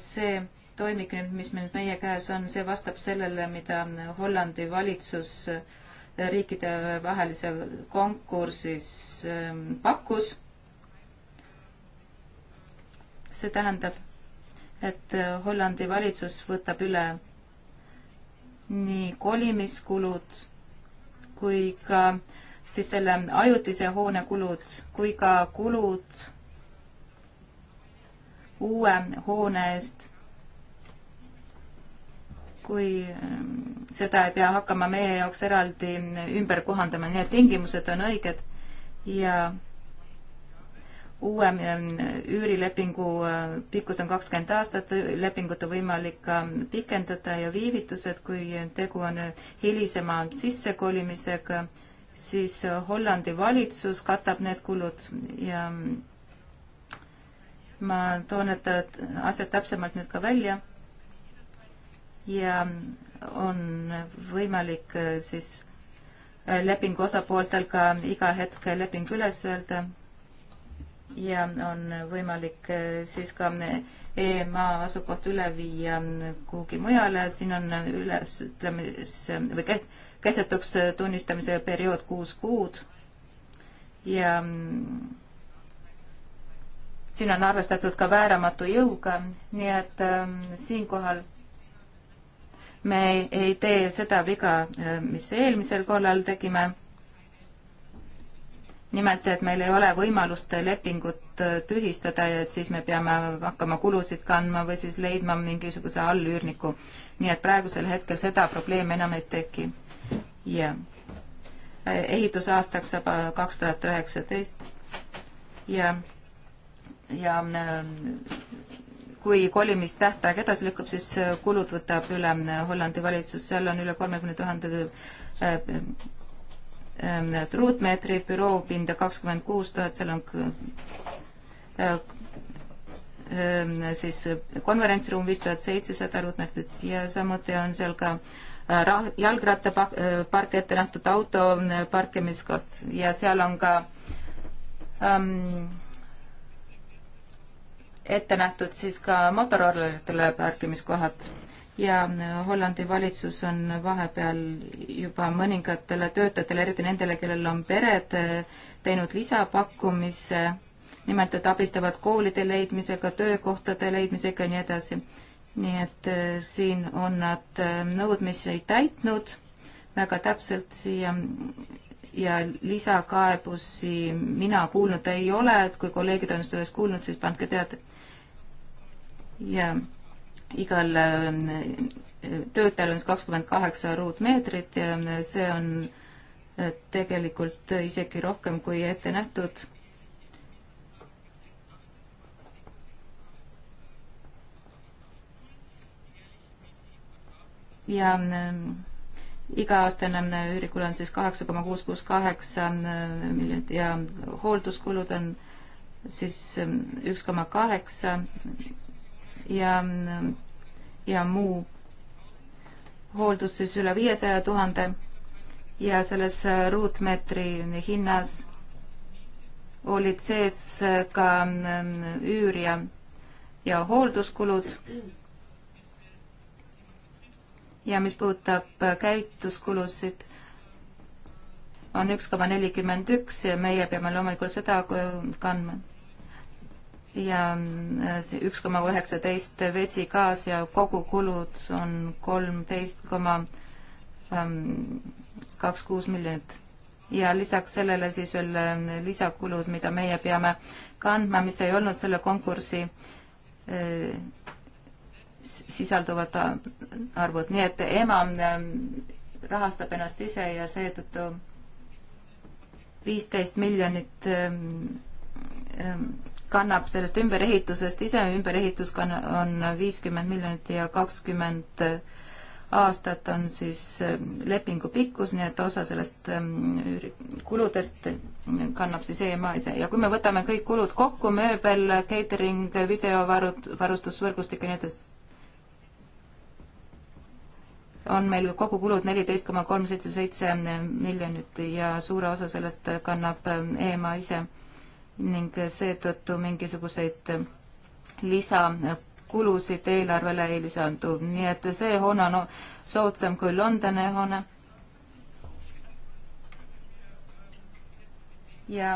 see toimik nüüd, mis meil meie käes on, see vastab sellele, mida Hollandi valitsus riikidevahelise konkursis ähm, pakkus. see tähendab, et Hollandi valitsus võtab üle nii kolimiskulud kui ka siis selle ajutise hoone kulud kui ka kulud uue hoone eest, kui ähm, seda ei pea hakkama meie jaoks eraldi ümber kohandama, nii et tingimused on õiged ja uue üürilepingu äh, pikkus on kakskümmend aastat, lepingut on võimalik ka pikendada ja viivitused, kui tegu on hilisema sissekolimisega, siis Hollandi valitsus katab need kulud ja ma toon need asjad täpsemalt nüüd ka välja ja on võimalik äh, siis äh, lepingu osapooltel ka iga hetk leping üles öelda ja on võimalik eh, siis ka eh, e-maa asukoht üle viia kuhugi mujale, siin on üles, ütleme siis, või keht-, kehtetuks tunnistamise periood kuus kuud ja mm, siin on arvestatud ka vääramatu jõuga, nii et äh, siinkohal me ei, ei tee seda viga, eh, mis eelmisel korral tegime nimelt, et meil ei ole võimalust lepingut äh, tühistada ja et siis me peame hakkama kulusid kandma või siis leidma mingisuguse allüürniku. nii et praegusel hetkel seda probleemi enam ei teki. ja äh, ehitusaastaks saab äh, kaks tuhat üheksateist ja, ja kui kolimistähtaeg edasi lükkub, siis kulud võtab üle Hollandi valitsus, seal on üle kolmekümne tuhande Ehm, need ruutmeetrid, büroopinda kakskümmend kuus tuhat, seal on ehm, ehm, siis konverentsiruum viis tuhat seitsesada ruutmeetrit ja samuti on seal ka äh, rah-, jalgrattapark äh, ette nähtud auto äh, parkimiskoht ja seal on ka ähm, ette nähtud siis ka motorolleritele parkimiskohad ja äh, Hollandi valitsus on vahepeal juba mõningatele töötajatele, eriti nendele, kellel on pered, äh, teinud lisapakkumise, nimelt et abistavad koolide leidmisega, töökohtade leidmisega ja nii edasi. nii et äh, siin on nad nõudmisi täitnud väga täpselt siia ja lisakaebusi mina kuulnud ei ole, et kui kolleegid on sellest kuulnud, siis pandke teada. ja igal ähm, töötajal on siis kakskümmend kaheksa ruutmeetrit ja ähm, see on äh, tegelikult isegi rohkem kui ette nähtud. ja ähm, iga-aastane üürikulu on siis kaheksa koma kuus kuus kaheksa miljonit ja hoolduskulud on siis üks koma kaheksa ja, ja muu hooldus siis üle viiesaja tuhande ja selles ruutmeetri hinnas olid sees ka ähm, üür ja, ja hoolduskulud. ja mis puudutab käituskulusid, on üks koma nelikümmend üks ja meie peame loomulikult seda kandma ja äh, see üks koma üheksateist vesi, gaas ja kogukulud on kolmteist koma ähm, kaks kuus miljonit. ja lisaks sellele siis veel ähm, lisakulud, mida meie peame kandma, mis ei olnud selle konkursi äh, sisalduvad arvud, nii et ema ähm, rahastab ennast ise ja seetõttu viisteist miljonit kannab sellest ümberehitusest ise, ümberehitus kann-, on viiskümmend miljonit ja kakskümmend aastat on siis ähm, lepingu pikkus, nii et osa sellest ähm, kuludest kannab siis EMA ise ja kui me võtame kõik kulud kokku, mööbel, catering, videovarud, varustusvõrgustik ja nii edasi, on meil kogukulud neliteist koma kolm seitse seitse miljonit ja suure osa sellest kannab ähm, EMA ise ning seetõttu mingisuguseid lisakulusid eelarvele ei lisandu, nii et see hoone on no, soodsam kui Londoni hoone. ja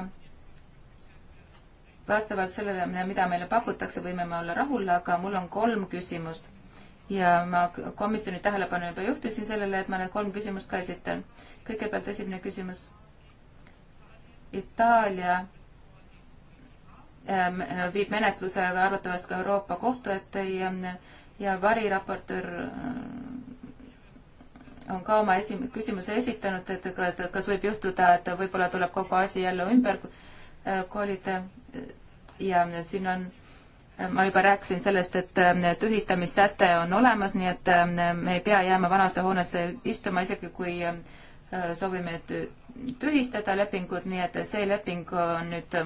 vastavalt sellele, mida meile pakutakse, võime me olla rahul, aga mul on kolm küsimust ja ma komisjoni tähelepanu juba juhtisin sellele, et ma need kolm küsimust ka esitan. kõigepealt esimene küsimus. Itaalia Ähm, viib menetluse arvatavasti ka Euroopa Kohtu ette ja, ja variraportöör äh, on ka oma esim-, küsimuse esitanud, et, et kas võib juhtuda, et võib-olla tuleb kogu asi jälle ümber äh, kolida ja siin on, äh, ma juba rääkisin sellest, et tühistamissäte on olemas, nii et me ei pea jääma vanasse hoonesse istuma, isegi kui soovime tühistada lepingut, nii et see leping on nüüd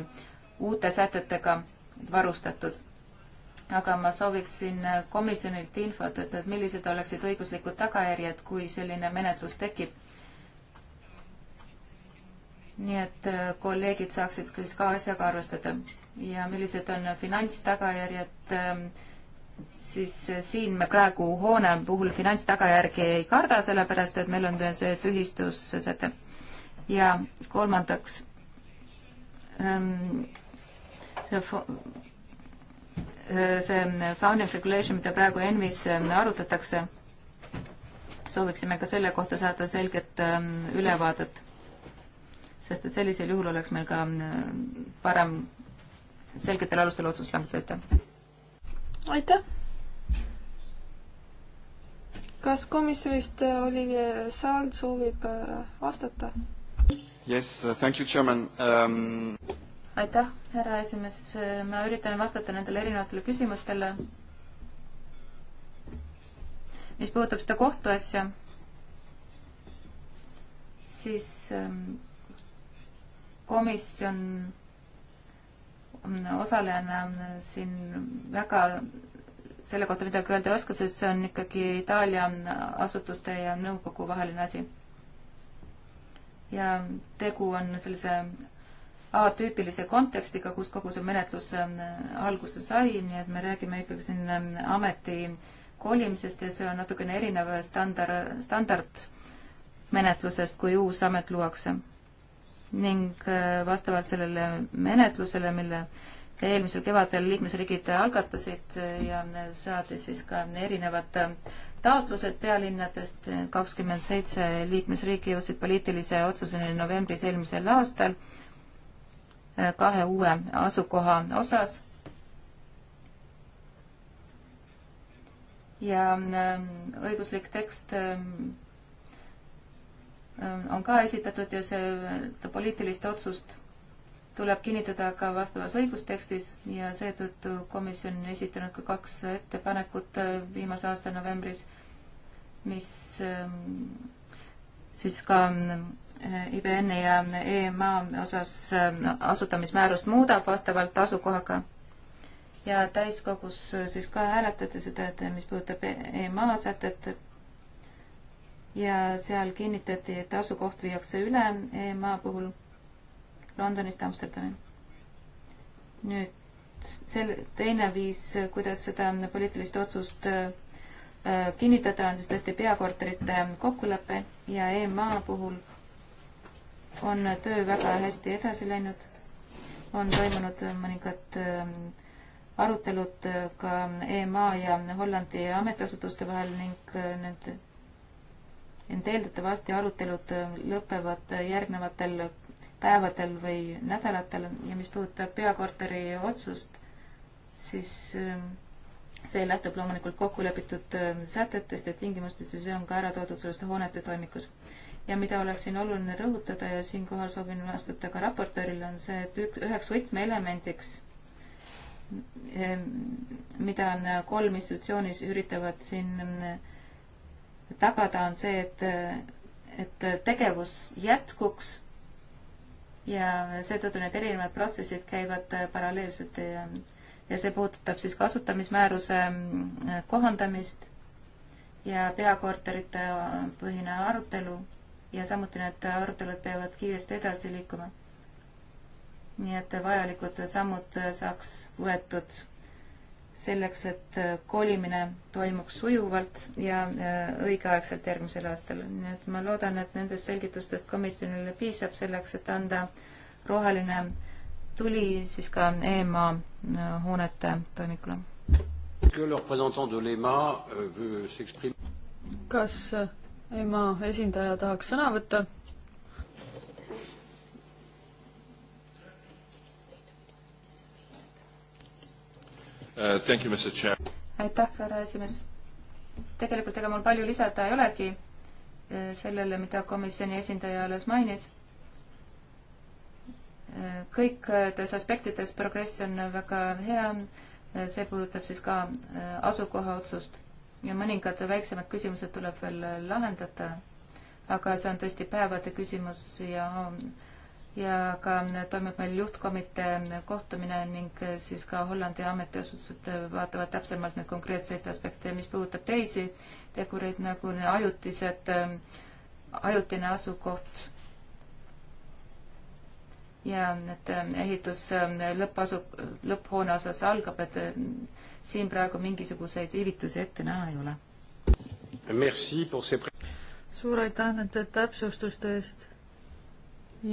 uute sätetega varustatud. aga ma sooviksin komisjonilt infot, et, et millised oleksid õiguslikud tagajärjed, kui selline menetlus tekib. nii et äh, kolleegid saaksid siis ka asjaga arvestada ja millised on finantstagajärjed ähm, siis äh, siin me praegu hoone puhul finantstagajärgi ei karda, sellepärast et meil on see tühistussäte. ja kolmandaks ähm,, see mm, founding regulation, mida praegu ENMis mm, arutatakse, sooviksime ka selle kohta saada selget mm, ülevaadet, sest et sellisel juhul oleks meil ka parem selgetel alustel otsus langetada. aitäh! kas komisjonist äh, Olivier Saal soovib äh, vastata? Yes, uh, thank you, chairman um aitäh, härra esimees, ma üritan vastata nendele erinevatele küsimustele. mis puudutab seda kohtuasja, siis ähm, komisjon osalejana siin väga selle kohta midagi öelda ei oska, sest see on ikkagi Itaalia asutuste ja nõukogu vaheline asi. ja tegu on sellise atüüpilise kontekstiga, kus kogu see menetlus ähm, alguse sai, nii et me räägime ikkagi siin ähm, ameti kolimisest ja see on natukene erinev standard, standardmenetlusest, kui uus amet luuakse. ning äh, vastavalt sellele menetlusele, mille eelmisel kevadel liikmesriigid algatasid äh, ja äh, saadi siis ka erinevad taotlused pealinnadest, kakskümmend seitse liikmesriiki jõudsid poliitilise otsuseni novembris eelmisel aastal kahe uue asukoha osas. ja ähm, õiguslik tekst ähm, ähm, on ka esitatud ja see poliitilist otsust tuleb kinnitada ka vastavas õigustekstis ja seetõttu komisjon on esitanud ka kaks ettepanekut äh, viimase aasta novembris, mis siis ka IBN-i ja EMA osas asutamismäärust muudab vastavalt asukohaga ja täiskogus siis ka hääletati seda, et mis puudutab EMA sätet ja seal kinnitati, et asukoht viiakse üle EMA puhul Londonist Amsterdami. nüüd sel-, teine viis, kuidas seda poliitilist otsust äh, kinnitada, on siis tõesti peakorterite kokkulepe ja EMA puhul on töö väga hästi edasi läinud, on toimunud mõningad ähm, arutelud äh, ka EMA ja Hollandi ametiasutuste vahel ning äh, need, need eeldatavasti arutelud äh, lõpevad järgnevatel päevadel või nädalatel ja mis puudutab peakorteri otsust, siis ähm, see lähtub loomulikult kokkulepitud sätetest ja tingimustest ja see on ka ära toodud sellest hoonete toimikus ja mida oleks siin oluline rõhutada ja siinkohal soovin vastata ka raportöörile, on see, et ük, üheks võtmeelemendiks, ehm, mida kolm institutsioonis üritavad siin mm, tagada, on see, et, et tegevus jätkuks ja seetõttu need erinevad protsessid käivad paralleelselt ja, ja see puudutab siis kasutamismääruse mm, kohandamist ja peakorterite põhine arutelu ja samuti need arutelud peavad kiiresti edasi liikuma. nii et vajalikud sammud saaks võetud selleks, et kolimine toimuks sujuvalt ja äh, õigeaegselt järgmisel aastal. nii et ma loodan, et nendest selgitustest komisjonile piisab selleks, et anda roheline tuli siis ka EMA äh, hoonete toimikule. Euh, kas äh, EMA esindaja tahaks sõna võtta. Uh, aitäh, härra esimees. tegelikult ega mul palju lisada ei olegi eh, sellele, mida komisjoni esindaja alles mainis. Eh, kõikides aspektides progress on väga hea, eh, see puudutab siis ka asukoha otsust ja mõningad väiksemad küsimused tuleb veel lahendada, aga see on tõesti päevade küsimus ja ja ka toimub meil juhtkomitee kohtumine ning siis ka Hollandi ametiasutused vaatavad täpsemalt neid konkreetseid aspekte, mis puudutab teisi tegureid nagu ajutised, ajutine asukoht ja et ehitus lõppasu, lõpphoone osas algab, et siin praegu mingisuguseid viivitusi ette näha ei ole. suur aitäh nende täpsustuste eest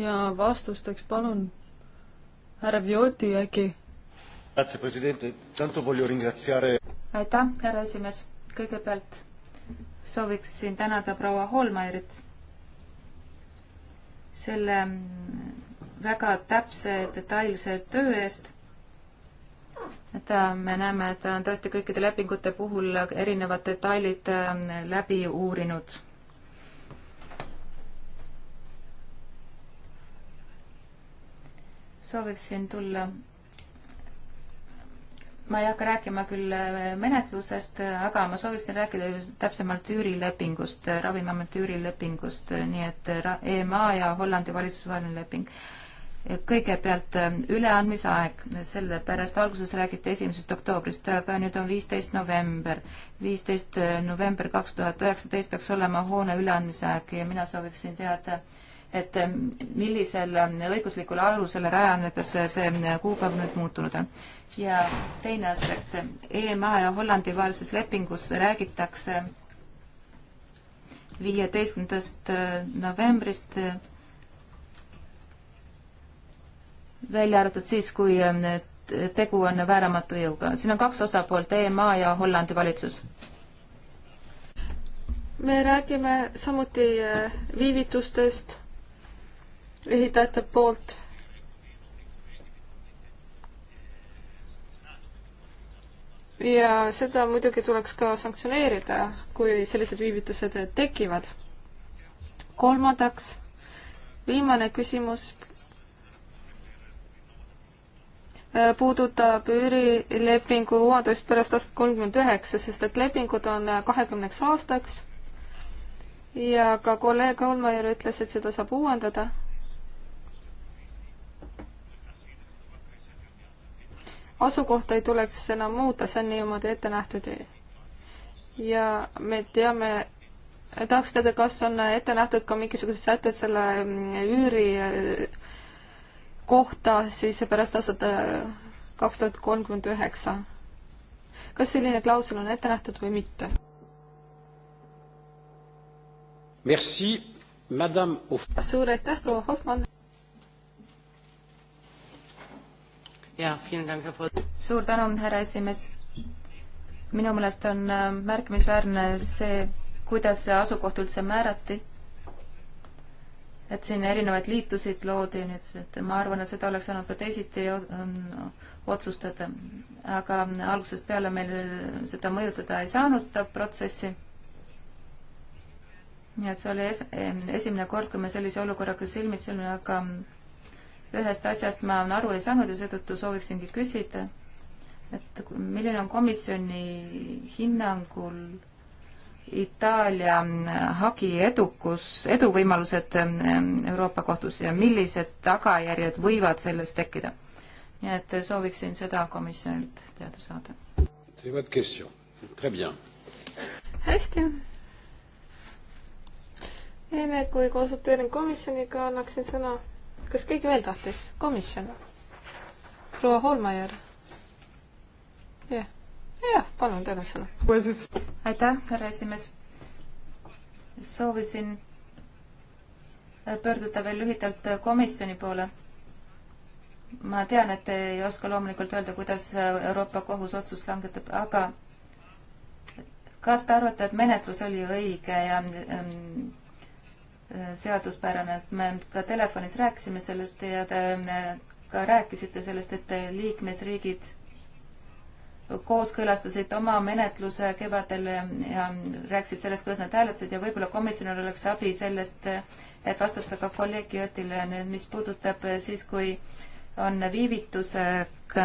ja vastusteks palun härra Vioti äkki. aitäh, härra esimees. kõigepealt sooviksin tänada proua Holmairit selle väga täpse detailse töö eest et äh, me näeme, et ta on tõesti kõikide lepingute puhul erinevad detailid äh, läbi uurinud. sooviksin tulla. ma ei hakka rääkima küll äh, menetlusest, aga ma sooviksin rääkida täpsemalt üürilepingust, Ravimiameti üürilepingust, nii et EMA e ja Hollandi valitsusvaheline leping kõigepealt ähm, üleandmise aeg, sellepärast alguses räägiti esimesest oktoobrist, aga nüüd on viisteist november. viisteist äh, november kaks tuhat üheksateist peaks olema hoone üleandmise aeg ja mina sooviksin teada, et ähm, millisel ähm, õiguslikul alusel rajanedes see äh, kuupäev nüüd muutunud on. ja teine aspekt, EMA ja Hollandi vahelises lepingus räägitakse viieteistkümnendast äh, novembrist välja arvatud siis, kui ähm, tegu on vääramatu jõuga. siin on kaks osapoolt, EMA ja Hollandi valitsus. me räägime samuti äh, viivitustest ehitajate poolt. ja seda muidugi tuleks ka sanktsioneerida, kui sellised viivitused tekivad. kolmandaks, viimane küsimus Äh, puudutab üürilepingu uuendust pärast aastat kolmkümmend üheksa, sest et lepingud on äh, kahekümneks aastaks ja ka kolleeg Holmeier ütles, et seda saab uuendada. asukohta ei tuleks enam muuta, see on niimoodi ette nähtud. ja me teame, tahaks teada, kas on ette nähtud ka mingisugused sätted selle mm, üüri äh, kohta siis pärast aastat äh, kaks tuhat kolmkümmend üheksa. kas selline klausel on ette nähtud või mitte? Merci, madame Hoffmann. suur aitäh, proua Hoffmann. suur tänu, härra esimees. minu meelest on äh, märkimisväärne see, kuidas see asukoht üldse määrati et siin erinevaid liitusid loodi, nii et, et ma arvan, et seda oleks saanud ka teisiti otsustada. aga algusest peale meil seda mõjutada ei saanud, seda protsessi. nii et see oli es esimene kord, kui me sellise olukorraga silmitsi olime, aga ühest asjast ma aru ei saanud ja seetõttu sooviksingi küsida, et milline on komisjoni hinnangul Itaalia mm, hagi edukus, eduvõimalused mm, Euroopa Kohtus ja millised tagajärjed võivad sellest tekkida? nii et sooviksin seda komisjonilt teada saada. hästi. enne kui konsulteerin komisjoniga, annaksin sõna. kas keegi veel tahtis? komisjon? proua Holmajärv? jah yeah jah, palun, teil on sõna. aitäh, härra esimees. soovisin pöörduda veel lühidalt komisjoni poole. ma tean, et te ei oska loomulikult öelda, kuidas Euroopa Kohus otsust langetab, aga kas te arvate, et menetlus oli õige ja ähm, seaduspärane, et me ka telefonis rääkisime sellest ja te äh, ka rääkisite sellest, et liikmesriigid kooskõlastasid oma menetluse kevadel ja rääkisid sellest, kuidas nad hääletasid ja võib-olla komisjonil oleks abi sellest, et vastata ka kolleeg Jõtile nüüd, mis puudutab siis, kui on viivitused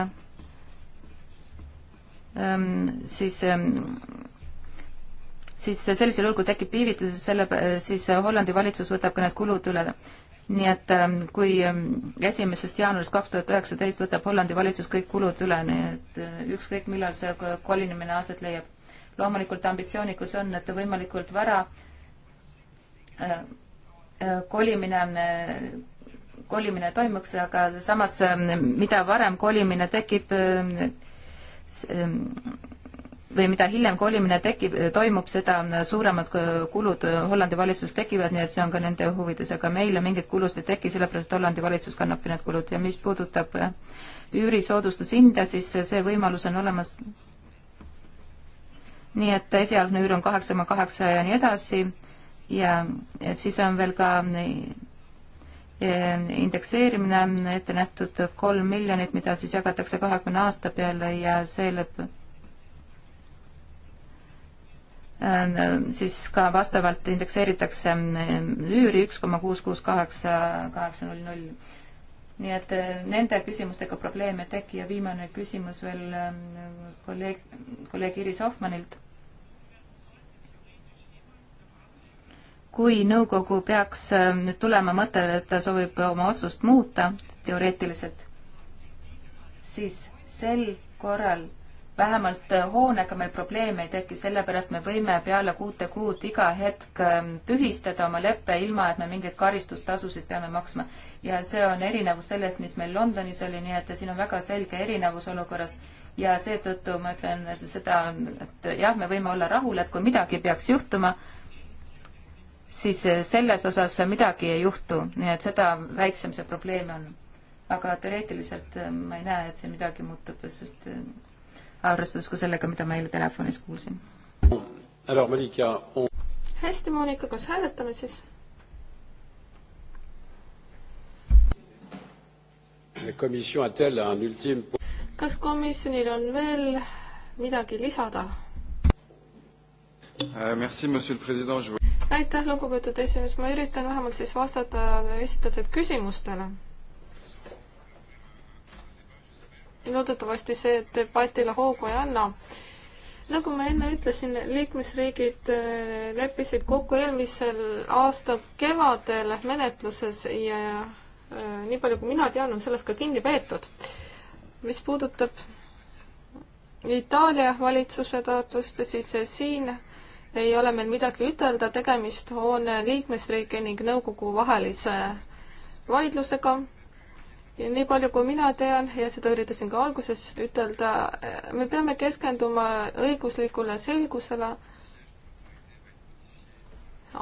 ähm, siis ähm, siis sellisel juhul, kui tekib viivitus, selle, äh, siis Hollandi valitsus võtab ka need kulud üle nii et ähm, kui ähm, esimesest jaanuarist kaks tuhat üheksateist võtab Hollandi valitsus kõik kulud üle, nii et äh, ükskõik, millal see kolinemine aset leiab. loomulikult ambitsioonikus on, et võimalikult vara äh, äh, kolimine, kolimine toimuks, aga samas, ähm, mida varem kolimine tekib, või mida hiljem kolimine tekib, toimub, seda suuremad kulud Hollandi valitsus tekivad, nii et see on ka nende huvides, aga meile mingit kulust ei teki, sellepärast Hollandi valitsus kannabki need kulud ja mis puudutab äh, üürisoodustushinda, siis see võimalus on olemas. nii et esialgne üür on kaheksa koma kaheksa ja nii edasi ja siis on veel ka äh, indekseerimine ette nähtud kolm miljonit, mida siis jagatakse kahekümne aasta peale ja see lõpp Ähm, siis ka vastavalt indekseeritakse ähm, üüri üks koma kuus kuus kaheksa kaheksa null null. nii et äh, nende küsimustega probleeme ei teki ja viimane küsimus veel ähm, kolleeg, kolleeg Iris Hoffmanilt. kui nõukogu peaks nüüd tulema mõttele, et ta soovib oma otsust muuta teoreetiliselt, siis sel korral vähemalt hoonega meil probleeme ei teki, sellepärast me võime peale kuute kuud iga hetk ähm, tühistada oma leppe, ilma et me mingeid karistustasusid peame maksma. ja see on erinevus sellest, mis meil Londonis oli, nii et siin on väga selge erinevus olukorras ja seetõttu ma ütlen et seda, et jah, me võime olla rahul, et kui midagi peaks juhtuma, siis äh, selles osas midagi ei juhtu, nii et seda väiksem see probleem on. aga teoreetiliselt äh, ma ei näe, et see midagi muutub, sest äh, arvestades ka sellega, mida ma eile telefonis kuulsin. On... hästi, Monika, kas hääletame siis? kas komisjonil on veel midagi lisada? Euh, aitäh, lugupeetud esimees, ma üritan vähemalt siis vastata esitatud küsimustele loodetavasti see debatile hoogu ei anna. nagu ma enne ütlesin, liikmesriigid eh, leppisid kokku eelmisel aasta kevadel menetluses ja eh, nii palju, kui mina tean, on sellest ka kinni peetud. mis puudutab Itaalia valitsuse taotlust, siis siin ei ole meil midagi ütelda, tegemist on liikmesriigi ning nõukogu vahelise vaidlusega ja nii palju, kui mina tean ja seda üritasin ka alguses ütelda, me peame keskenduma õiguslikule selgusele.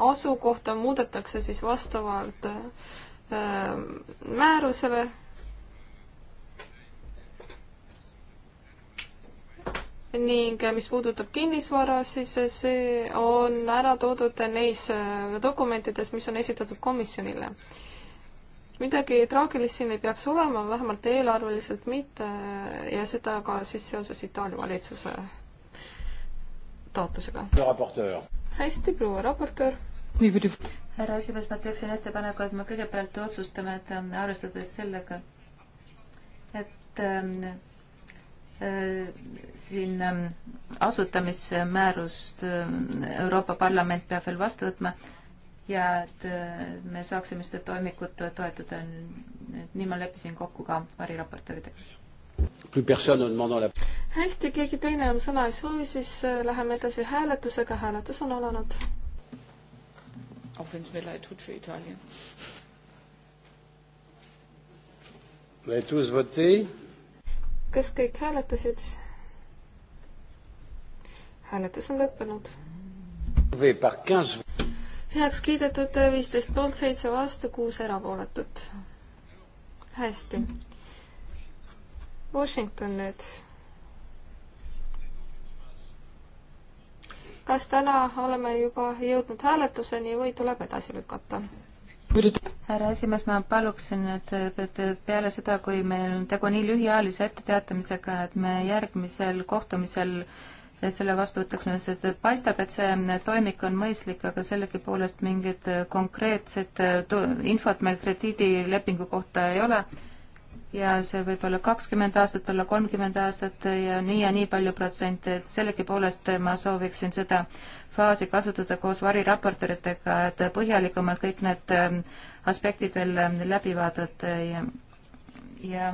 asukohta muudetakse siis vastavalt äh, määrusele ning äh, mis puudutab kinnisvara, siis see on ära toodud neis äh, dokumentides, mis on esitatud komisjonile midagi traagilist siin ei peaks olema, vähemalt eelarveliselt mitte ja seda ka siis seoses Itaalia valitsuse taotlusega. hästi, proua raportöör. härra esimees, ma teeksin ettepaneku, et me kõigepealt otsustame, et ähm, arvestades sellega, et ähm, äh, siin ähm, asutamismäärust Euroopa Parlament peab veel vastu võtma ja et äh, me saaksime seda toimikut toetada. nii ma leppisin kokku ka variraportööridega. hästi, keegi teine enam sõna ei soovi, siis äh, läheme edasi hääletusega. hääletus on alanud. Auch wenn es mir leid tut für Italien. kas kõik hääletasid? hääletus on lõppenud heaks kiidetud, viisteist poolt, seitse vastu, kuus erapooletut. hästi. Washington nüüd. kas täna oleme juba jõudnud hääletuseni või tuleb edasi lükata? härra esimees, ma paluksin, et, et peale seda, kui meil on tegu nii lühiajalise etteteatamisega, et me järgmisel kohtumisel äh, selle vastu võtaks, sest et paistab, et see toimik on mõistlik, aga sellegipoolest mingit konkreetset infot meil krediidilepingu kohta ei ole. ja see võib olla kakskümmend aastat, olla kolmkümmend aastat ja nii ja nii palju protsente, et sellegipoolest ma sooviksin seda faasi kasutada koos variraportoritega, et põhjalikumalt kõik need ähm, aspektid veel ähm, läbi vaadata ja, ja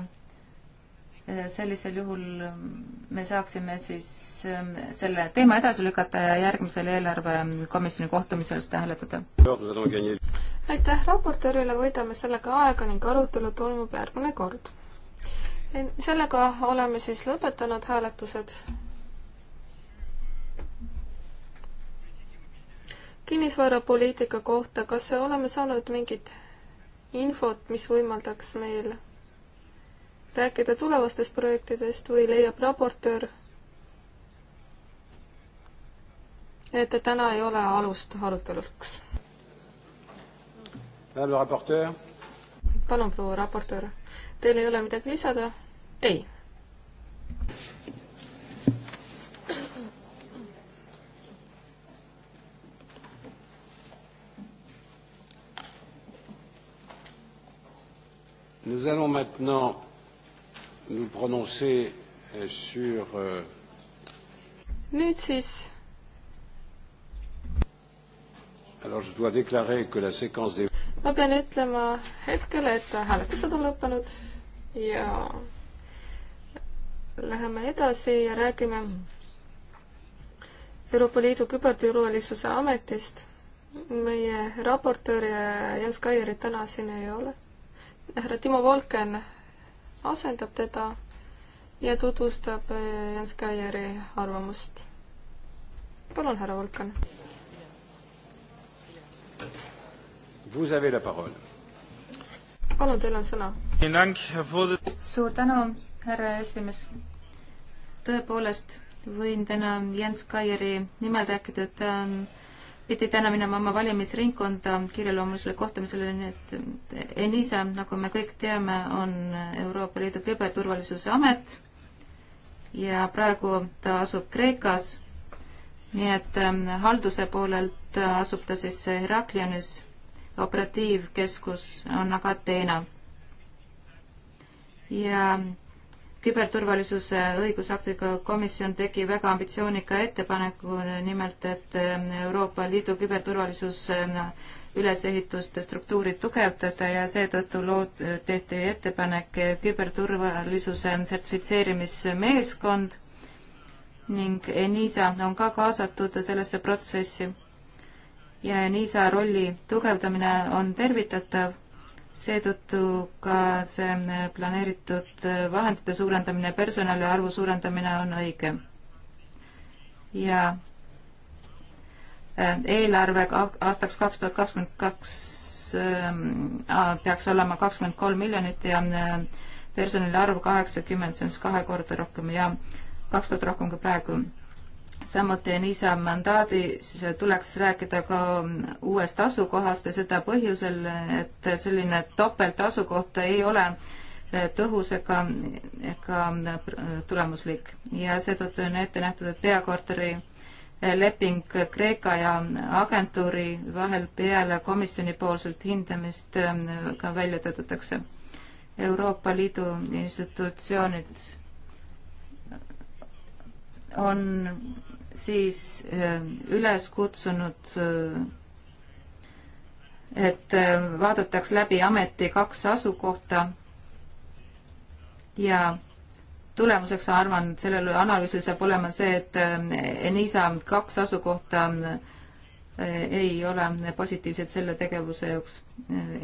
Äh, sellisel juhul ähm, me saaksime siis ähm, selle teema edasi lükata ja järgmisel eelarvekomisjoni kohtumisel seda hääletada. aitäh raportöörile, võidame sellega aega ning arutelu toimub järgmine kord. sellega oleme siis lõpetanud hääletused. kinnisvarapoliitika kohta, kas oleme saanud mingit infot, mis võimaldaks meil rääkida tulevastest projektidest või leiab raportöör, et täna ei ole alust aruteluks? palun, proua raportöör, teil ei ole midagi lisada? ei. Nous allons maintenant nous prononcer euh, sur euh, nüüd siis Alors je dois déclarer que la séquence des ma pean ütlema hetkel, et hääletused on lõppenud ja läheme edasi ja räägime Euroopa Liidu küberturvalisuse ametist. meie raportöör Jens Kaierit täna siin ei ole. härra Timo Volken asendab teda ja tutvustab eh, Jens Kaieri arvamust. palun, härra Volkan. palun, teil on sõna. suur tänu, härra esimees. tõepoolest võin täna Jens Kaieri nimel rääkida, et ta on ähm, pidi täna minema oma valimisringkonda kiireloomulisele kohtumisele, nii et Enisa, nagu me kõik teame, on Euroopa Liidu küberturvalisuse amet ja praegu ta asub Kreekas, nii et ähm, halduse poolelt asub ta siis Heraklionis, operatiivkeskus on aga Ateena. ja küberturvalisuse õigusaktidega komisjon tegi väga ambitsioonika ettepaneku, nimelt et Euroopa Liidu küberturvalisuse äh, ülesehituste struktuuri tugevdada ja seetõttu lood, tehti ettepanek küberturvalisuse sertifitseerimismeeskond ning ENISA on ka kaasatud sellesse protsessi ja ENISA rolli tugevdamine on tervitatav seetõttu ka see äh, planeeritud äh, vahendite suurendamine, personali arvu suurendamine on õige. ja äh, eelarve aastaks kaks tuhat kakskümmend kaks ähm, peaks olema kakskümmend kolm miljonit ja personali arv kaheksakümmend, see on siis kahe korda rohkem ja kaks korda rohkem kui praegu samuti NISA mandaadis tuleks rääkida ka uuest asukohast ja seda põhjusel, et selline topeltasukoht ei ole eh, tõhus ega, ega tulemuslik ja seetõttu on ette nähtud, et peakorteri eh, leping Kreeka ja agentuuri vahel peale komisjonipoolselt hindamist eh, ka välja töötatakse. Euroopa Liidu institutsioonid on siis ähm, üles kutsunud, äh, et äh, vaadataks läbi ameti kaks asukohta ja tulemuseks ma arvan, et sellel analüüsil saab olema see, et äh, Enisa kaks asukohta ei ole positiivsed selle tegevuse jaoks.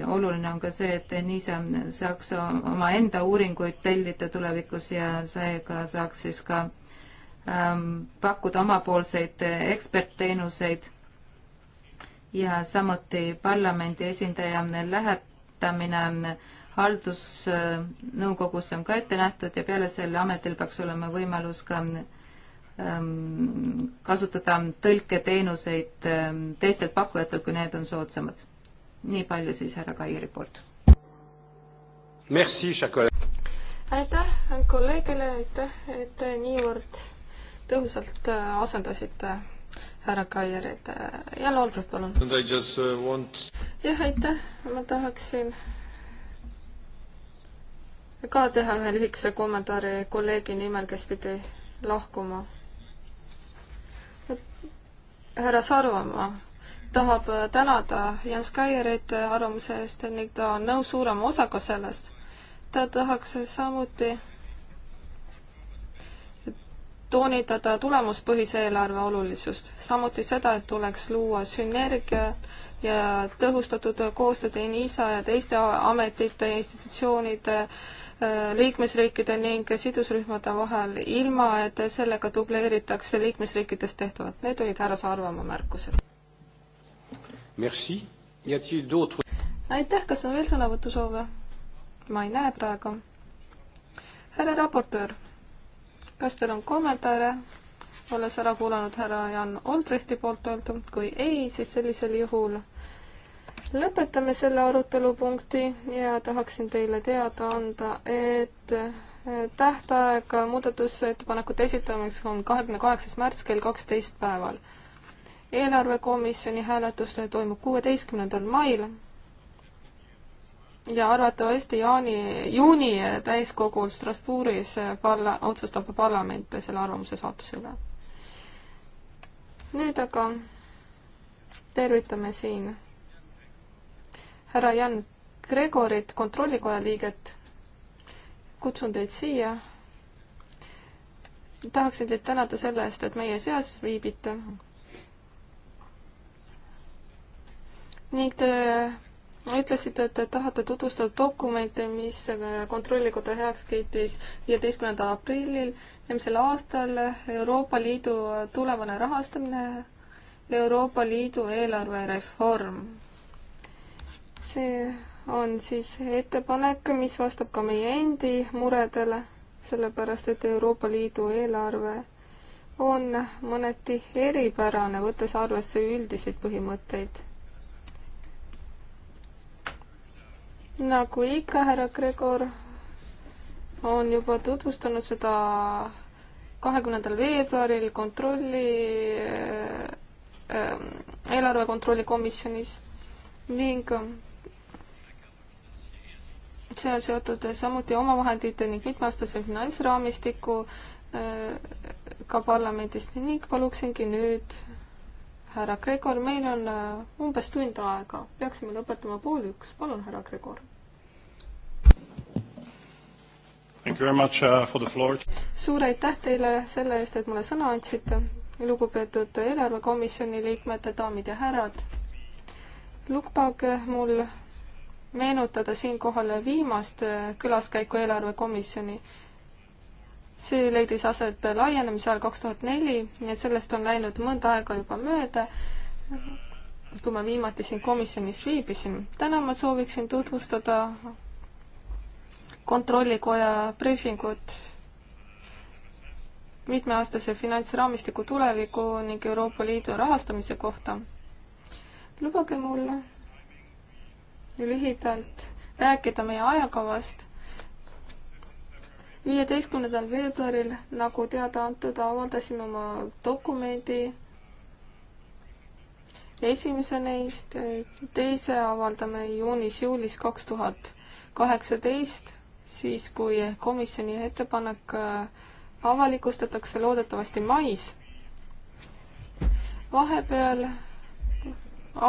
oluline on ka see, et Enisa saaks omaenda uuringuid tellida tulevikus ja seega saaks siis ka Ähm, pakkuda omapoolseid äh, ekspertteenuseid ja samuti parlamendi esindaja lähetamine haldusnõukogusse on ka ette nähtud ja peale selle ametil peaks olema võimalus ka ähm, kasutada tõlketeenuseid ähm, teistelt pakkujatelt, kui need on soodsamad. nii palju siis härra Kairi poolt. aitäh kolleegile, aitäh, et niivõrd tõhusalt äh, asendasite härra Kaierit. Äh, Jan Olbrit, palun. Äh, jah, aitäh, ma tahaksin ka teha ühe lühikese kommentaari kolleegi nimel, kes pidi lahkuma. härra Sarvamaa tahab tänada Jens Kaierit arvamuse eest ning ta on nõus suurema osaga sellest. ta tahaks samuti toonitada tulemuspõhise eelarve olulisust, samuti seda, et tuleks luua sünergia ja tõhustatud koostööd ENISA ja teiste ametite ja institutsioonide äh, liikmesriikide ning sidusrühmade vahel, ilma et sellega dubleeritakse liikmesriikides tehtavat. Need olid härra Saarvamaa märkused. aitäh, kas on veel sõnavõtusoove? ma ei näe praegu. härra raportöör kas teil on kommentaare, olles ära kuulanud härra Jan Olbrechti poolt öeldu, kui ei, siis sellisel juhul lõpetame selle arutelupunkti ja tahaksin teile teada anda, et eh, tähtaeg muudatusettepanekute esitamiseks on kahekümne kaheksas märts kell kaksteist päeval. eelarvekomisjoni hääletus toimub kuueteistkümnendal mail ja arvatavasti jaani, juuni täiskogul Strasbourgis parla-, otsustab parlament selle arvamuse saatuse üle. nüüd aga tervitame siin härra Jan Gregorit, kontrollikoja liiget. kutsun teid siia. tahaksin teid tänada selle eest, et meie seas viibite. ning te ütlesite, et te tahate tutvustada dokumente, mis kontrollikoda heaks kiitis viieteistkümnendal aprillil eelmisel aastal Euroopa Liidu tulevane rahastamine, Euroopa Liidu eelarvereform. see on siis ettepanek, mis vastab ka meie endi muredele, sellepärast et Euroopa Liidu eelarve on mõneti eripärane, võttes arvesse üldiseid põhimõtteid nagu ikka, härra Gregor on juba tutvustanud seda kahekümnendal veebruaril kontrolli äh,, eelarve kontrolli komisjonis ning ähm, see on seotud samuti omavahendite ning mitmeaastase finantsraamistiku äh, ka parlamendist ning paluksingi nüüd härra Gregor, meil on äh, umbes tund aega, peaksime lõpetama pool üks, palun, härra Gregor. Uh, suur aitäh teile selle eest, et mulle sõna andsite, lugupeetud eelarvekomisjoni liikmed, daamid ja härrad. lubage mul meenutada siinkohal viimast külaskäiku eelarvekomisjoni. see leidis aset laienemise ajal kaks tuhat neli, nii et sellest on läinud mõnda aega juba mööda, kui ma viimati siin komisjonis viibisin. täna ma sooviksin tutvustada kontrollikoja briifingut mitmeaastase finantsraamistiku tuleviku ning Euroopa Liidu rahastamise kohta. lubage mul lühidalt rääkida meie ajakavast. viieteistkümnendal veebruaril, nagu teada antud, avaldasime oma dokumendi esimese neist, teise avaldame juunis-juulis kaks tuhat kaheksateist siis, kui komisjoni ettepanek äh, avalikustatakse loodetavasti mais. vahepeal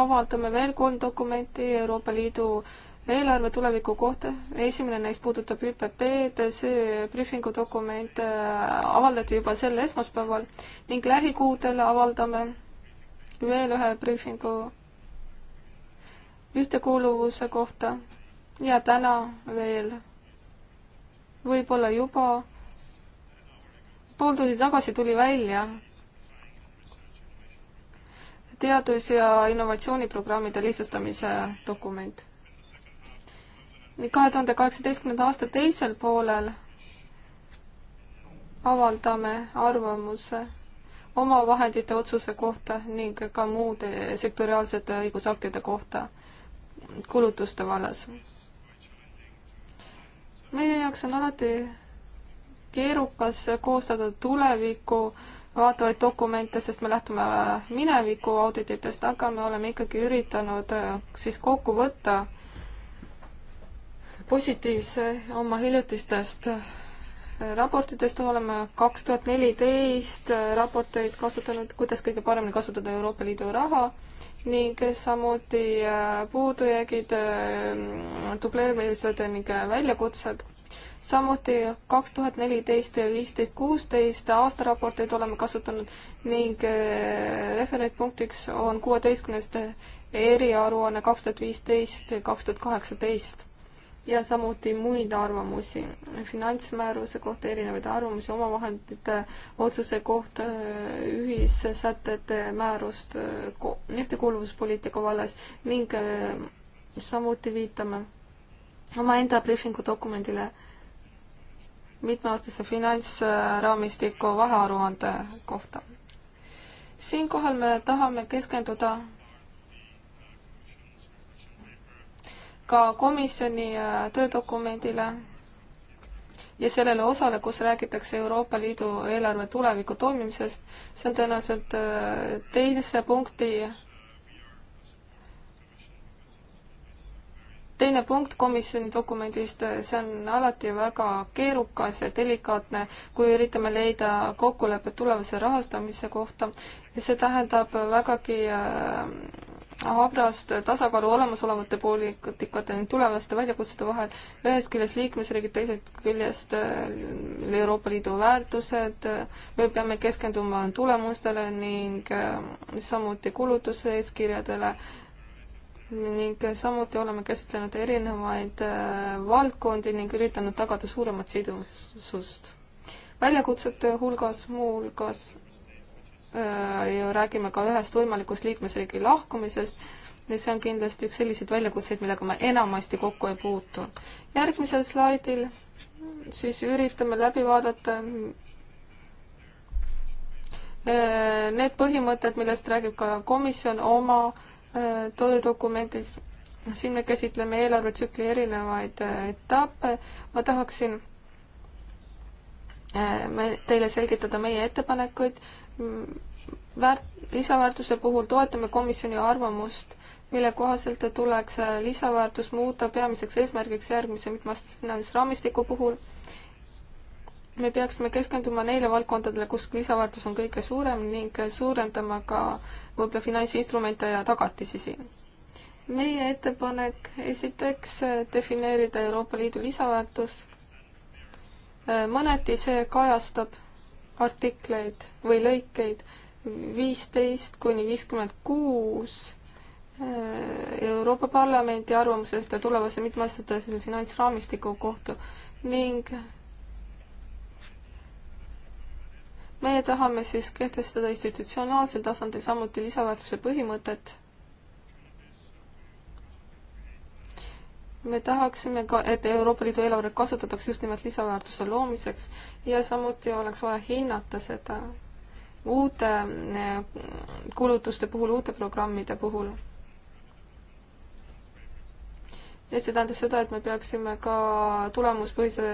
avaldame veel kolm dokumenti Euroopa Liidu eelarve tuleviku kohta. esimene neist puudutab ÜPP-d, see briifingu dokument äh, avaldati juba sel esmaspäeval ning lähikuudel avaldame veel ühe briifingu ühtekuuluvuse kohta ja täna veel võib-olla juba pool tundi tagasi tuli välja teadus- ja innovatsiooniprogrammide lihtsustamise dokument. kahe tuhande kaheksateistkümnenda aasta teisel poolel avaldame arvamuse omavahendite otsuse kohta ning ka muude sektoriaalsete õigusaktide kohta kulutuste vallas meie jaoks on alati keerukas koostada tulevikku vaatavaid dokumente, sest me lähtume mineviku audititest, aga me oleme ikkagi üritanud äh, siis kokku võtta positiivse oma hiljutistest raportitest oleme kaks tuhat neliteist äh, raporteid kasutanud, kuidas kõige paremini kasutada Euroopa Liidu raha ning samuti äh, puudujäägid, äh, dubleerimised ning väljakutsed. samuti kaks tuhat neliteist, viisteist, kuusteist aastaraporteid oleme kasutanud ning referentpunktiks on kuueteistkümnest eriaruanne kaks tuhat viisteist, kaks tuhat kaheksateist ja samuti muid arvamusi finantsmääruse kohta, erinevaid arvamusi omavahendite otsuse kohta, ühissätete määrust ühtekuuluvuspoliitika vallas ning äh, samuti viitame omaenda briifingu dokumendile mitmeaastase finantsraamistiku vahearuande kohta. siinkohal me tahame keskenduda ka komisjoni äh, töödokumendile ja sellele osale, kus räägitakse Euroopa Liidu eelarve tuleviku toimimisest, see on tõenäoliselt äh, teise punkti teine punkt komisjoni dokumendist, äh, see on alati väga keerukas ja delikaatne, kui üritame leida kokkulepet tulevase rahastamise kohta ja see tähendab vägagi habrast tasakaalu olemasolevate poliitikate ning tulevaste väljakutsete vahel, ühest küljest liikmesriigid, teisest küljest äh, Euroopa Liidu väärtused, me peame keskenduma tulemustele ning äh, samuti kulutuse eeskirjadele ning samuti oleme käsitlenud erinevaid äh, valdkondi ning üritanud tagada suuremat sidusust. väljakutsete hulgas muuhulgas Äh, ja räägime ka ühest võimalikust liikmesriigi lahkumisest, ja see on kindlasti üks selliseid väljakutseid, millega me enamasti kokku ei puutu. järgmisel slaidil siis üritame läbi vaadata äh, need põhimõtted, millest räägib ka komisjon oma äh, töödokumendis. siin me käsitleme eelarvetsükli erinevaid etappe. ma tahaksin me, teile selgitada meie ettepanekuid väärt-, lisaväärtuse puhul toetame komisjoni arvamust, mille kohaselt tuleks lisaväärtus muuta peamiseks eesmärgiks järgmise mitmeaastase finantsraamistiku puhul. me peaksime keskenduma neile valdkondadele, kus lisaväärtus on kõige suurem ning suurendama ka võib-olla finantsinstrumente ja tagatisi siin. meie ettepanek esiteks defineerida Euroopa Liidu lisaväärtus. mõneti see kajastab artikleid või lõikeid viisteist kuni viiskümmend kuus äh, Euroopa Parlamendi arvamusest ja tulevase mitmeaastase finantsraamistiku kohta ning meie tahame siis kehtestada institutsionaalsel tasandil samuti lisaväärtuse põhimõtet me tahaksime ka, et Euroopa Liidu eelarvet kasutatakse just nimelt lisaväärtuse loomiseks ja samuti oleks vaja hinnata seda uute eh, kulutuste puhul, uute programmide puhul. ja see tähendab seda, et me peaksime ka tulemuspõhise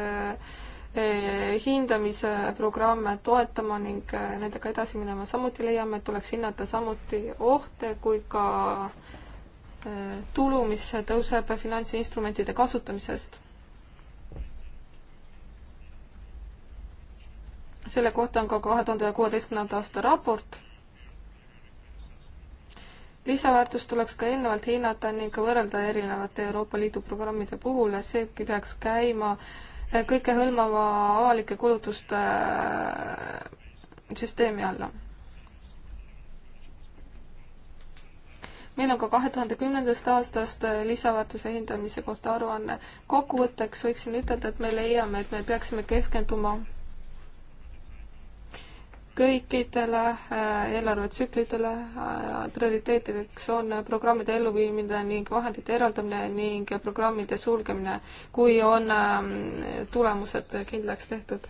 eh, hindamise programme toetama ning eh, nendega edasi minema. samuti leiame, et tuleks hinnata samuti ohte kui ka äh, tulu, mis tõuseb finantsinstrumentide kasutamisest. selle kohta on ka kahe tuhande kuueteistkümnenda aasta raport. lisaväärtust tuleks ka eelnevalt hinnata ning võrrelda erinevate Euroopa Liidu programmide puhul ja seegi peaks käima kõikehõlmava avalike kulutuste äh, süsteemi alla meil on ka kahe tuhande kümnendast aastast äh, lisaväärtuse hindamise kohta aruanne. kokkuvõtteks võiksin ütelda, et me leiame, et me peaksime keskenduma kõikidele äh, eelarvetsüklitele äh, prioriteetideks on programmide elluviimine ning vahendite eraldamine ning programmide sulgemine, kui on ähm, tulemused kindlaks tehtud.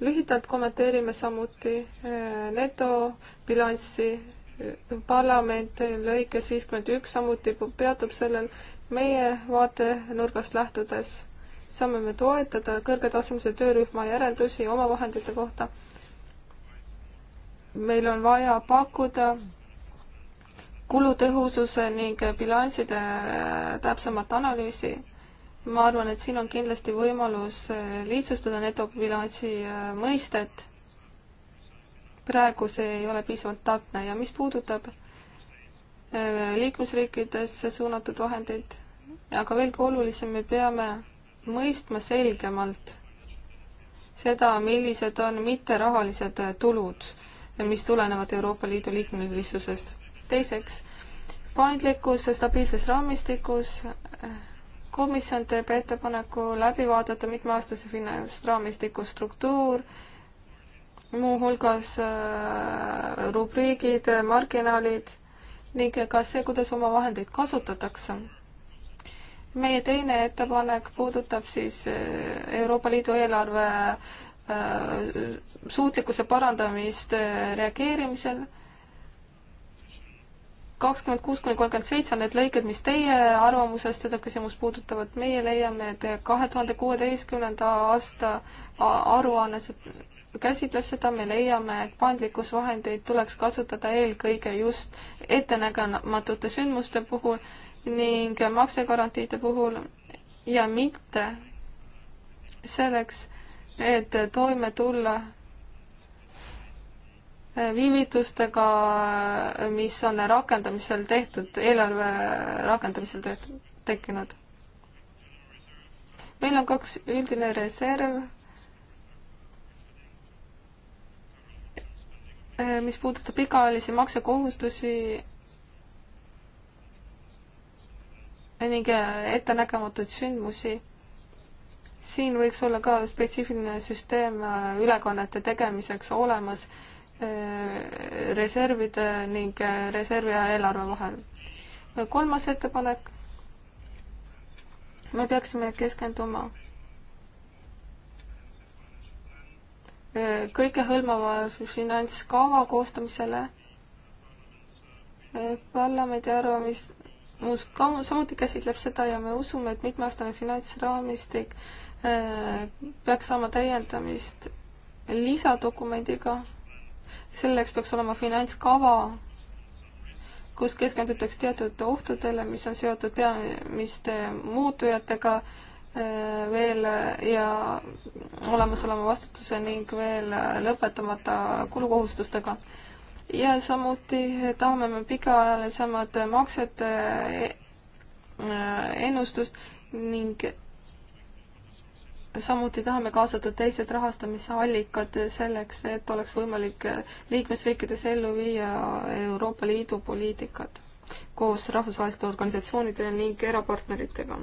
lühidalt kommenteerime samuti netobilanssi parlament lõikes viiskümmend üks samuti peatub sellel meie vaatenurgast lähtudes saame me toetada kõrgetasemelise töörühma järeldusi omavahendite kohta. meil on vaja pakkuda kulutõhususe ning bilansside täpsemat analüüsi. ma arvan, et siin on kindlasti võimalus lihtsustada netobilansi mõistet praegu see ei ole piisavalt täpne ja mis puudutab äh, liikmesriikidesse suunatud vahendeid, aga veelgi olulisem, me peame mõistma selgemalt seda, millised on mitterahalised äh, tulud, mis tulenevad Euroopa Liidu liikmelisusest. teiseks, paindlikkus stabiilses raamistikus, komisjon teeb ettepaneku läbi vaadata mitmeaastase finantsraamistiku struktuur, muuhulgas äh, rubriigid, äh, marginaalid ning ka see, kuidas oma vahendeid kasutatakse. meie teine ettepanek puudutab siis äh, Euroopa Liidu eelarve suutlikkuse parandamist reageerimisel. kakskümmend kuus kuni kolmkümmend seitse on need lõiked, mis teie arvamusest seda küsimust puudutavad. meie leiame, et kahe tuhande kuueteistkümnenda aasta aruannes käsitleb seda, me leiame, et paindlikkusvahendeid tuleks kasutada eelkõige just ettenägematute sündmuste puhul ning maksegarantiide puhul ja mitte selleks, et toime tulla viivitustega, mis on rakendamisel tehtud, eelarve rakendamisel tehtud, tekkinud. meil on kaks üldine reserv Äh, mis puudutab pikaajalisi maksekohustusi ning äh, ettenägematuid sündmusi, siin võiks olla ka spetsiifiline süsteem äh, ülekannete tegemiseks olemas reservide ning reservi ja eelarve vahel. kolmas ettepanek, me peaksime keskenduma kõikehõlmava finantskava koostamisele. parlamendi arvamus ka samuti käsitleb seda ja me usume, et mitmeaastane finantsraamistik äh, peaks saama täiendamist lisadokumendiga. selleks peaks olema finantskava, kus keskendutakse teatud ohtudele, mis on seotud peamiste muutujatega Äh, veel äh, ja olemasoleva vastutuse ning veel äh, lõpetamata kulukohustustega. ja samuti tahame me pikaajalisemad maksed ennustust ning samuti tahame kaasata teised rahastamisallikad selleks, et oleks võimalik liikmesriikides ellu viia Euroopa Liidu poliitikat koos rahvusvaheliste organisatsioonide ning erapartneritega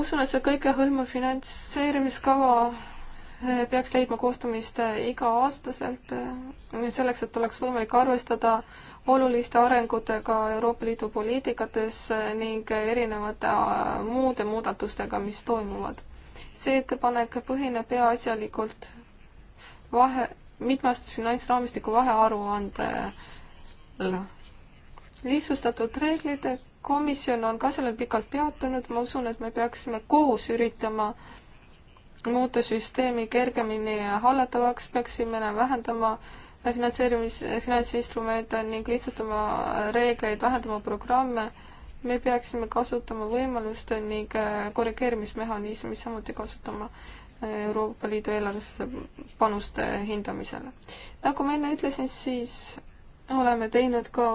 usun, et see kõikehõlmav finantseerimiskava eh, peaks leidma koostamist eh, iga-aastaselt, eh, selleks, et oleks võimalik arvestada oluliste arengutega Euroopa Liidu poliitikates ning erinevate muude muudatustega, mis toimuvad. see ettepanek põhineb peaasjalikult vahe, mitmest finantsraamistiku vahearuandel lihtsustatud reeglid komisjon on ka sellel pikalt peatunud, ma usun, et me peaksime koos üritama muuta süsteemi kergemini hallatavaks, peaksime vähendama finantseerimis, finantsinstrumente ning lihtsustama reegleid, vähendama programme. me peaksime kasutama võimalust ning äh, korrigeerimismehhanismi samuti kasutama äh, Euroopa Liidu eelarveste panuste hindamisele. nagu ma enne ütlesin, siis oleme teinud ka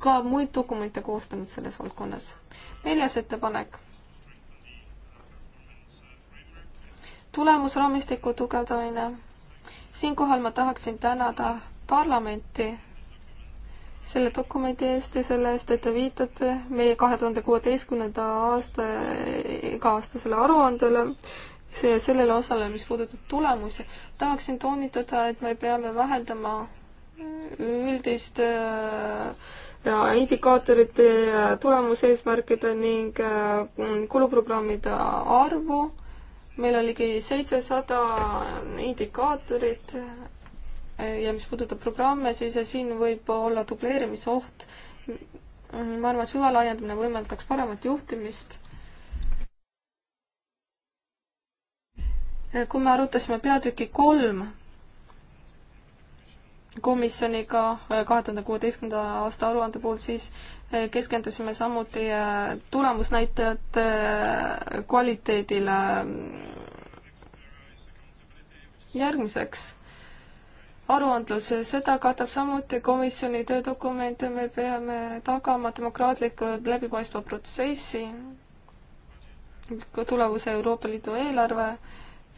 ka muid dokumente koostanud selles valdkonnas. neljas ettepanek. tulemusraamistiku tugevdamine. siinkohal ma tahaksin tänada parlamenti selle dokumendi eest ja selle eest, et te viitate meie kahe tuhande kuueteistkümnenda aasta iga-aastasele aruandele, see, sellele osale, mis puudutab tulemusi, tahaksin toonitada, et me peame vähendama üldist äh, indikaatorite tulemuseesmärkide ning äh, kuluprogrammide arvu. meil on ligi seitsesada indikaatorit äh, ja mis puudutab programme, siis äh, siin võib olla dubleerimise oht. ma arvan, süvalaiendamine võimaldaks paremat juhtimist kui me arutasime peatüki kolm, komisjoniga äh, kahe tuhande kuueteistkümnenda aasta aruande puhul, siis äh, keskendusime samuti äh, tulemusnäitajate kvaliteedile. järgmiseks, aruandlus, seda katab samuti komisjoni töödokumente, me peame tagama demokraatliku läbipaistva protsessi, tulevuse Euroopa Liidu eelarve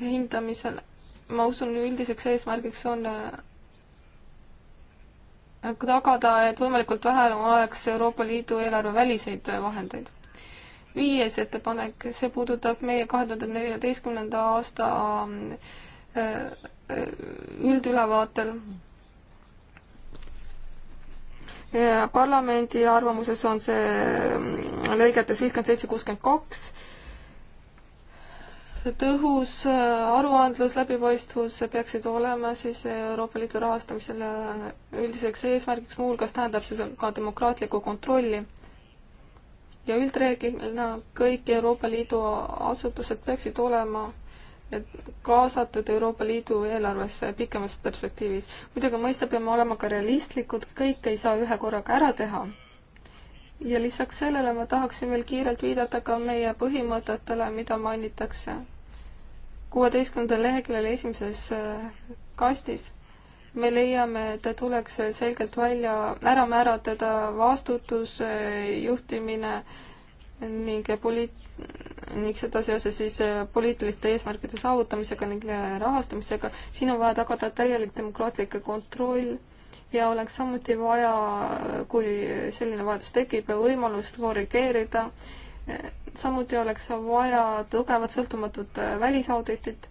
hindamisel, ma usun, üldiseks eesmärgiks on tagada, et võimalikult vähe oleks Euroopa Liidu eelarve väliseid vahendeid. viies ettepanek, see puudutab meie kahe tuhande neljateistkümnenda aasta äh, äh, üldülevaatel Ja äh, parlamendi arvamuses on see lõigetes viiskümmend seitse, kuuskümmend kaks tõhus äh, aruandlus, läbipaistvus peaksid olema siis Euroopa Liidu rahastamisel äh, üldiseks eesmärgiks, muuhulgas tähendab see ka demokraatlikku kontrolli. ja üldreeglina kõik Euroopa Liidu asutused peaksid olema äh, kaasatud Euroopa Liidu eelarvesse pikemas perspektiivis. muidugi mõista peame olema ka realistlikud, kõike ei saa ühe korraga ära teha. ja lisaks sellele ma tahaksin veel kiirelt viidata ka meie põhimõtetele, mida mainitakse kuueteistkümnendal leheküljel esimeses äh, kastis me leiame, et tuleks selgelt välja, ära määratleda vastutus, äh, juhtimine ning poliit-, ning seda seoses siis äh, poliitiliste eesmärkide saavutamisega ning rahastamisega. siin on vaja tagada täielik demokraatlik kontroll ja oleks samuti vaja, kui selline vajadus tekib, võimalust korrigeerida äh, samuti oleks vaja tugevat sõltumatut äh, välisauditit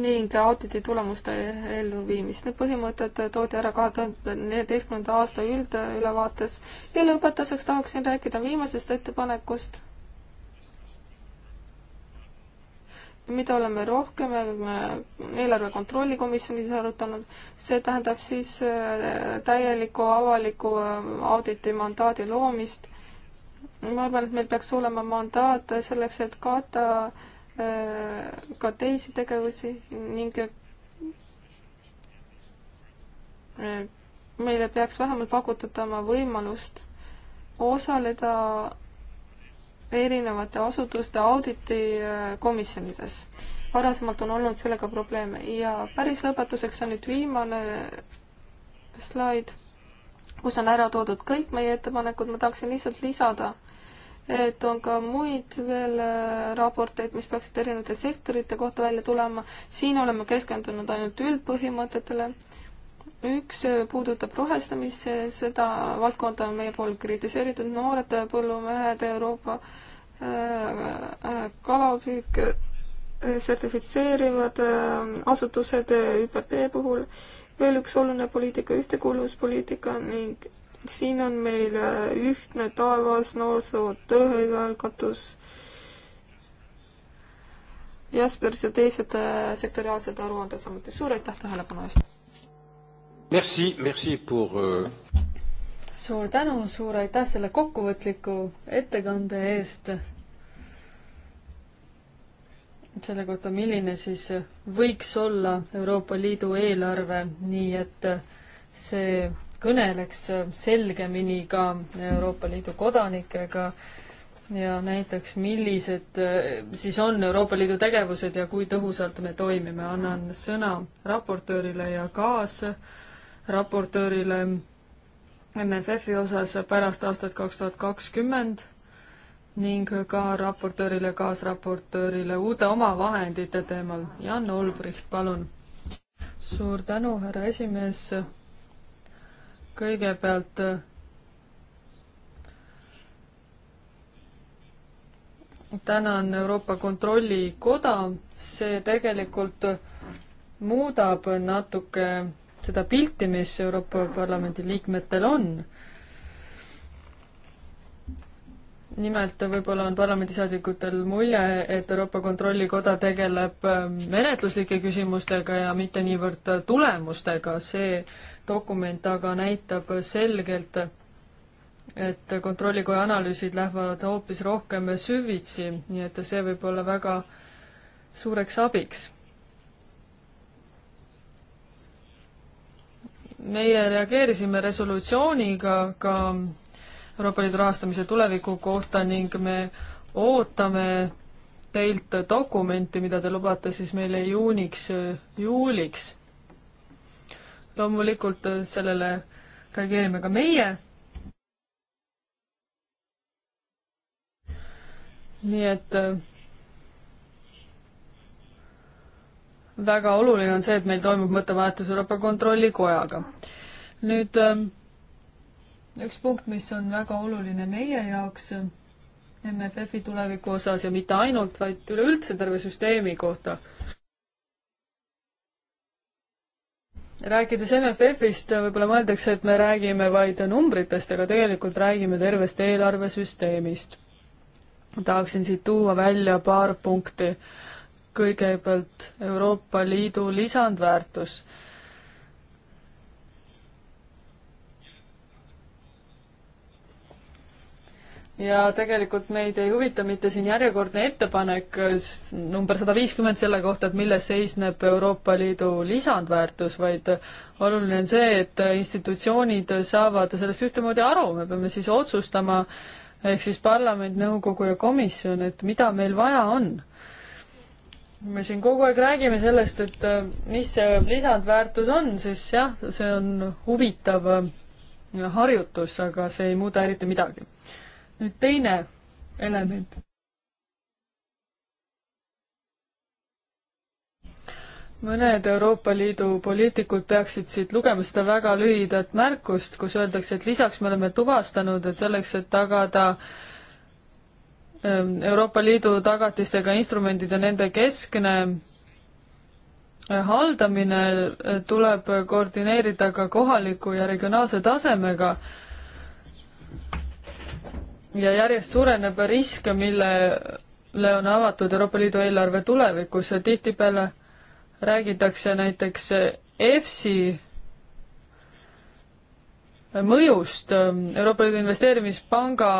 ning auditi tulemuste elluviimist. Need põhimõtted toodi ära kahe tuhande neljateistkümnenda aasta üldülevaates ja lõpetuseks tahaksin rääkida viimasest ettepanekust, mida oleme rohkem eelarve kontrolli komisjonis arutanud. see tähendab siis äh, täieliku avaliku äh, auditi mandaadi loomist ma arvan, et meil peaks olema mandaat selleks, et kaota äh, ka teisi tegevusi ning äh, meile peaks vähemalt pakutama võimalust osaleda erinevate asutuste auditikomisjonides. Äh, varasemalt on olnud sellega probleeme ja päris lõpetuseks on nüüd viimane slaid, kus on ära toodud kõik meie ettepanekud, ma tahaksin lihtsalt lisada, et on ka muid veel äh, raporteid, mis peaksid erinevate sektorite kohta välja tulema. siin oleme keskendunud ainult üldpõhimõtetele. üks äh, puudutab rohestamist, seda valdkonda on meie pool kritiseeritud, noored põllumehed, Euroopa äh, kalapüük sertifitseerivad asutused ÜPP puhul, veel üks oluline poliitika, ühtekuuluvuspoliitika ning siin on meil äh, ühtne taevas, noorsoo tööhõivealgatus, Jaspers ja teised äh, sektoriaalsed aruanded samuti. suur aitäh tähelepanu eest! Merci, merci pour euh... suur tänu, suur aitäh selle kokkuvõtliku ettekande eest selle kohta, milline siis võiks olla Euroopa Liidu eelarve, nii et see kõneleks äh, selgemini ka Euroopa Liidu kodanikega ja näitaks, millised äh, siis on Euroopa Liidu tegevused ja kui tõhusalt me toimime. annan sõna raportöörile ja kaasraportöörile MFF-i osas pärast aastat kaks tuhat kakskümmend ning ka raportöörile, kaasraportöörile uute omavahendite teemal. Jan Olbricht, palun. suur tänu, härra esimees kõigepealt äh, tänan Euroopa Kontrollikoda, see tegelikult muudab natuke seda pilti, mis Euroopa Parlamendi liikmetel on. nimelt võib-olla on parlamendisaadikutel mulje, et Euroopa Kontrollikoda tegeleb äh, menetluslike küsimustega ja mitte niivõrd tulemustega, see äh, dokument aga näitab selgelt, et kontrollikoja analüüsid lähevad hoopis rohkem süvitsi, nii et see võib olla väga suureks abiks. meie reageerisime resolutsiooniga ka Euroopa Liidu rahastamise tuleviku kohta ning me ootame teilt dokumenti, mida te lubate siis meile juuniks, juuliks loomulikult äh, sellele reageerime ka meie. nii et äh, väga oluline on see, et meil toimub mõttevahetus Euroopa Kontrollikojaga. nüüd äh, üks punkt, mis on väga oluline meie jaoks MFF-i tuleviku osas ja mitte ainult, vaid üleüldse terve süsteemi kohta rääkides MFF-ist, võib-olla mõeldakse, et me räägime vaid numbritest, aga tegelikult räägime tervest eelarvesüsteemist. tahaksin siit tuua välja paar punkti. kõigepealt Euroopa Liidu lisandväärtus ja tegelikult meid ei huvita mitte siin järjekordne ettepanek number sada viiskümmend selle kohta, et milles seisneb Euroopa Liidu lisandväärtus, vaid oluline on see, et institutsioonid saavad sellest ühtemoodi aru, me peame siis otsustama, ehk siis parlament, nõukogu ja komisjon, et mida meil vaja on. me siin kogu aeg räägime sellest, et mis see lisandväärtus on, siis jah, see on huvitav harjutus, aga see ei muuda eriti midagi nüüd teine element. mõned Euroopa Liidu poliitikud peaksid siit lugema seda väga lühidat märkust, kus öeldakse, et lisaks me oleme tuvastanud, et selleks, et tagada ähm, Euroopa Liidu tagatistega instrumendid ja nende keskne äh, haldamine äh, tuleb koordineerida ka kohaliku ja regionaalse tasemega ja järjest suureneb risk, millele on avatud Euroopa Liidu eelarve tulevikus ja tihtipeale räägitakse näiteks EFSI mõjust Euroopa Liidu Investeerimispanga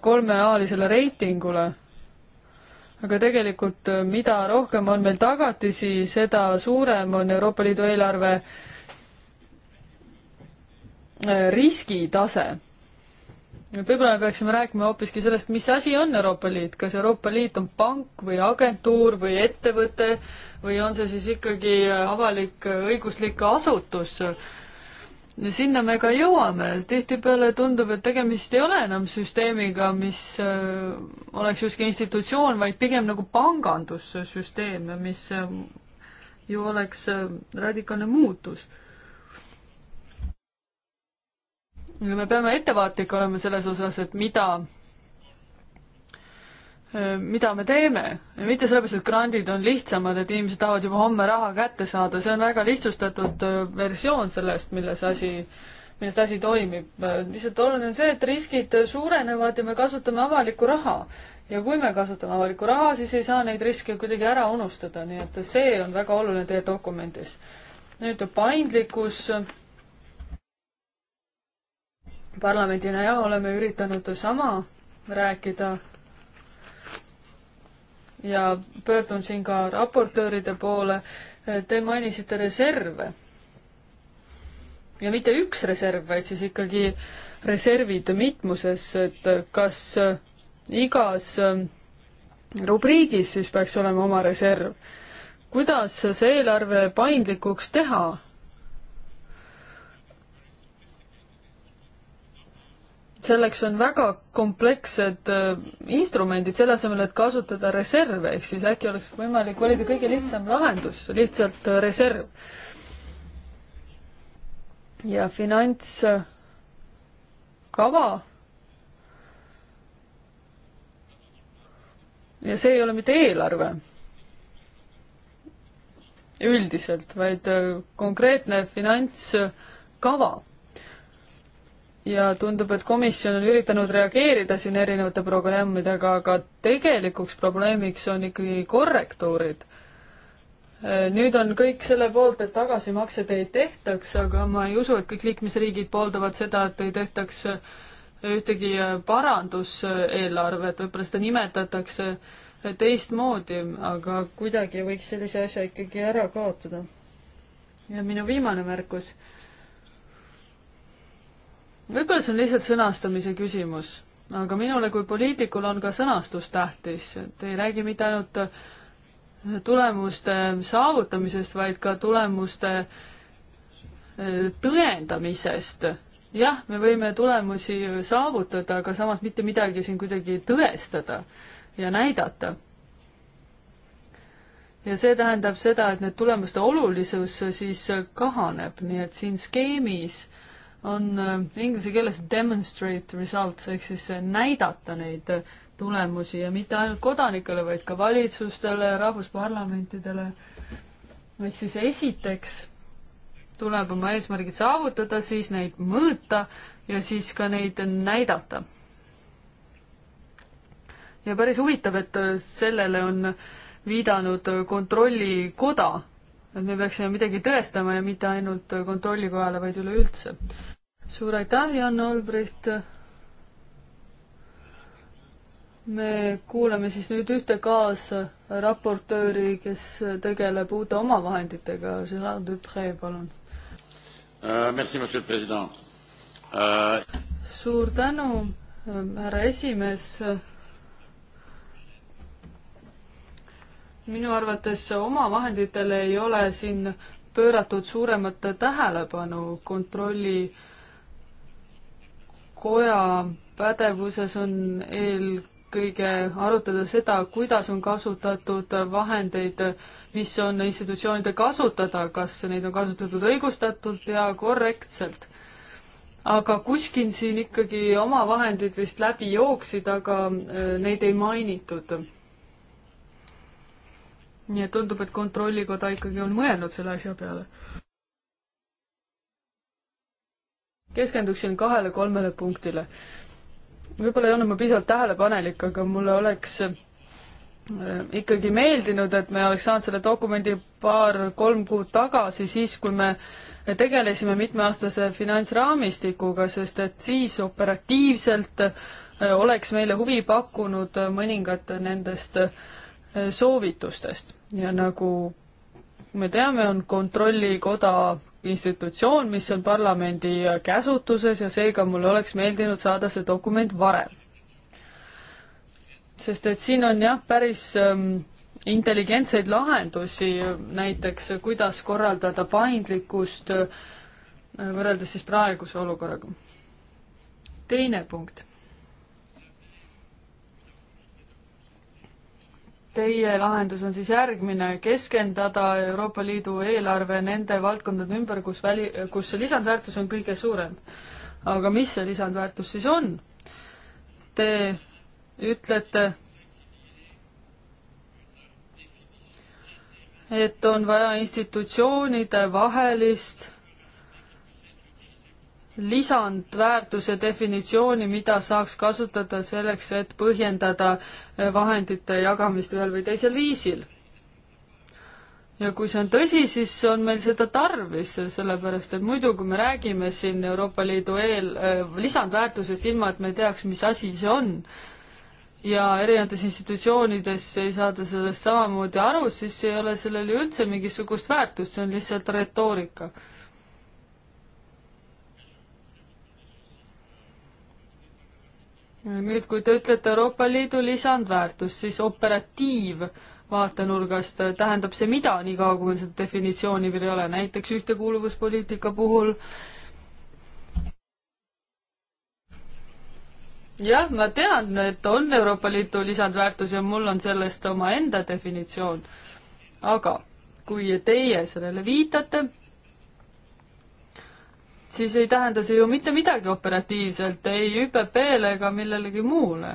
kolmeaalisele reitingule. aga tegelikult, mida rohkem on meil tagatisi, seda suurem on Euroopa Liidu eelarve riskitase võib-olla me peaksime rääkima hoopiski sellest, mis asi on Euroopa Liit, kas Euroopa Liit on pank või agentuur või ettevõte või on see siis ikkagi avalik õiguslik asutus? sinna me ka jõuame, tihtipeale tundub, et tegemist ei ole enam süsteemiga, mis äh, oleks justkui institutsioon, vaid pigem nagu pangandussüsteem, mis äh, ju oleks äh, radikaalne muutus me peame ettevaatlik olema selles osas, et mida, äh, mida me teeme. mitte sellepärast, et grandid on lihtsamad, et inimesed tahavad juba homme raha kätte saada, see on väga lihtsustatud äh, versioon sellest, milles asi, millest asi toimib. Äh, lihtsalt oluline on see, et riskid suurenevad ja me kasutame avalikku raha. ja kui me kasutame avalikku raha, siis ei saa neid riske kuidagi ära unustada, nii et see on väga oluline teie dokumendis. nüüd paindlikkus parlamendina ja oleme üritanud sama rääkida. ja pöördun siin ka raportööride poole. Te mainisite reserve. ja mitte üks reserv, vaid siis ikkagi reservid mitmuses, et kas igas rubriigis siis peaks olema oma reserv. kuidas see eelarve paindlikuks teha, selleks on väga komplekssed äh, instrumendid, selle asemel, et kasutada reserve, ehk siis äkki oleks võimalik valida kõige lihtsam lahendus, lihtsalt äh, reserv. ja finantskava. Äh, ja see ei ole mitte eelarve üldiselt, vaid konkreetne finantskava ja tundub, et komisjon on üritanud reageerida siin erinevate programmidega, aga tegelikuks probleemiks on ikkagi korrektuurid. Äh, nüüd on kõik selle poolt, et tagasimakseid ei tehtaks, aga ma ei usu, et kõik liikmesriigid pooldavad seda, et ei tehtaks äh, ühtegi äh, paranduseelarvet, võib-olla seda nimetatakse teistmoodi, aga kuidagi võiks sellise asja ikkagi ära kaotada. ja minu viimane märkus võib-olla see on lihtsalt sõnastamise küsimus, aga minule kui poliitikule on ka sõnastus tähtis, et ei räägi mitte ainult tulemuste saavutamisest, vaid ka tulemuste eh, tõendamisest. jah, me võime tulemusi saavutada, aga samas mitte midagi siin kuidagi tõestada ja näidata ja see tähendab seda, et need tulemuste olulisus siis kahaneb, nii et siin skeemis on äh, inglise keeles demonstrate results ehk siis äh, näidata neid äh, tulemusi ja mitte ainult kodanikele, vaid ka valitsustele, rahvusparlamentidele. ehk siis esiteks tuleb oma eesmärgid saavutada, siis neid mõõta ja siis ka neid näidata. ja päris huvitav, et sellele on viidanud Kontrollikoda, et me peaksime midagi tõestama ja mitte ainult Kontrollikojale, vaid üleüldse suur aitäh, Jan Olbricht. me kuuleme siis nüüd ühte kaasraportööri, kes tegeleb uute omavahenditega, Gerard Dupree, palun uh,. Merci, monsieur president uh.... suur tänu, härra esimees minu arvates omavahenditele ei ole siin pööratud suuremat tähelepanu kontrolli koja pädevuses on eelkõige arutada seda, kuidas on kasutatud vahendeid, mis on institutsioonide kasutada, kas neid on kasutatud õigustatult ja korrektselt. aga kuskil siin ikkagi oma vahendid vist läbi jooksid, aga äh, neid ei mainitud. nii et tundub, et Kontrollikoda ikkagi on mõelnud selle asja peale keskenduksin kahele-kolmele punktile. võib-olla ei olnud ma piisavalt tähelepanelik, aga mulle oleks äh, ikkagi meeldinud, et me oleks saanud selle dokumendi paar-kolm kuud tagasi, siis kui me tegelesime mitmeaastase finantsraamistikuga, sest et siis operatiivselt äh, oleks meile huvi pakkunud mõningad nendest äh, soovitustest ja nagu me teame, on Kontrollikoda institutsioon, mis on parlamendi käsutuses ja seega mul oleks meeldinud saada see dokument varem. sest et siin on jah, päris ähm, intelligentseid lahendusi, näiteks kuidas korraldada paindlikkust äh, võrreldes siis praeguse olukorraga. teine punkt Teie lahendus on siis järgmine, keskenduda Euroopa Liidu eelarve nende valdkondade ümber, kus väli, kus see lisandväärtus on kõige suurem. aga mis see lisandväärtus siis on? Te ütlete, et on vaja institutsioonide vahelist lisandväärtuse definitsiooni, mida saaks kasutada selleks, et põhjendada eh, vahendite jagamist ühel või teisel viisil. ja kui see on tõsi, siis on meil seda tarvis, sellepärast et muidu, kui me räägime siin Euroopa Liidu eel eh,, lisandväärtusest, ilma et me teaks, mis asi see on, ja erinevates institutsioonides ei saada sellest samamoodi aru, siis ei ole sellel ju üldse mingisugust väärtust, see on lihtsalt retoorika nüüd, kui te ütlete Euroopa Liidu lisandväärtus, siis operatiivvaatenurgast tähendab see mida, niikaua kui meil seda definitsiooni veel ei ole, näiteks ühtekuuluvuspoliitika puhul jah, ma tean, et on Euroopa Liidu lisandväärtus ja mul on sellest omaenda definitsioon. aga kui teie sellele viitate, siis ei tähenda see ju mitte midagi operatiivselt, ei ÜPP-le ega millelegi muule.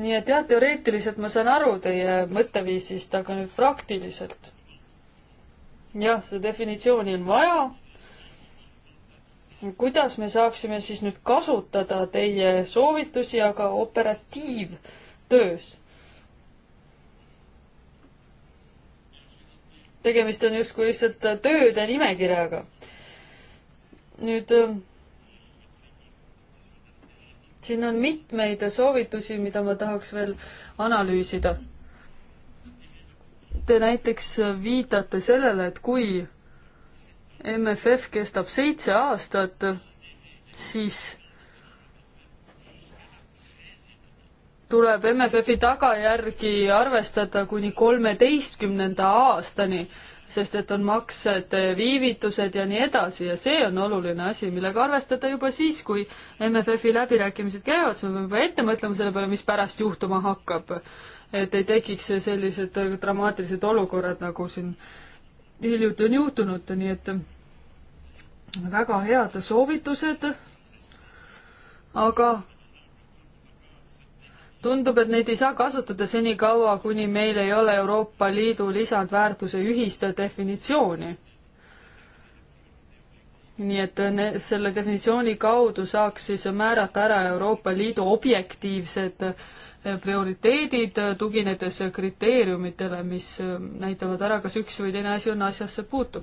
nii et jah, teoreetiliselt ma saan aru teie mõtteviisist, aga nüüd praktiliselt. jah, seda definitsiooni on vaja. kuidas me saaksime siis nüüd kasutada teie soovitusi, aga operatiivtöös? tegemist on justkui lihtsalt äh, tööde nimekirjaga. nüüd äh, siin on mitmeid soovitusi, mida ma tahaks veel analüüsida. Te näiteks äh, viitate sellele, et kui MFF kestab seitse aastat, siis tuleb MFF-i tagajärgi arvestada kuni kolmeteistkümnenda aastani, sest et on maksed, viivitused ja nii edasi ja see on oluline asi, millega arvestada juba siis, kui MFF-i läbirääkimised käivad, siis me peame juba ette mõtlema selle peale, mis pärast juhtuma hakkab. et ei tekiks sellised dramaatilised olukorrad, nagu siin hiljuti on juhtunud, nii et väga head soovitused, aga tundub, et neid ei saa kasutada senikaua, kuni meil ei ole Euroopa Liidu lisandväärtuse ühist definitsiooni. nii et ne, selle definitsiooni kaudu saaks siis määrata ära Euroopa Liidu objektiivsed eh, prioriteedid, eh, tuginedes kriteeriumitele, mis eh, näitavad ära, kas üks või teine asi on asjasse puutuv.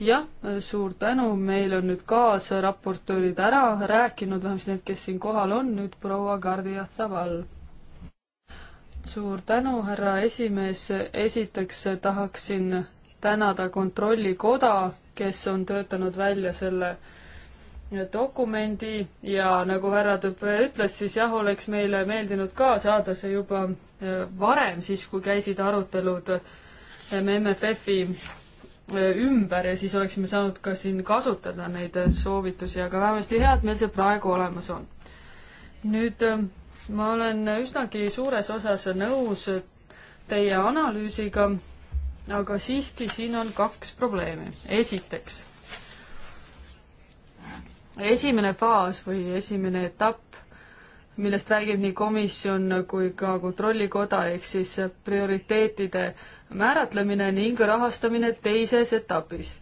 jah, suur tänu, meil on nüüd kaasraportöörid ära rääkinud, vähemasti need, kes siin kohal on, nüüd proua Gardia Zaval suur tänu, härra esimees, esiteks tahaksin tänada Kontrollikoda, kes on töötanud välja selle dokumendi ja nagu härra Tüpre ütles, siis jah, oleks meile meeldinud ka saada see juba äh, varem, siis kui käisid arutelud äh, MFF-i äh, ümber ja siis oleksime saanud ka siin kasutada neid soovitusi, aga vähemasti hea, et meil see praegu olemas on. nüüd ma olen üsnagi suures osas nõus teie analüüsiga, aga siiski siin on kaks probleemi. esiteks, esimene faas või esimene etapp, millest räägib nii komisjon kui ka Kontrollikoda, ehk siis prioriteetide määratlemine ning rahastamine teises etapis.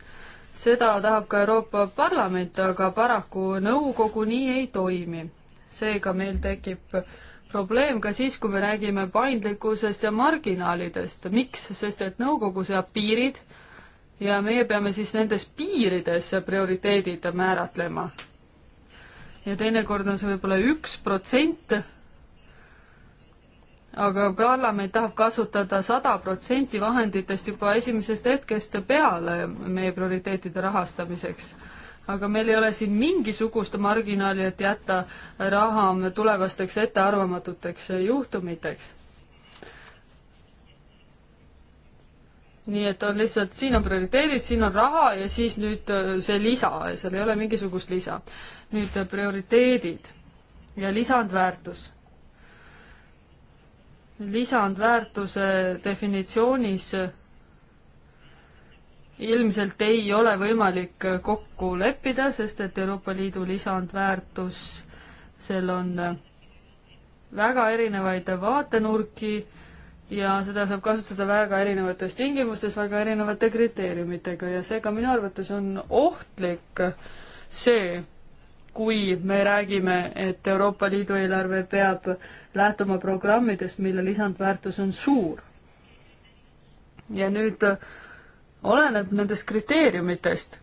seda tahab ka Euroopa Parlament, aga paraku nõukogu nii ei toimi seega meil tekib probleem ka siis, kui me räägime paindlikkusest ja marginaalidest. miks? sest et nõukogu seab piirid ja meie peame siis nendes piirides prioriteedid määratlema. ja teinekord on see võib-olla üks protsent, aga parlament tahab kasutada sada protsenti vahenditest juba esimesest hetkest peale meie prioriteetide rahastamiseks aga meil ei ole siin mingisugust marginaali, et jätta raha tulevasteks ettearvamatuteks juhtumiteks. nii et on lihtsalt, siin on prioriteedid, siin on raha ja siis nüüd äh, see lisa, seal ei ole mingisugust lisa. nüüd äh, prioriteedid ja lisandväärtus lisandväärtuse definitsioonis äh, ilmselt ei ole võimalik äh, kokku leppida, sest et Euroopa Liidu lisandväärtus, seal on äh, väga erinevaid vaatenurki ja seda saab kasutada väga erinevates tingimustes väga erinevate kriteeriumitega ja seega minu arvates on ohtlik see, kui me räägime, et Euroopa Liidu eelarve peab lähtuma programmidest, mille lisandväärtus on suur. ja nüüd äh, oleneb nendest kriteeriumitest.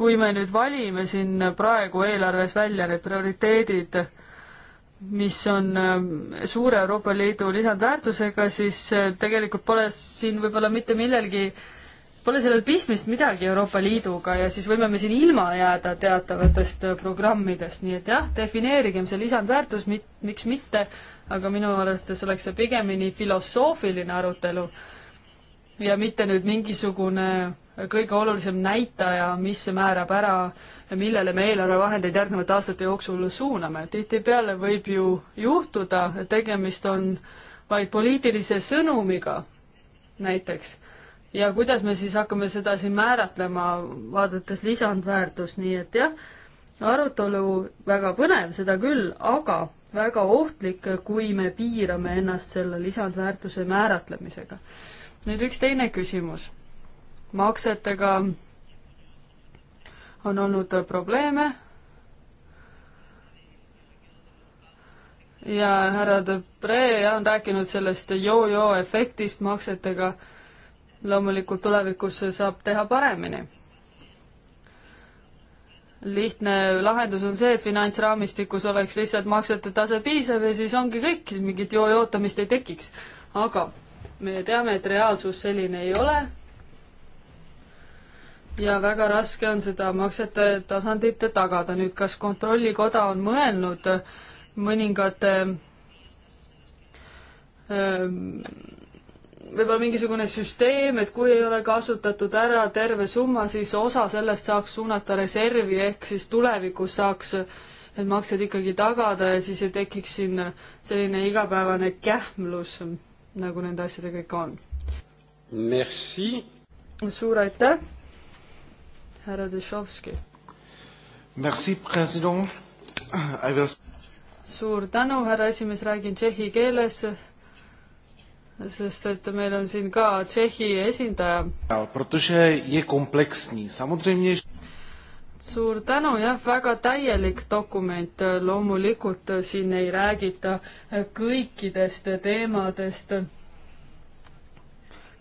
kui me nüüd valime siin praegu eelarves välja need prioriteedid, mis on ähm, suure Euroopa Liidu lisandväärtusega, siis äh, tegelikult pole siin võib-olla mitte millelgi pole sellel pistmist midagi Euroopa Liiduga ja siis võime me siin ilma jääda teatavatest äh, programmidest, nii et jah, defineerigem see lisandväärtus, miks mitte, aga minu arvates oleks see pigemini filosoofiline arutelu ja mitte nüüd mingisugune kõige olulisem näitaja, mis määrab ära, millele me eelarvevahendeid järgnevate aastate jooksul suuname. tihtipeale võib ju juhtuda, et tegemist on vaid poliitilise sõnumiga näiteks ja kuidas me siis hakkame seda siin määratlema, vaadates lisandväärtust, nii et jah, arutelu väga põnev, seda küll, aga väga ohtlik, kui me piirame ennast selle lisandväärtuse määratlemisega nüüd üks teine küsimus. maksetega on olnud probleeme ja härra Debre on rääkinud sellest joo-joo efektist maksetega. loomulikult tulevikus saab teha paremini. lihtne lahendus on see, et finantsraamistikus oleks lihtsalt maksete tase piisav ja siis ongi kõik, mingit joo-jootamist ei tekiks. aga me teame, et reaalsus selline ei ole. ja väga raske on seda maksete tasandit tagada. nüüd, kas Kontrollikoda on mõelnud mõningate ähm, võib-olla mingisugune süsteem, et kui ei ole kasutatud ära terve summa, siis osa sellest saaks suunata reservi, ehk siis tulevikus saaks need maksed ikkagi tagada ja siis ei tekiks siin selline igapäevane kähmlus nagu nende asjadega ikka on. Merci. suur aitäh, härra Dešovski. Merci, president. Will... suur tänu, härra esimees, räägin tšehhi keeles, sest et meil on siin ka Tšehhi esindaja. Protože je kompleksní, samozřejmě suur tänu, jah, väga täielik dokument, loomulikult äh, siin ei räägita äh, kõikidest äh, teemadest,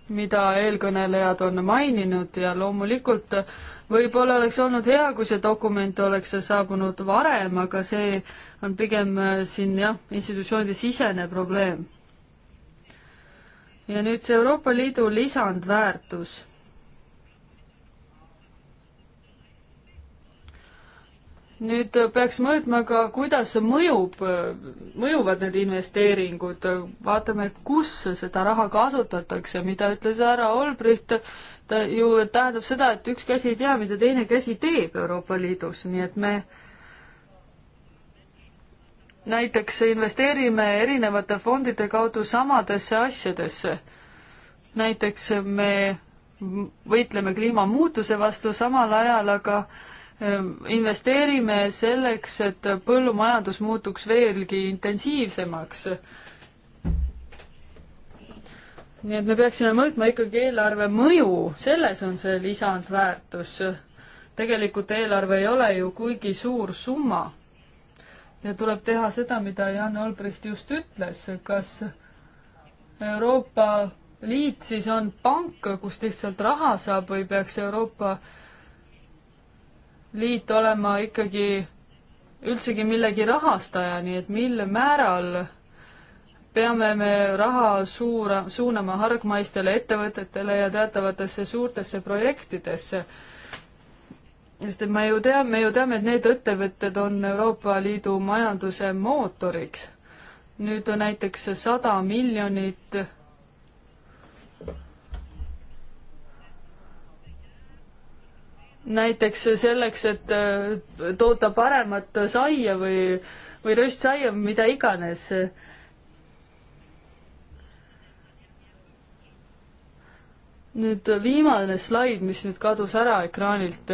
mida eelkõnelejad on maininud ja loomulikult võib-olla oleks olnud hea, kui see dokument oleks saabunud varem, aga see on pigem siin jah, institutsioonide sisene probleem. ja nüüd see Euroopa Liidu lisandväärtus. nüüd peaks mõõtma ka, kuidas mõjub, mõjuvad need investeeringud, vaatame, kus seda raha kasutatakse, mida ütles härra Olbricht, ta ju tähendab seda, et üks käsi ei tea, mida teine käsi teeb Euroopa Liidus, nii et me näiteks investeerime erinevate fondide kaudu samadesse asjadesse. näiteks me võitleme kliimamuutuse vastu samal ajal, aga äh, Ehm, investeerime selleks, et põllumajandus muutuks veelgi intensiivsemaks. nii et me peaksime mõõtma ikkagi eelarve mõju, selles on see lisandväärtus. tegelikult eelarve ei ole ju kuigi suur summa. ja tuleb teha seda, mida Jan Albrecht just ütles, kas Euroopa Liit siis on pank, kust lihtsalt raha saab või peaks Euroopa liit olema ikkagi üldsegi millegi rahastaja, nii et mil määral peame me raha suura, suunama hargmaistele ettevõtetele ja teatavatesse suurtesse projektidesse. sest et me ju teame, me ju teame, et need ettevõtted on Euroopa Liidu majanduse mootoriks. nüüd näiteks sada miljonit näiteks selleks, et äh, toota paremat saia või, või röstsaia, mida iganes. nüüd viimane slaid, mis nüüd kadus ära ekraanilt.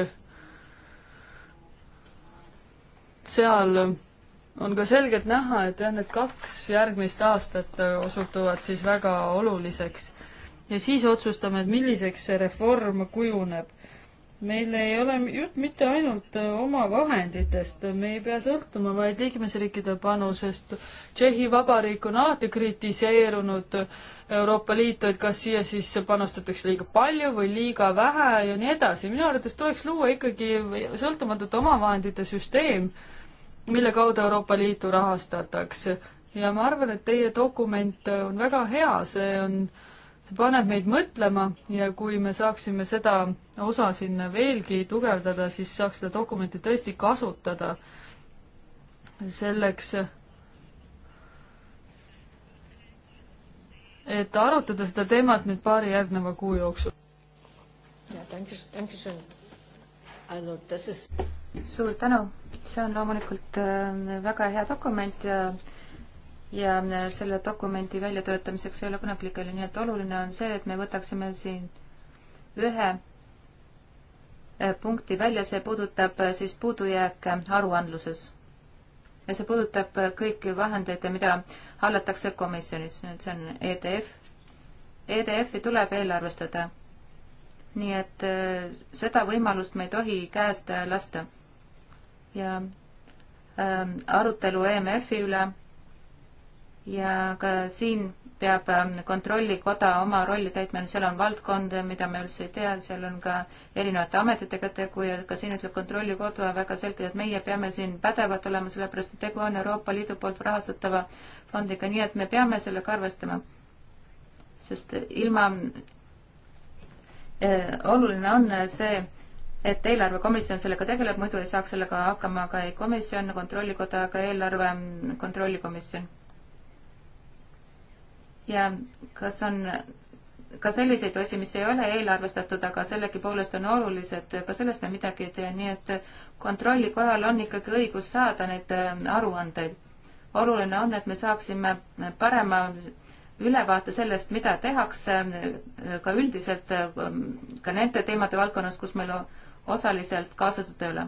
seal on ka selgelt näha, et jah, need kaks järgmist aastat osutuvad siis väga oluliseks. ja siis otsustame, et milliseks see reform kujuneb meil ei ole jutt mitte ainult äh, oma vahenditest, me ei pea sõltuma vaid liikmesriikide panusest. Tšehhi Vabariik on alati kritiseerunud Euroopa Liitu, et kas siia siis panustatakse liiga palju või liiga vähe ja nii edasi. minu arvates tuleks luua ikkagi sõltumatute omavahendite süsteem, mille kaudu Euroopa Liitu rahastatakse. ja ma arvan, et teie dokument on väga hea, see on äh, see paneb meid mõtlema ja kui me saaksime seda osa siin veelgi tugevdada, siis saaks seda dokumenti tõesti kasutada selleks, et arutada seda teemat nüüd paari järgneva kuu jooksul. suur tänu, see on loomulikult äh, väga hea dokument ja ja äh, selle dokumendi väljatöötamiseks ei ole kunagi liiga hilja, nii et oluline on see, et me võtaksime siin ühe äh, punkti välja, see puudutab äh, siis puudujääke aruandluses. ja see puudutab kõiki vahendeid, mida hallatakse komisjonis, nüüd see on EDF. EDF-i tuleb eelarvestada. nii et seda võimalust me ei tohi käest lasta. ja ähm, arutelu EMF-i üle ja ka siin peab ähm, Kontrollikoda oma rolli täitma, seal on valdkond, mida me üldse ei tea, seal on ka erinevate ametitega tegu ja ka siin ütleb Kontrollikoda väga selgelt, et meie peame siin pädevad olema, sellepärast et tegu on Euroopa Liidu poolt rahastatava fondiga, nii et me peame sellega arvestama. sest ilma eh,, oluline on see, et eelarvekomisjon sellega tegeleb, muidu ei saaks sellega hakkama ka ei komisjon, kontrollikoda, ka eelarve kontrollikomisjon ja kas on ka selliseid asju, mis ei ole eelarvestatud, aga sellegipoolest on olulised, ka sellest me midagi ei tee, nii et kontrollikojal on ikkagi õigus saada neid äh, aruandeid. oluline on, et me saaksime parema ülevaate sellest, mida tehakse äh, ka üldiselt, äh, ka nende teemade valdkonnas, kus meil osaliselt kaasatud ei ole.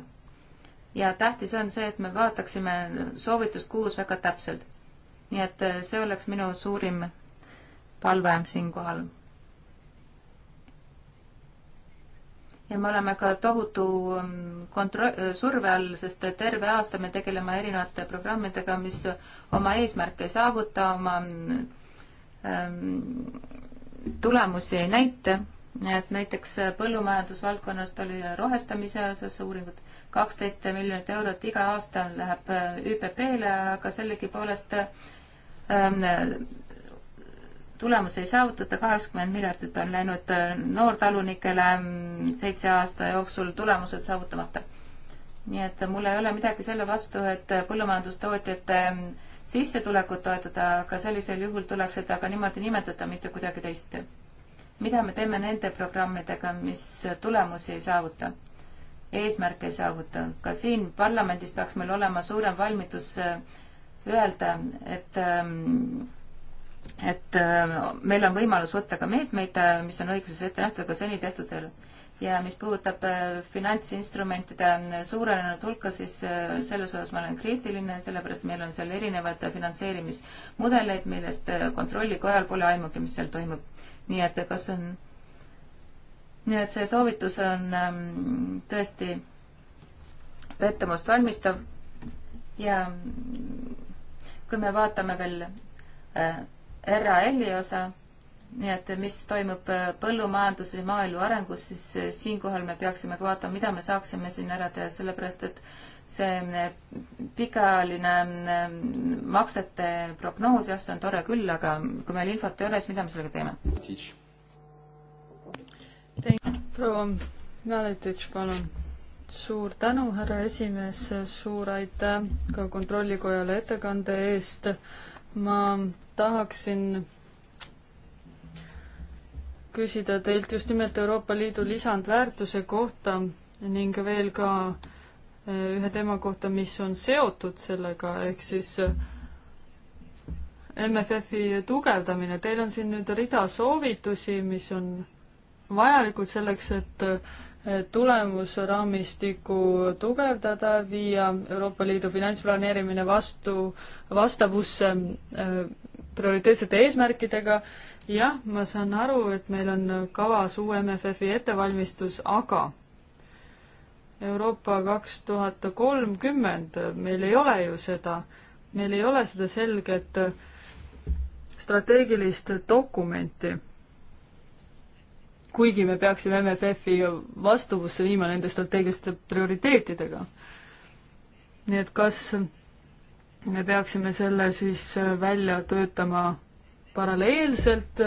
ja tähtis on see, et me vaataksime soovitust kuus väga täpselt. nii et see oleks minu suurim palve siinkohal. ja me oleme ka tohutu mm, kontro-, surve all, sest terve aasta me tegeleme erinevate programmidega, mis oma eesmärke ei saavuta, oma ähm, tulemusi ei näita. et näiteks põllumajandusvaldkonnast oli rohestamise osas uuringud kaksteist miljonit eurot iga aasta läheb ÜPP-le, aga sellegipoolest ähm, tulemusi ei saavutata, kaheksakümmend miljardit on läinud äh, noortalunikele mm, seitse aasta jooksul tulemused saavutamata. nii et mul ei ole midagi selle vastu, et põllumajandustootjate mm, sissetulekut toetada, aga sellisel juhul tuleks seda ka niimoodi nimetada, mitte kuidagi teisiti. mida me teeme nende programmidega, mis tulemusi ei saavuta? eesmärke ei saavuta. ka siin parlamendis peaks meil olema suurem valmidus äh, öelda, et ähm, et äh, meil on võimalus võtta ka meetmeid, äh, mis on õiguses ette nähtud, aga seni tehtud ei ole. ja mis puudutab äh, finantsinstrumentide suurenenud hulka, siis selles osas ma olen kriitiline, sellepärast meil on seal erinevad finantseerimismudeleid, millest kontrollikojal pole aimugi, mis seal toimub. nii et kas on, nii et see soovitus on ähm, tõesti pettumust valmistav ja mm, kui me vaatame veel RAL-i osa, nii et mis toimub äh, põllumajanduse ja maaelu arengus, siis äh, siinkohal me peaksime ka vaatama, mida me saaksime siin ära teha, sellepärast et see äh, pikaajaline maksete prognoos, jah, see on tore küll, aga kui meil infot ei ole, siis mida me sellega teeme? proua Mäletitš, palun. suur tänu, härra esimees, suur aitäh ka Kontrollikojale ettekande eest ma tahaksin küsida teilt just nimelt Euroopa Liidu lisandväärtuse kohta ning veel ka eh, ühe teema kohta, mis on seotud sellega, ehk siis eh, MFF-i tugevdamine. Teil on siin nüüd rida soovitusi, mis on vajalikud selleks, et tulemusraamistikku tugevdada, viia Euroopa Liidu finantsplaneerimine vastu, vastavusse äh, prioriteetsete eesmärkidega. jah, ma saan aru, et meil on kavas uue MFF-i ettevalmistus, aga Euroopa kaks tuhat kolmkümmend, meil ei ole ju seda, meil ei ole seda selget strateegilist dokumenti kuigi me peaksime MFF-i vastavusse viima nende strateegiliste prioriteetidega. nii et kas me peaksime selle siis välja töötama paralleelselt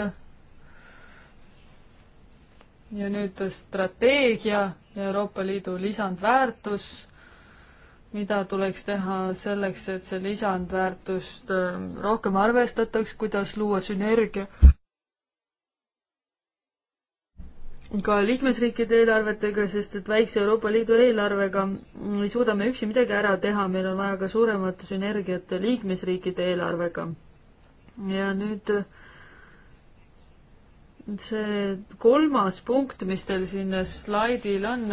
ja nüüd strateegia ja Euroopa Liidu lisandväärtus, mida tuleks teha selleks, et see lisandväärtust rohkem arvestataks, kuidas luua sünergia ka liikmesriikide eelarvetega, sest et väikse Euroopa Liidu eelarvega ei suuda me üksi midagi ära teha, meil on vaja ka suuremat sünergiat liikmesriikide eelarvega. ja nüüd see kolmas punkt, mis teil siin slaidil on,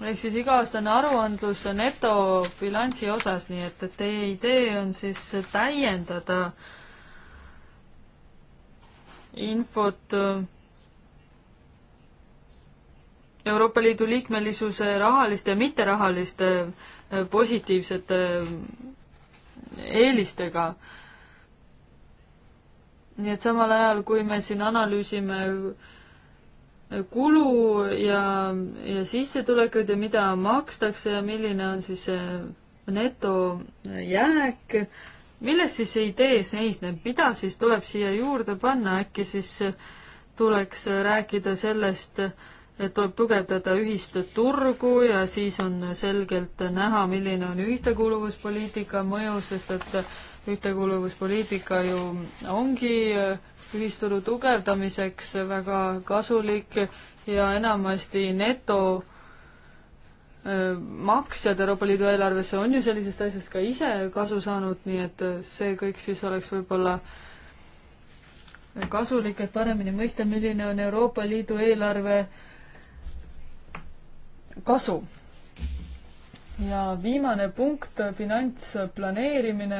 ehk siis iga-aastane aruandlus netobilansi osas, nii et, et teie idee on siis täiendada infot äh, Euroopa Liidu liikmelisuse rahaliste ja mitterahaliste äh, positiivsete äh, eelistega. nii et samal ajal, kui me siin analüüsime kulu ja, ja sissetulekud ja mida makstakse ja milline on siis netojääk. milles siis see idee seisneb, mida siis tuleb siia juurde panna, äkki siis tuleks rääkida sellest, et tuleb tugevdada ühistut turgu ja siis on selgelt näha, milline on ühtekuuluvuspoliitika mõju, sest et ühtekuuluvuspoliitika ju ongi äh, ühisturu tugevdamiseks väga kasulik ja enamasti neto maksjad Euroopa Liidu eelarvesse on ju sellisest asjast ka ise kasu saanud, nii et see kõik siis oleks võib-olla kasulik, et paremini mõista, milline on Euroopa Liidu eelarve kasu. ja viimane punkt, finantsplaneerimine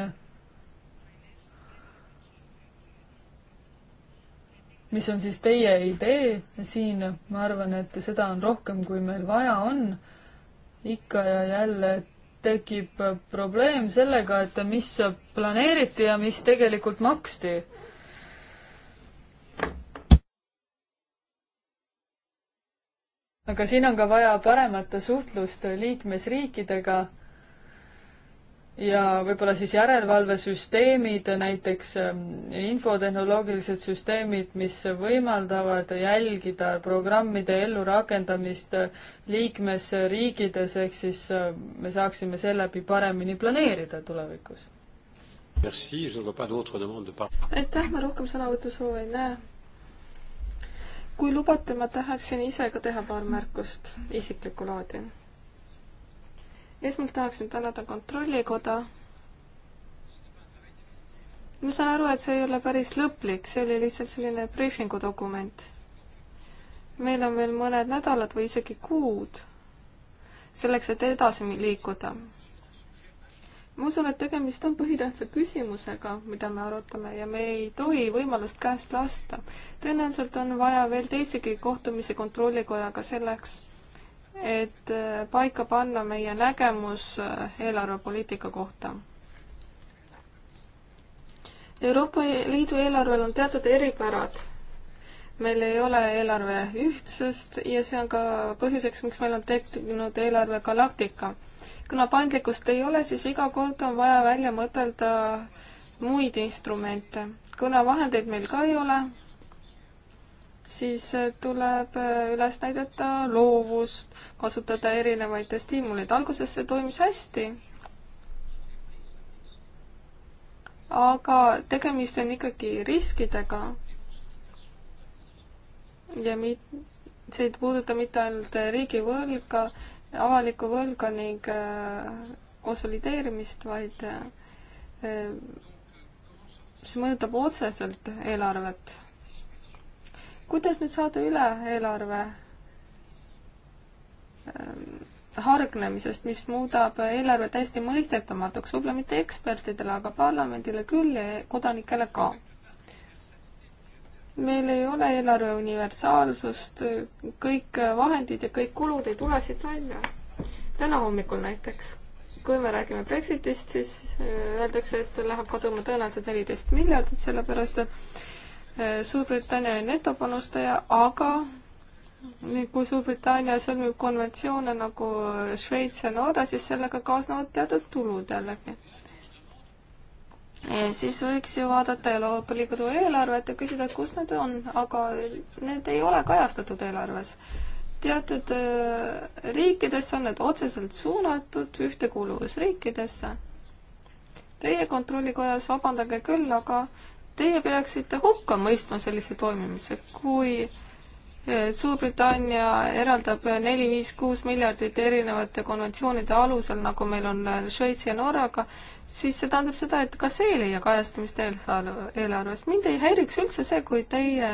mis on siis teie idee siin, ma arvan, et seda on rohkem, kui meil vaja on. ikka ja jälle tekib probleem sellega, et mis planeeriti ja mis tegelikult maksti. aga siin on ka vaja paremat suhtlust liikmesriikidega ja võib-olla siis järelevalvesüsteemid, näiteks ähm, infotehnoloogilised süsteemid, mis võimaldavad jälgida programmide ellurakendamist äh, liikmesriigides, ehk siis äh, me saaksime seeläbi paremini planeerida tulevikus. aitäh, ma rohkem sõnavõtusoove ei näe. kui lubate, ma tahaksin ise ka teha paar märkust isiklikku laadi esmalt tahaksin tänada Kontrollikoda. ma saan aru, et see ei ole päris lõplik, see oli lihtsalt selline briifingu dokument. meil on veel mõned nädalad või isegi kuud selleks, et edasi liikuda. ma usun, et tegemist on põhitähtsa küsimusega, mida me arutame ja me ei tohi võimalust käest lasta. tõenäoliselt on vaja veel teisigi kohtumisi kontrollikojaga selleks, et äh, paika panna meie nägemus äh, eelarvepoliitika kohta. Euroopa Liidu eelarvel on teatud eripärad. meil ei ole eelarve ühtsust ja see on ka põhjuseks, miks meil on tekkinud eelarve galaktika. kuna paindlikkust ei ole, siis iga kord on vaja välja mõtelda muid instrumente. kuna vahendeid meil ka ei ole, siis eh, tuleb eh, üles näidata loovust, kasutada erinevaid stiimuleid. alguses see toimis hästi, aga tegemist on ikkagi riskidega ja mit-, see ei puuduta mitte ainult riigivõlga, avalikku võlga ning eh, konsolideerimist, vaid see mõjutab otseselt eelarvet kuidas nüüd saada üle eelarve ähm, hargnemisest, mis muudab eelarve täiesti mõistetamatuks, võib-olla mitte ekspertidele, aga parlamendile küll ja kodanikele ka. meil ei ole eelarve universaalsust, kõik vahendid ja kõik kulud ei tule siit välja. täna hommikul näiteks, kui me räägime Brexitist, siis äh, öeldakse, et läheb kaduma tõenäoliselt neliteist miljardit, sellepärast et Suurbritannia oli netopanustaja, aga kui Suurbritannia sõlmib konventsioone nagu Šveits ja Norra, siis sellega kaasnevad teatud tulud jällegi. Ja siis võiks ju vaadata Euroopa Liidu eelarvet ja küsida, et kus need on, aga need ei ole kajastatud eelarves. teatud äh, riikidesse on need otseselt suunatud ühtekuuluvusriikidesse. Teie kontrollikojas, vabandage küll, aga äh, Teie peaksite hukka mõistma sellise toimimise, kui eh, Suurbritannia eraldab neli, viis, kuus miljardit erinevate konventsioonide alusel, nagu meil on eh, Šveitsi ja Norraga, siis see tähendab seda, et ka see ei leia kajastamist eelarves. mind ei häiriks üldse see, kui teie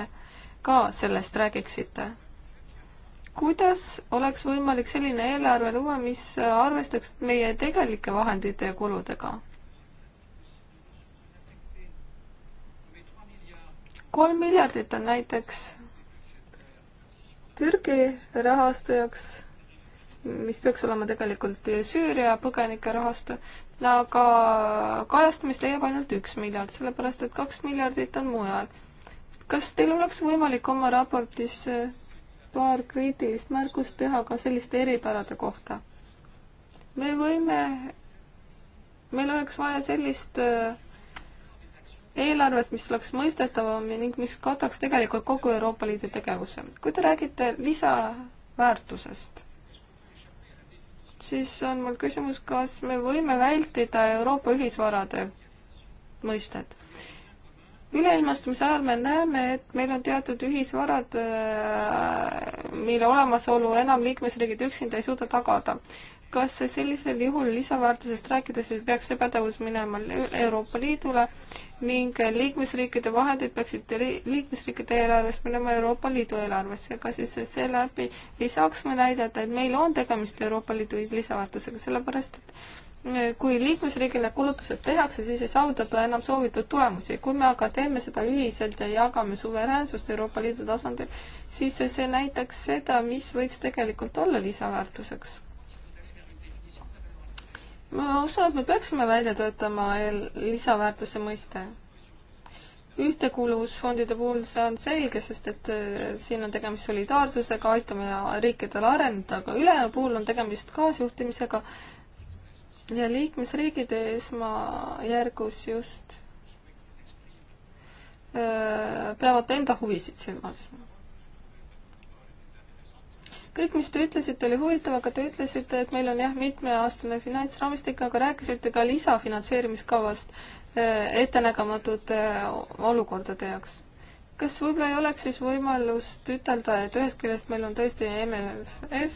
ka sellest räägiksite kuidas oleks võimalik selline eelarve luua, mis arvestaks meie tegelike vahendite ja kuludega? kolm miljardit on näiteks Türgi rahastajaks, mis peaks olema tegelikult Süüria põgenike rahastu, aga kajastamist leiab ainult üks miljard, sellepärast et kaks miljardit on mujal. kas teil oleks võimalik oma raportis äh, paar kriitilist märkust teha ka selliste eripärade kohta? me võime, meil oleks vaja sellist äh, eelarvet, mis oleks mõistetavam ning mis kataks tegelikult kogu Euroopa Liidu tegevuse. kui te räägite lisaväärtusest, siis on mul küsimus, kas me võime vältida Euroopa ühisvarade mõistet? üleilmastumise ajal me näeme, et meil on teatud ühisvarad, äh, mille olemasolu enam liikmesriigid üksinda ei suuda tagada kas sellisel juhul lisaväärtusest rääkides ei peaks see pädevus minema Euroopa Liidule ning liikmesriikide vahendid peaksid liikmesriikide eelarvest minema Euroopa Liidu eelarvesse, ega siis seeläbi ei saaks me näidata, et meil on tegemist Euroopa Liidu lisaväärtusega, sellepärast et kui liikmesriigile kulutused tehakse, siis ei saavutata enam soovitud tulemusi. kui me aga teeme seda ühiselt ja jagame suveräänsust Euroopa Liidu tasandil, siis see näitaks seda, mis võiks tegelikult olla lisaväärtuseks ma usun, et me peaksime välja töötama lisaväärtuse mõiste. ühtekuuluvusfondide puhul see on selge, sest et äh, siin on tegemist solidaarsusega, aitame riikidel areneda, aga ülejäänu puhul on tegemist kaasjuhtimisega ja liikmesriigid esmajärgus just äh, peavad enda huvisid silmas kõik, mis te ütlesite, oli huvitav, aga te ütlesite, et meil on jah, mitmeaastane finantsraamistik, aga rääkisite ka lisafinantseerimiskavast eh, ettenägematute eh, olukordade jaoks. kas võib-olla ei oleks siis võimalust ütelda, et ühest küljest meil on tõesti MFF,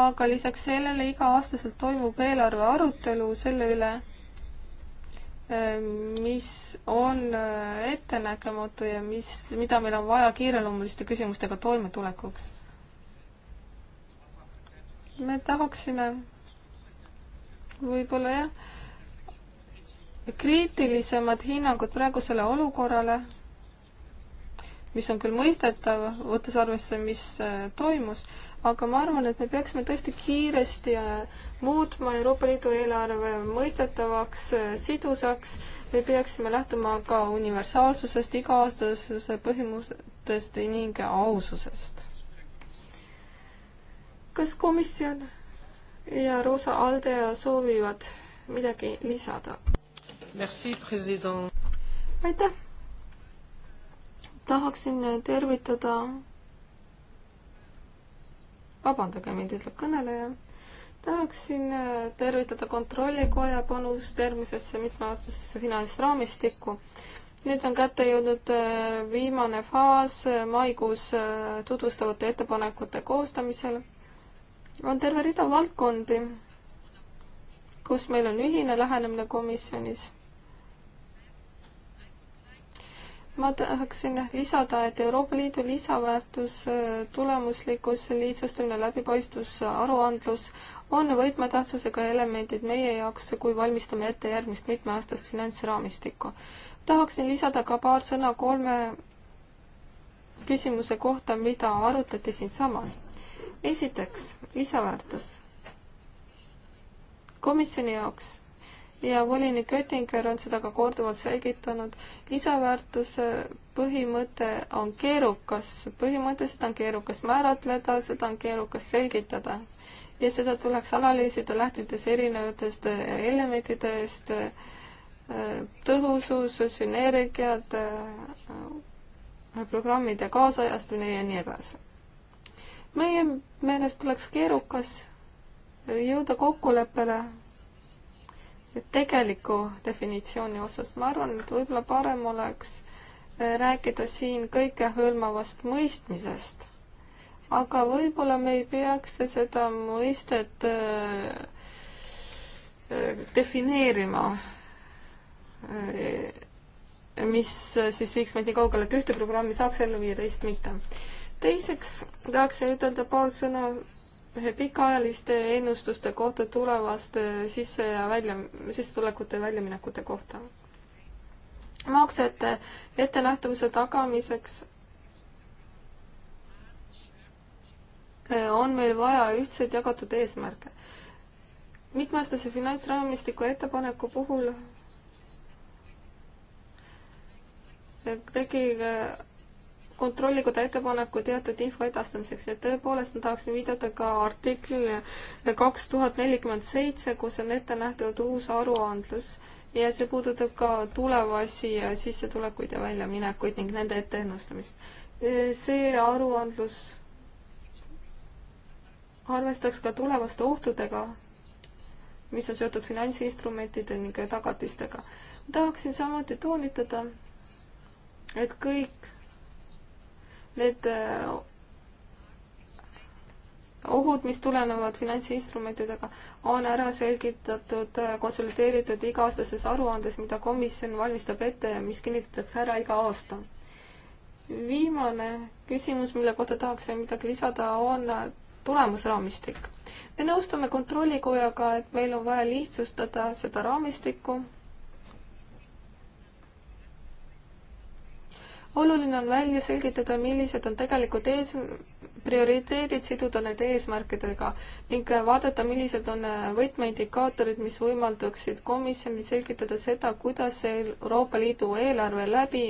aga lisaks sellele iga-aastaselt toimub eelarve arutelu selle üle Ehm, mis on äh, ettenägematu ja mis, mida meil on vaja kiireloomuliste küsimustega toimetulekuks. me tahaksime võib-olla jah, kriitilisemad hinnangud praegusele olukorrale, mis on küll mõistetav, võttes arvesse, mis äh, toimus, aga ma arvan, et me peaksime tõesti kiiresti äh, muutma Euroopa Liidu eelarve mõistetavaks, äh, sidusaks. me peaksime lähtuma ka universaalsusest, iga-aastasuse põhimõttest ning aususest. kas komisjon ja Rosa Aldea soovivad midagi lisada? aitäh! tahaksin tervitada vabandage mind, ütleb kõneleja. tahaksin äh, tervitada Kontrollikoja panust järgmisesse mitmeaastasesse finantsraamistikku. nüüd on kätte jõudnud äh, viimane faas äh, maikuus tutvustavate ettepanekute koostamisel. on terve rida valdkondi, kus meil on ühine lähenemine komisjonis ma tahaksin lisada, et Euroopa Liidu lisaväärtus, äh, tulemuslikkus, lihtsustamine, läbipaistvus, aruandlus on võtmetähtsusega elemendid meie jaoks, kui valmistame ette järgmist mitmeaastast finantsraamistikku. tahaksin lisada ka paar sõna kolme küsimuse kohta, mida arutati siinsamas. esiteks, lisaväärtus. komisjoni jaoks ja volinik Oettinger on seda ka korduvalt selgitanud. lisaväärtuse äh, põhimõte on keerukas, põhimõte, seda on keerukas määratleda, seda on keerukas selgitada. ja seda tuleks analüüsida lähtudes erinevatest äh, elementidest, äh, tõhusus, sünergiad, programmide kaasajastamine ja nii edasi. meie meelest oleks keerukas jõuda kokkuleppele tegeliku definitsiooni osas, ma arvan, et võib-olla parem oleks äh, rääkida siin kõikehõlmavast mõistmisest. aga võib-olla me ei peaks seda mõistet äh, äh, defineerima, mis siis viiks meid nii kaugele, et ühte programmi saaks ellu viia, teist mitte. teiseks tahaksin ütelda paar sõna pikaajaliste ennustuste kohta tulevaste sisse ja välja, sissetulekute ja väljaminekute kohta. maksete ettenähtavuse tagamiseks eh, on meil vaja ühtseid jagatud eesmärke. mitmeaastase finantsraamistiku ettepaneku puhul eh, tegi eh, kontrollikoda ettepaneku teatud info edastamiseks ja tõepoolest ma tahaksin viidata ka artiklile kaks tuhat nelikümmend seitse, kus on ette nähtud uus aruandlus ja see puudutab ka tulevasi sissetulekuid ja väljaminekuid ning nende etteennustamist. see aruandlus arvestaks ka tulevaste ohtudega, mis on seotud finantsinstrumentide ning tagatistega. tahaksin samuti toonitada, et kõik need äh, ohud, mis tulenevad finantsinstrumentidega, on ära selgitatud äh, konsolideeritud iga-aastases aruandes, mida komisjon valmistab ette ja mis kinnitatakse ära iga aasta. viimane küsimus, mille kohta tahaksin midagi lisada, on äh, tulemusraamistik. me nõustume Kontrollikojaga, et meil on vaja lihtsustada seda raamistikku oluline on välja selgitada, millised on tegelikult ees-, prioriteedid, siduda need eesmärkidega ning vaadata, millised on äh, võtmeindikaatorid, mis võimaldaksid komisjonil selgitada seda, kuidas Euroopa Liidu eelarve läbi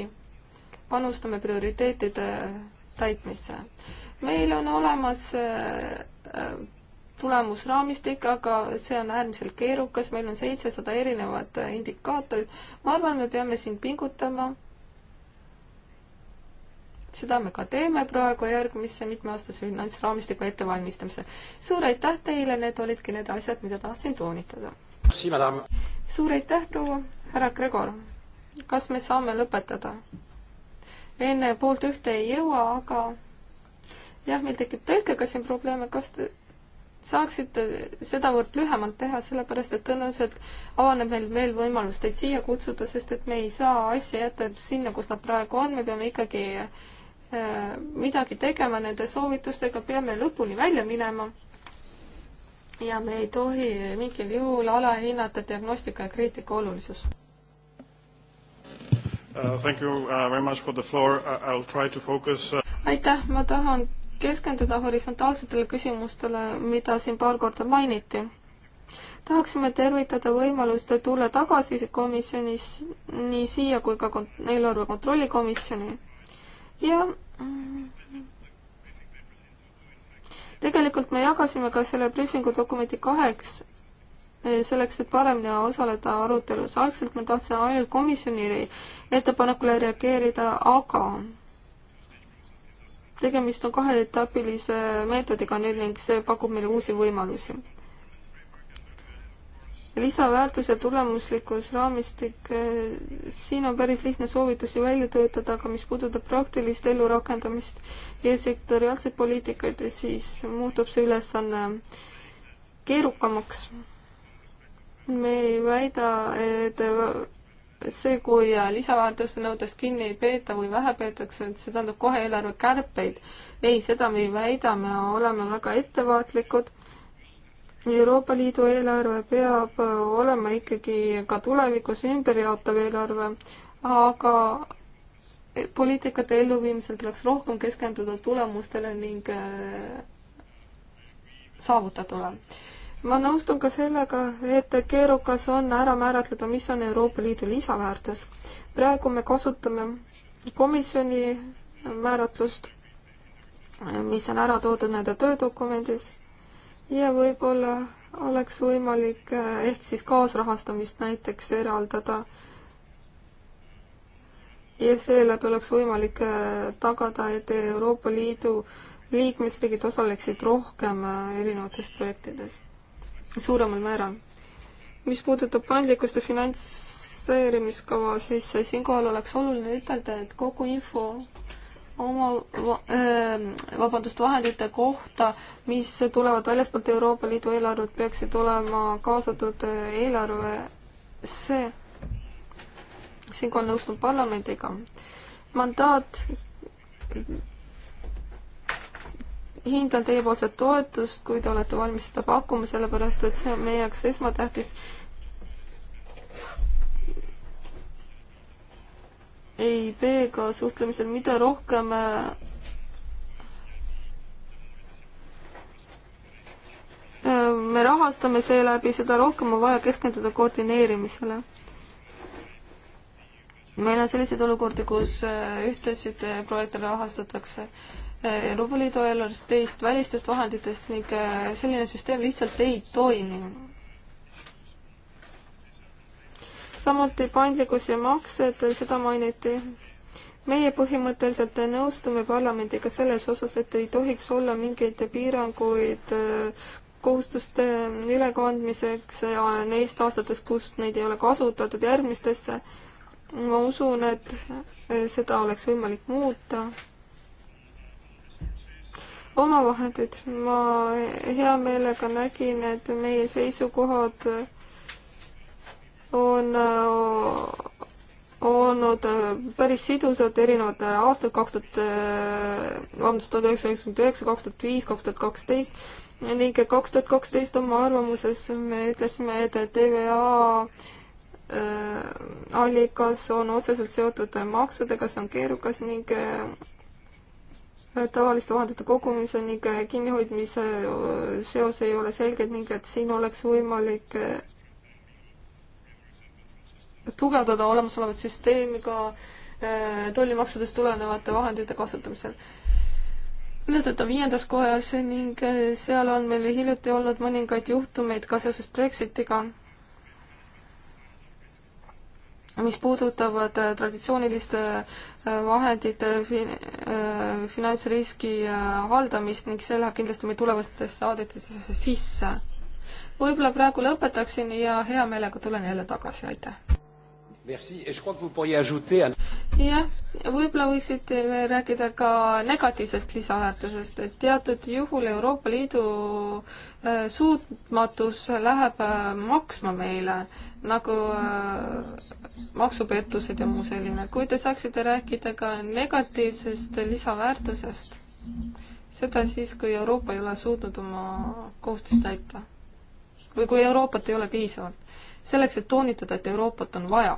panustame prioriteetide täitmisse. meil on olemas äh, äh, tulemusraamistik, aga see on äärmiselt keerukas, meil on seitsesada erinevat indikaatorit. ma arvan, me peame siin pingutama seda me ka teeme praegu järgmise mitmeaastase finantsraamistiku ettevalmistamisel. suur aitäh teile, need olidki need asjad, mida tahtsin toonitada. suur aitäh, proua, härra Gregor. kas me saame lõpetada? enne poolt ühte ei jõua, aga jah, meil tekib tõlkega siin probleeme, kas te saaksite sedavõrd lühemalt teha, sellepärast et tõenäoliselt avaneb meil veel võimalus teid siia kutsuda, sest et me ei saa asja jätta sinna, kus nad praegu on, me peame ikkagi Äh, midagi tegema, nende soovitustega peame lõpuni välja minema. ja me ei tohi mingil juhul alahinnata diagnostika ja kriitika olulisust. Uh, thank you uh, very much for the floor. I uh, will try to focus uh.... aitäh, ma tahan keskenduda horisontaalsetele küsimustele, mida siin paar korda mainiti. tahaksime tervitada võimalust tulla tagasi komisjonis nii siia kui ka eelarve kontrollikomisjoni ja mm, tegelikult me jagasime ka selle briifingu dokumenti kaheks, eh, selleks, et paremini osaleda arutelus. algselt ma tahtsin ainult komisjoni ettepanekule reageerida, aga tegemist on kaheetapilise meetodiga nüüd ning see pakub meile uusi võimalusi lisaväärtus ja tulemuslikkus, raamistik, eh, siin on päris lihtne soovitusi välja töötada, aga mis puudutab praktilist elu rakendamist ja sektoriaalseid poliitikaid, siis muutub see ülesanne keerukamaks. me ei väida, et see, kui lisaväärtuse nõudest kinni ei peeta või vähe peetakse, et see tähendab kohe eelarvekärpeid. ei, seda me ei väida, me oleme väga ettevaatlikud Euroopa Liidu eelarve peab äh, olema ikkagi ka tulevikus ümberjaotav eelarve, aga äh, poliitikate elluviimisel tuleks rohkem keskenduda tulemustele ning äh, saavutatule. ma nõustun ka sellega, et keerukas on ära määratleda, mis on Euroopa Liidu lisaväärtus. praegu me kasutame komisjoni määratlust, mis on ära toodud nende töödokumendis ja võib-olla oleks võimalik eh, ehk siis kaasrahastamist näiteks eraldada. ja seeläbi oleks võimalik eh, tagada, et Euroopa Liidu liikmesriigid osaleksid rohkem eh, erinevates projektides, suuremal määral. mis puudutab paindlikkust ja finants finantseerimiskava, siis siinkohal oleks oluline ütelda, et kogu info oma, ähm, vabandust, vahendite kohta, mis tulevad väljastpoolt Euroopa Liidu eelarvet, peaksid olema kaasatud äh, eelarvesse. siinkohal nõustun parlamendiga. mandaat hindan teiepoolset toetust, kui te olete valmis seda pakkuma, sellepärast et see on meie jaoks esmatähtis EIB-ga suhtlemisel, mida rohkem äh, me rahastame seeläbi, seda rohkem on vaja keskenduda koordineerimisele. meil on selliseid olukordi, kus äh, ühtesid äh, projekte rahastatakse Euroopa Liidu eelarvest, teist välistest vahenditest ning selline süsteem lihtsalt ei toimi samuti paindlikkus ja maksed, seda mainiti. meie põhimõtteliselt nõustume parlamendiga selles osas, et ei tohiks olla mingeid piiranguid äh, kohustuste ülekandmiseks ja neist aastatest, kus neid ei ole kasutatud, järgmistesse. ma usun, et äh, seda oleks võimalik muuta. omavahendid, ma hea meelega nägin, et meie seisukohad on olnud päris sidusad erinevad aastad, kaks tuhat, vabandust, tuhat üheksasada üheksakümmend üheksa, kaks tuhat viis, kaks tuhat kaksteist ning kaks tuhat kaksteist oma arvamuses me ütlesime, et TVA äh, allikas on otseselt seotud maksudega, see on keerukas ning äh, tavaliste vahendite kogumise ning kinnihoidmise äh, seos ei ole selge ning et siin oleks võimalik tugevdada olemasolevat süsteemi ka äh, tollimaksudest tulenevate vahendite kasutamisel. ületada viiendas kojas ning äh, seal on meil hiljuti olnud mõningaid juhtumeid ka seoses Brexitiga, mis puudutavad äh, traditsiooniliste vahendite fin-, finantsriski haldamist ning see läheb kindlasti meie tulevastesse audititesse sisse. võib-olla praegu lõpetaksin ja hea meelega tulen jälle tagasi, aitäh! jah, võib-olla võiksite rääkida ka negatiivsest lisaväärtusest, et teatud juhul Euroopa Liidu äh, suutmatus läheb äh, maksma meile, nagu äh, maksupettused ja muu selline. kui te saaksite rääkida ka negatiivsest lisaväärtusest, seda siis, kui Euroopa ei ole suutnud oma kohustust täita või kui Euroopat ei ole piisavalt, selleks, et toonitada, et Euroopat on vaja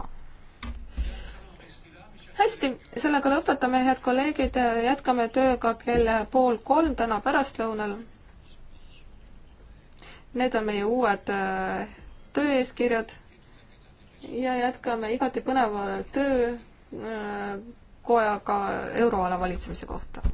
hästi, sellega lõpetame, head kolleegid, jätkame tööga kell pool kolm täna pärastlõunal. Need on meie uued äh, tööeeskirjad ja jätkame igati põneva töökojaga äh, euroala valitsemise kohta.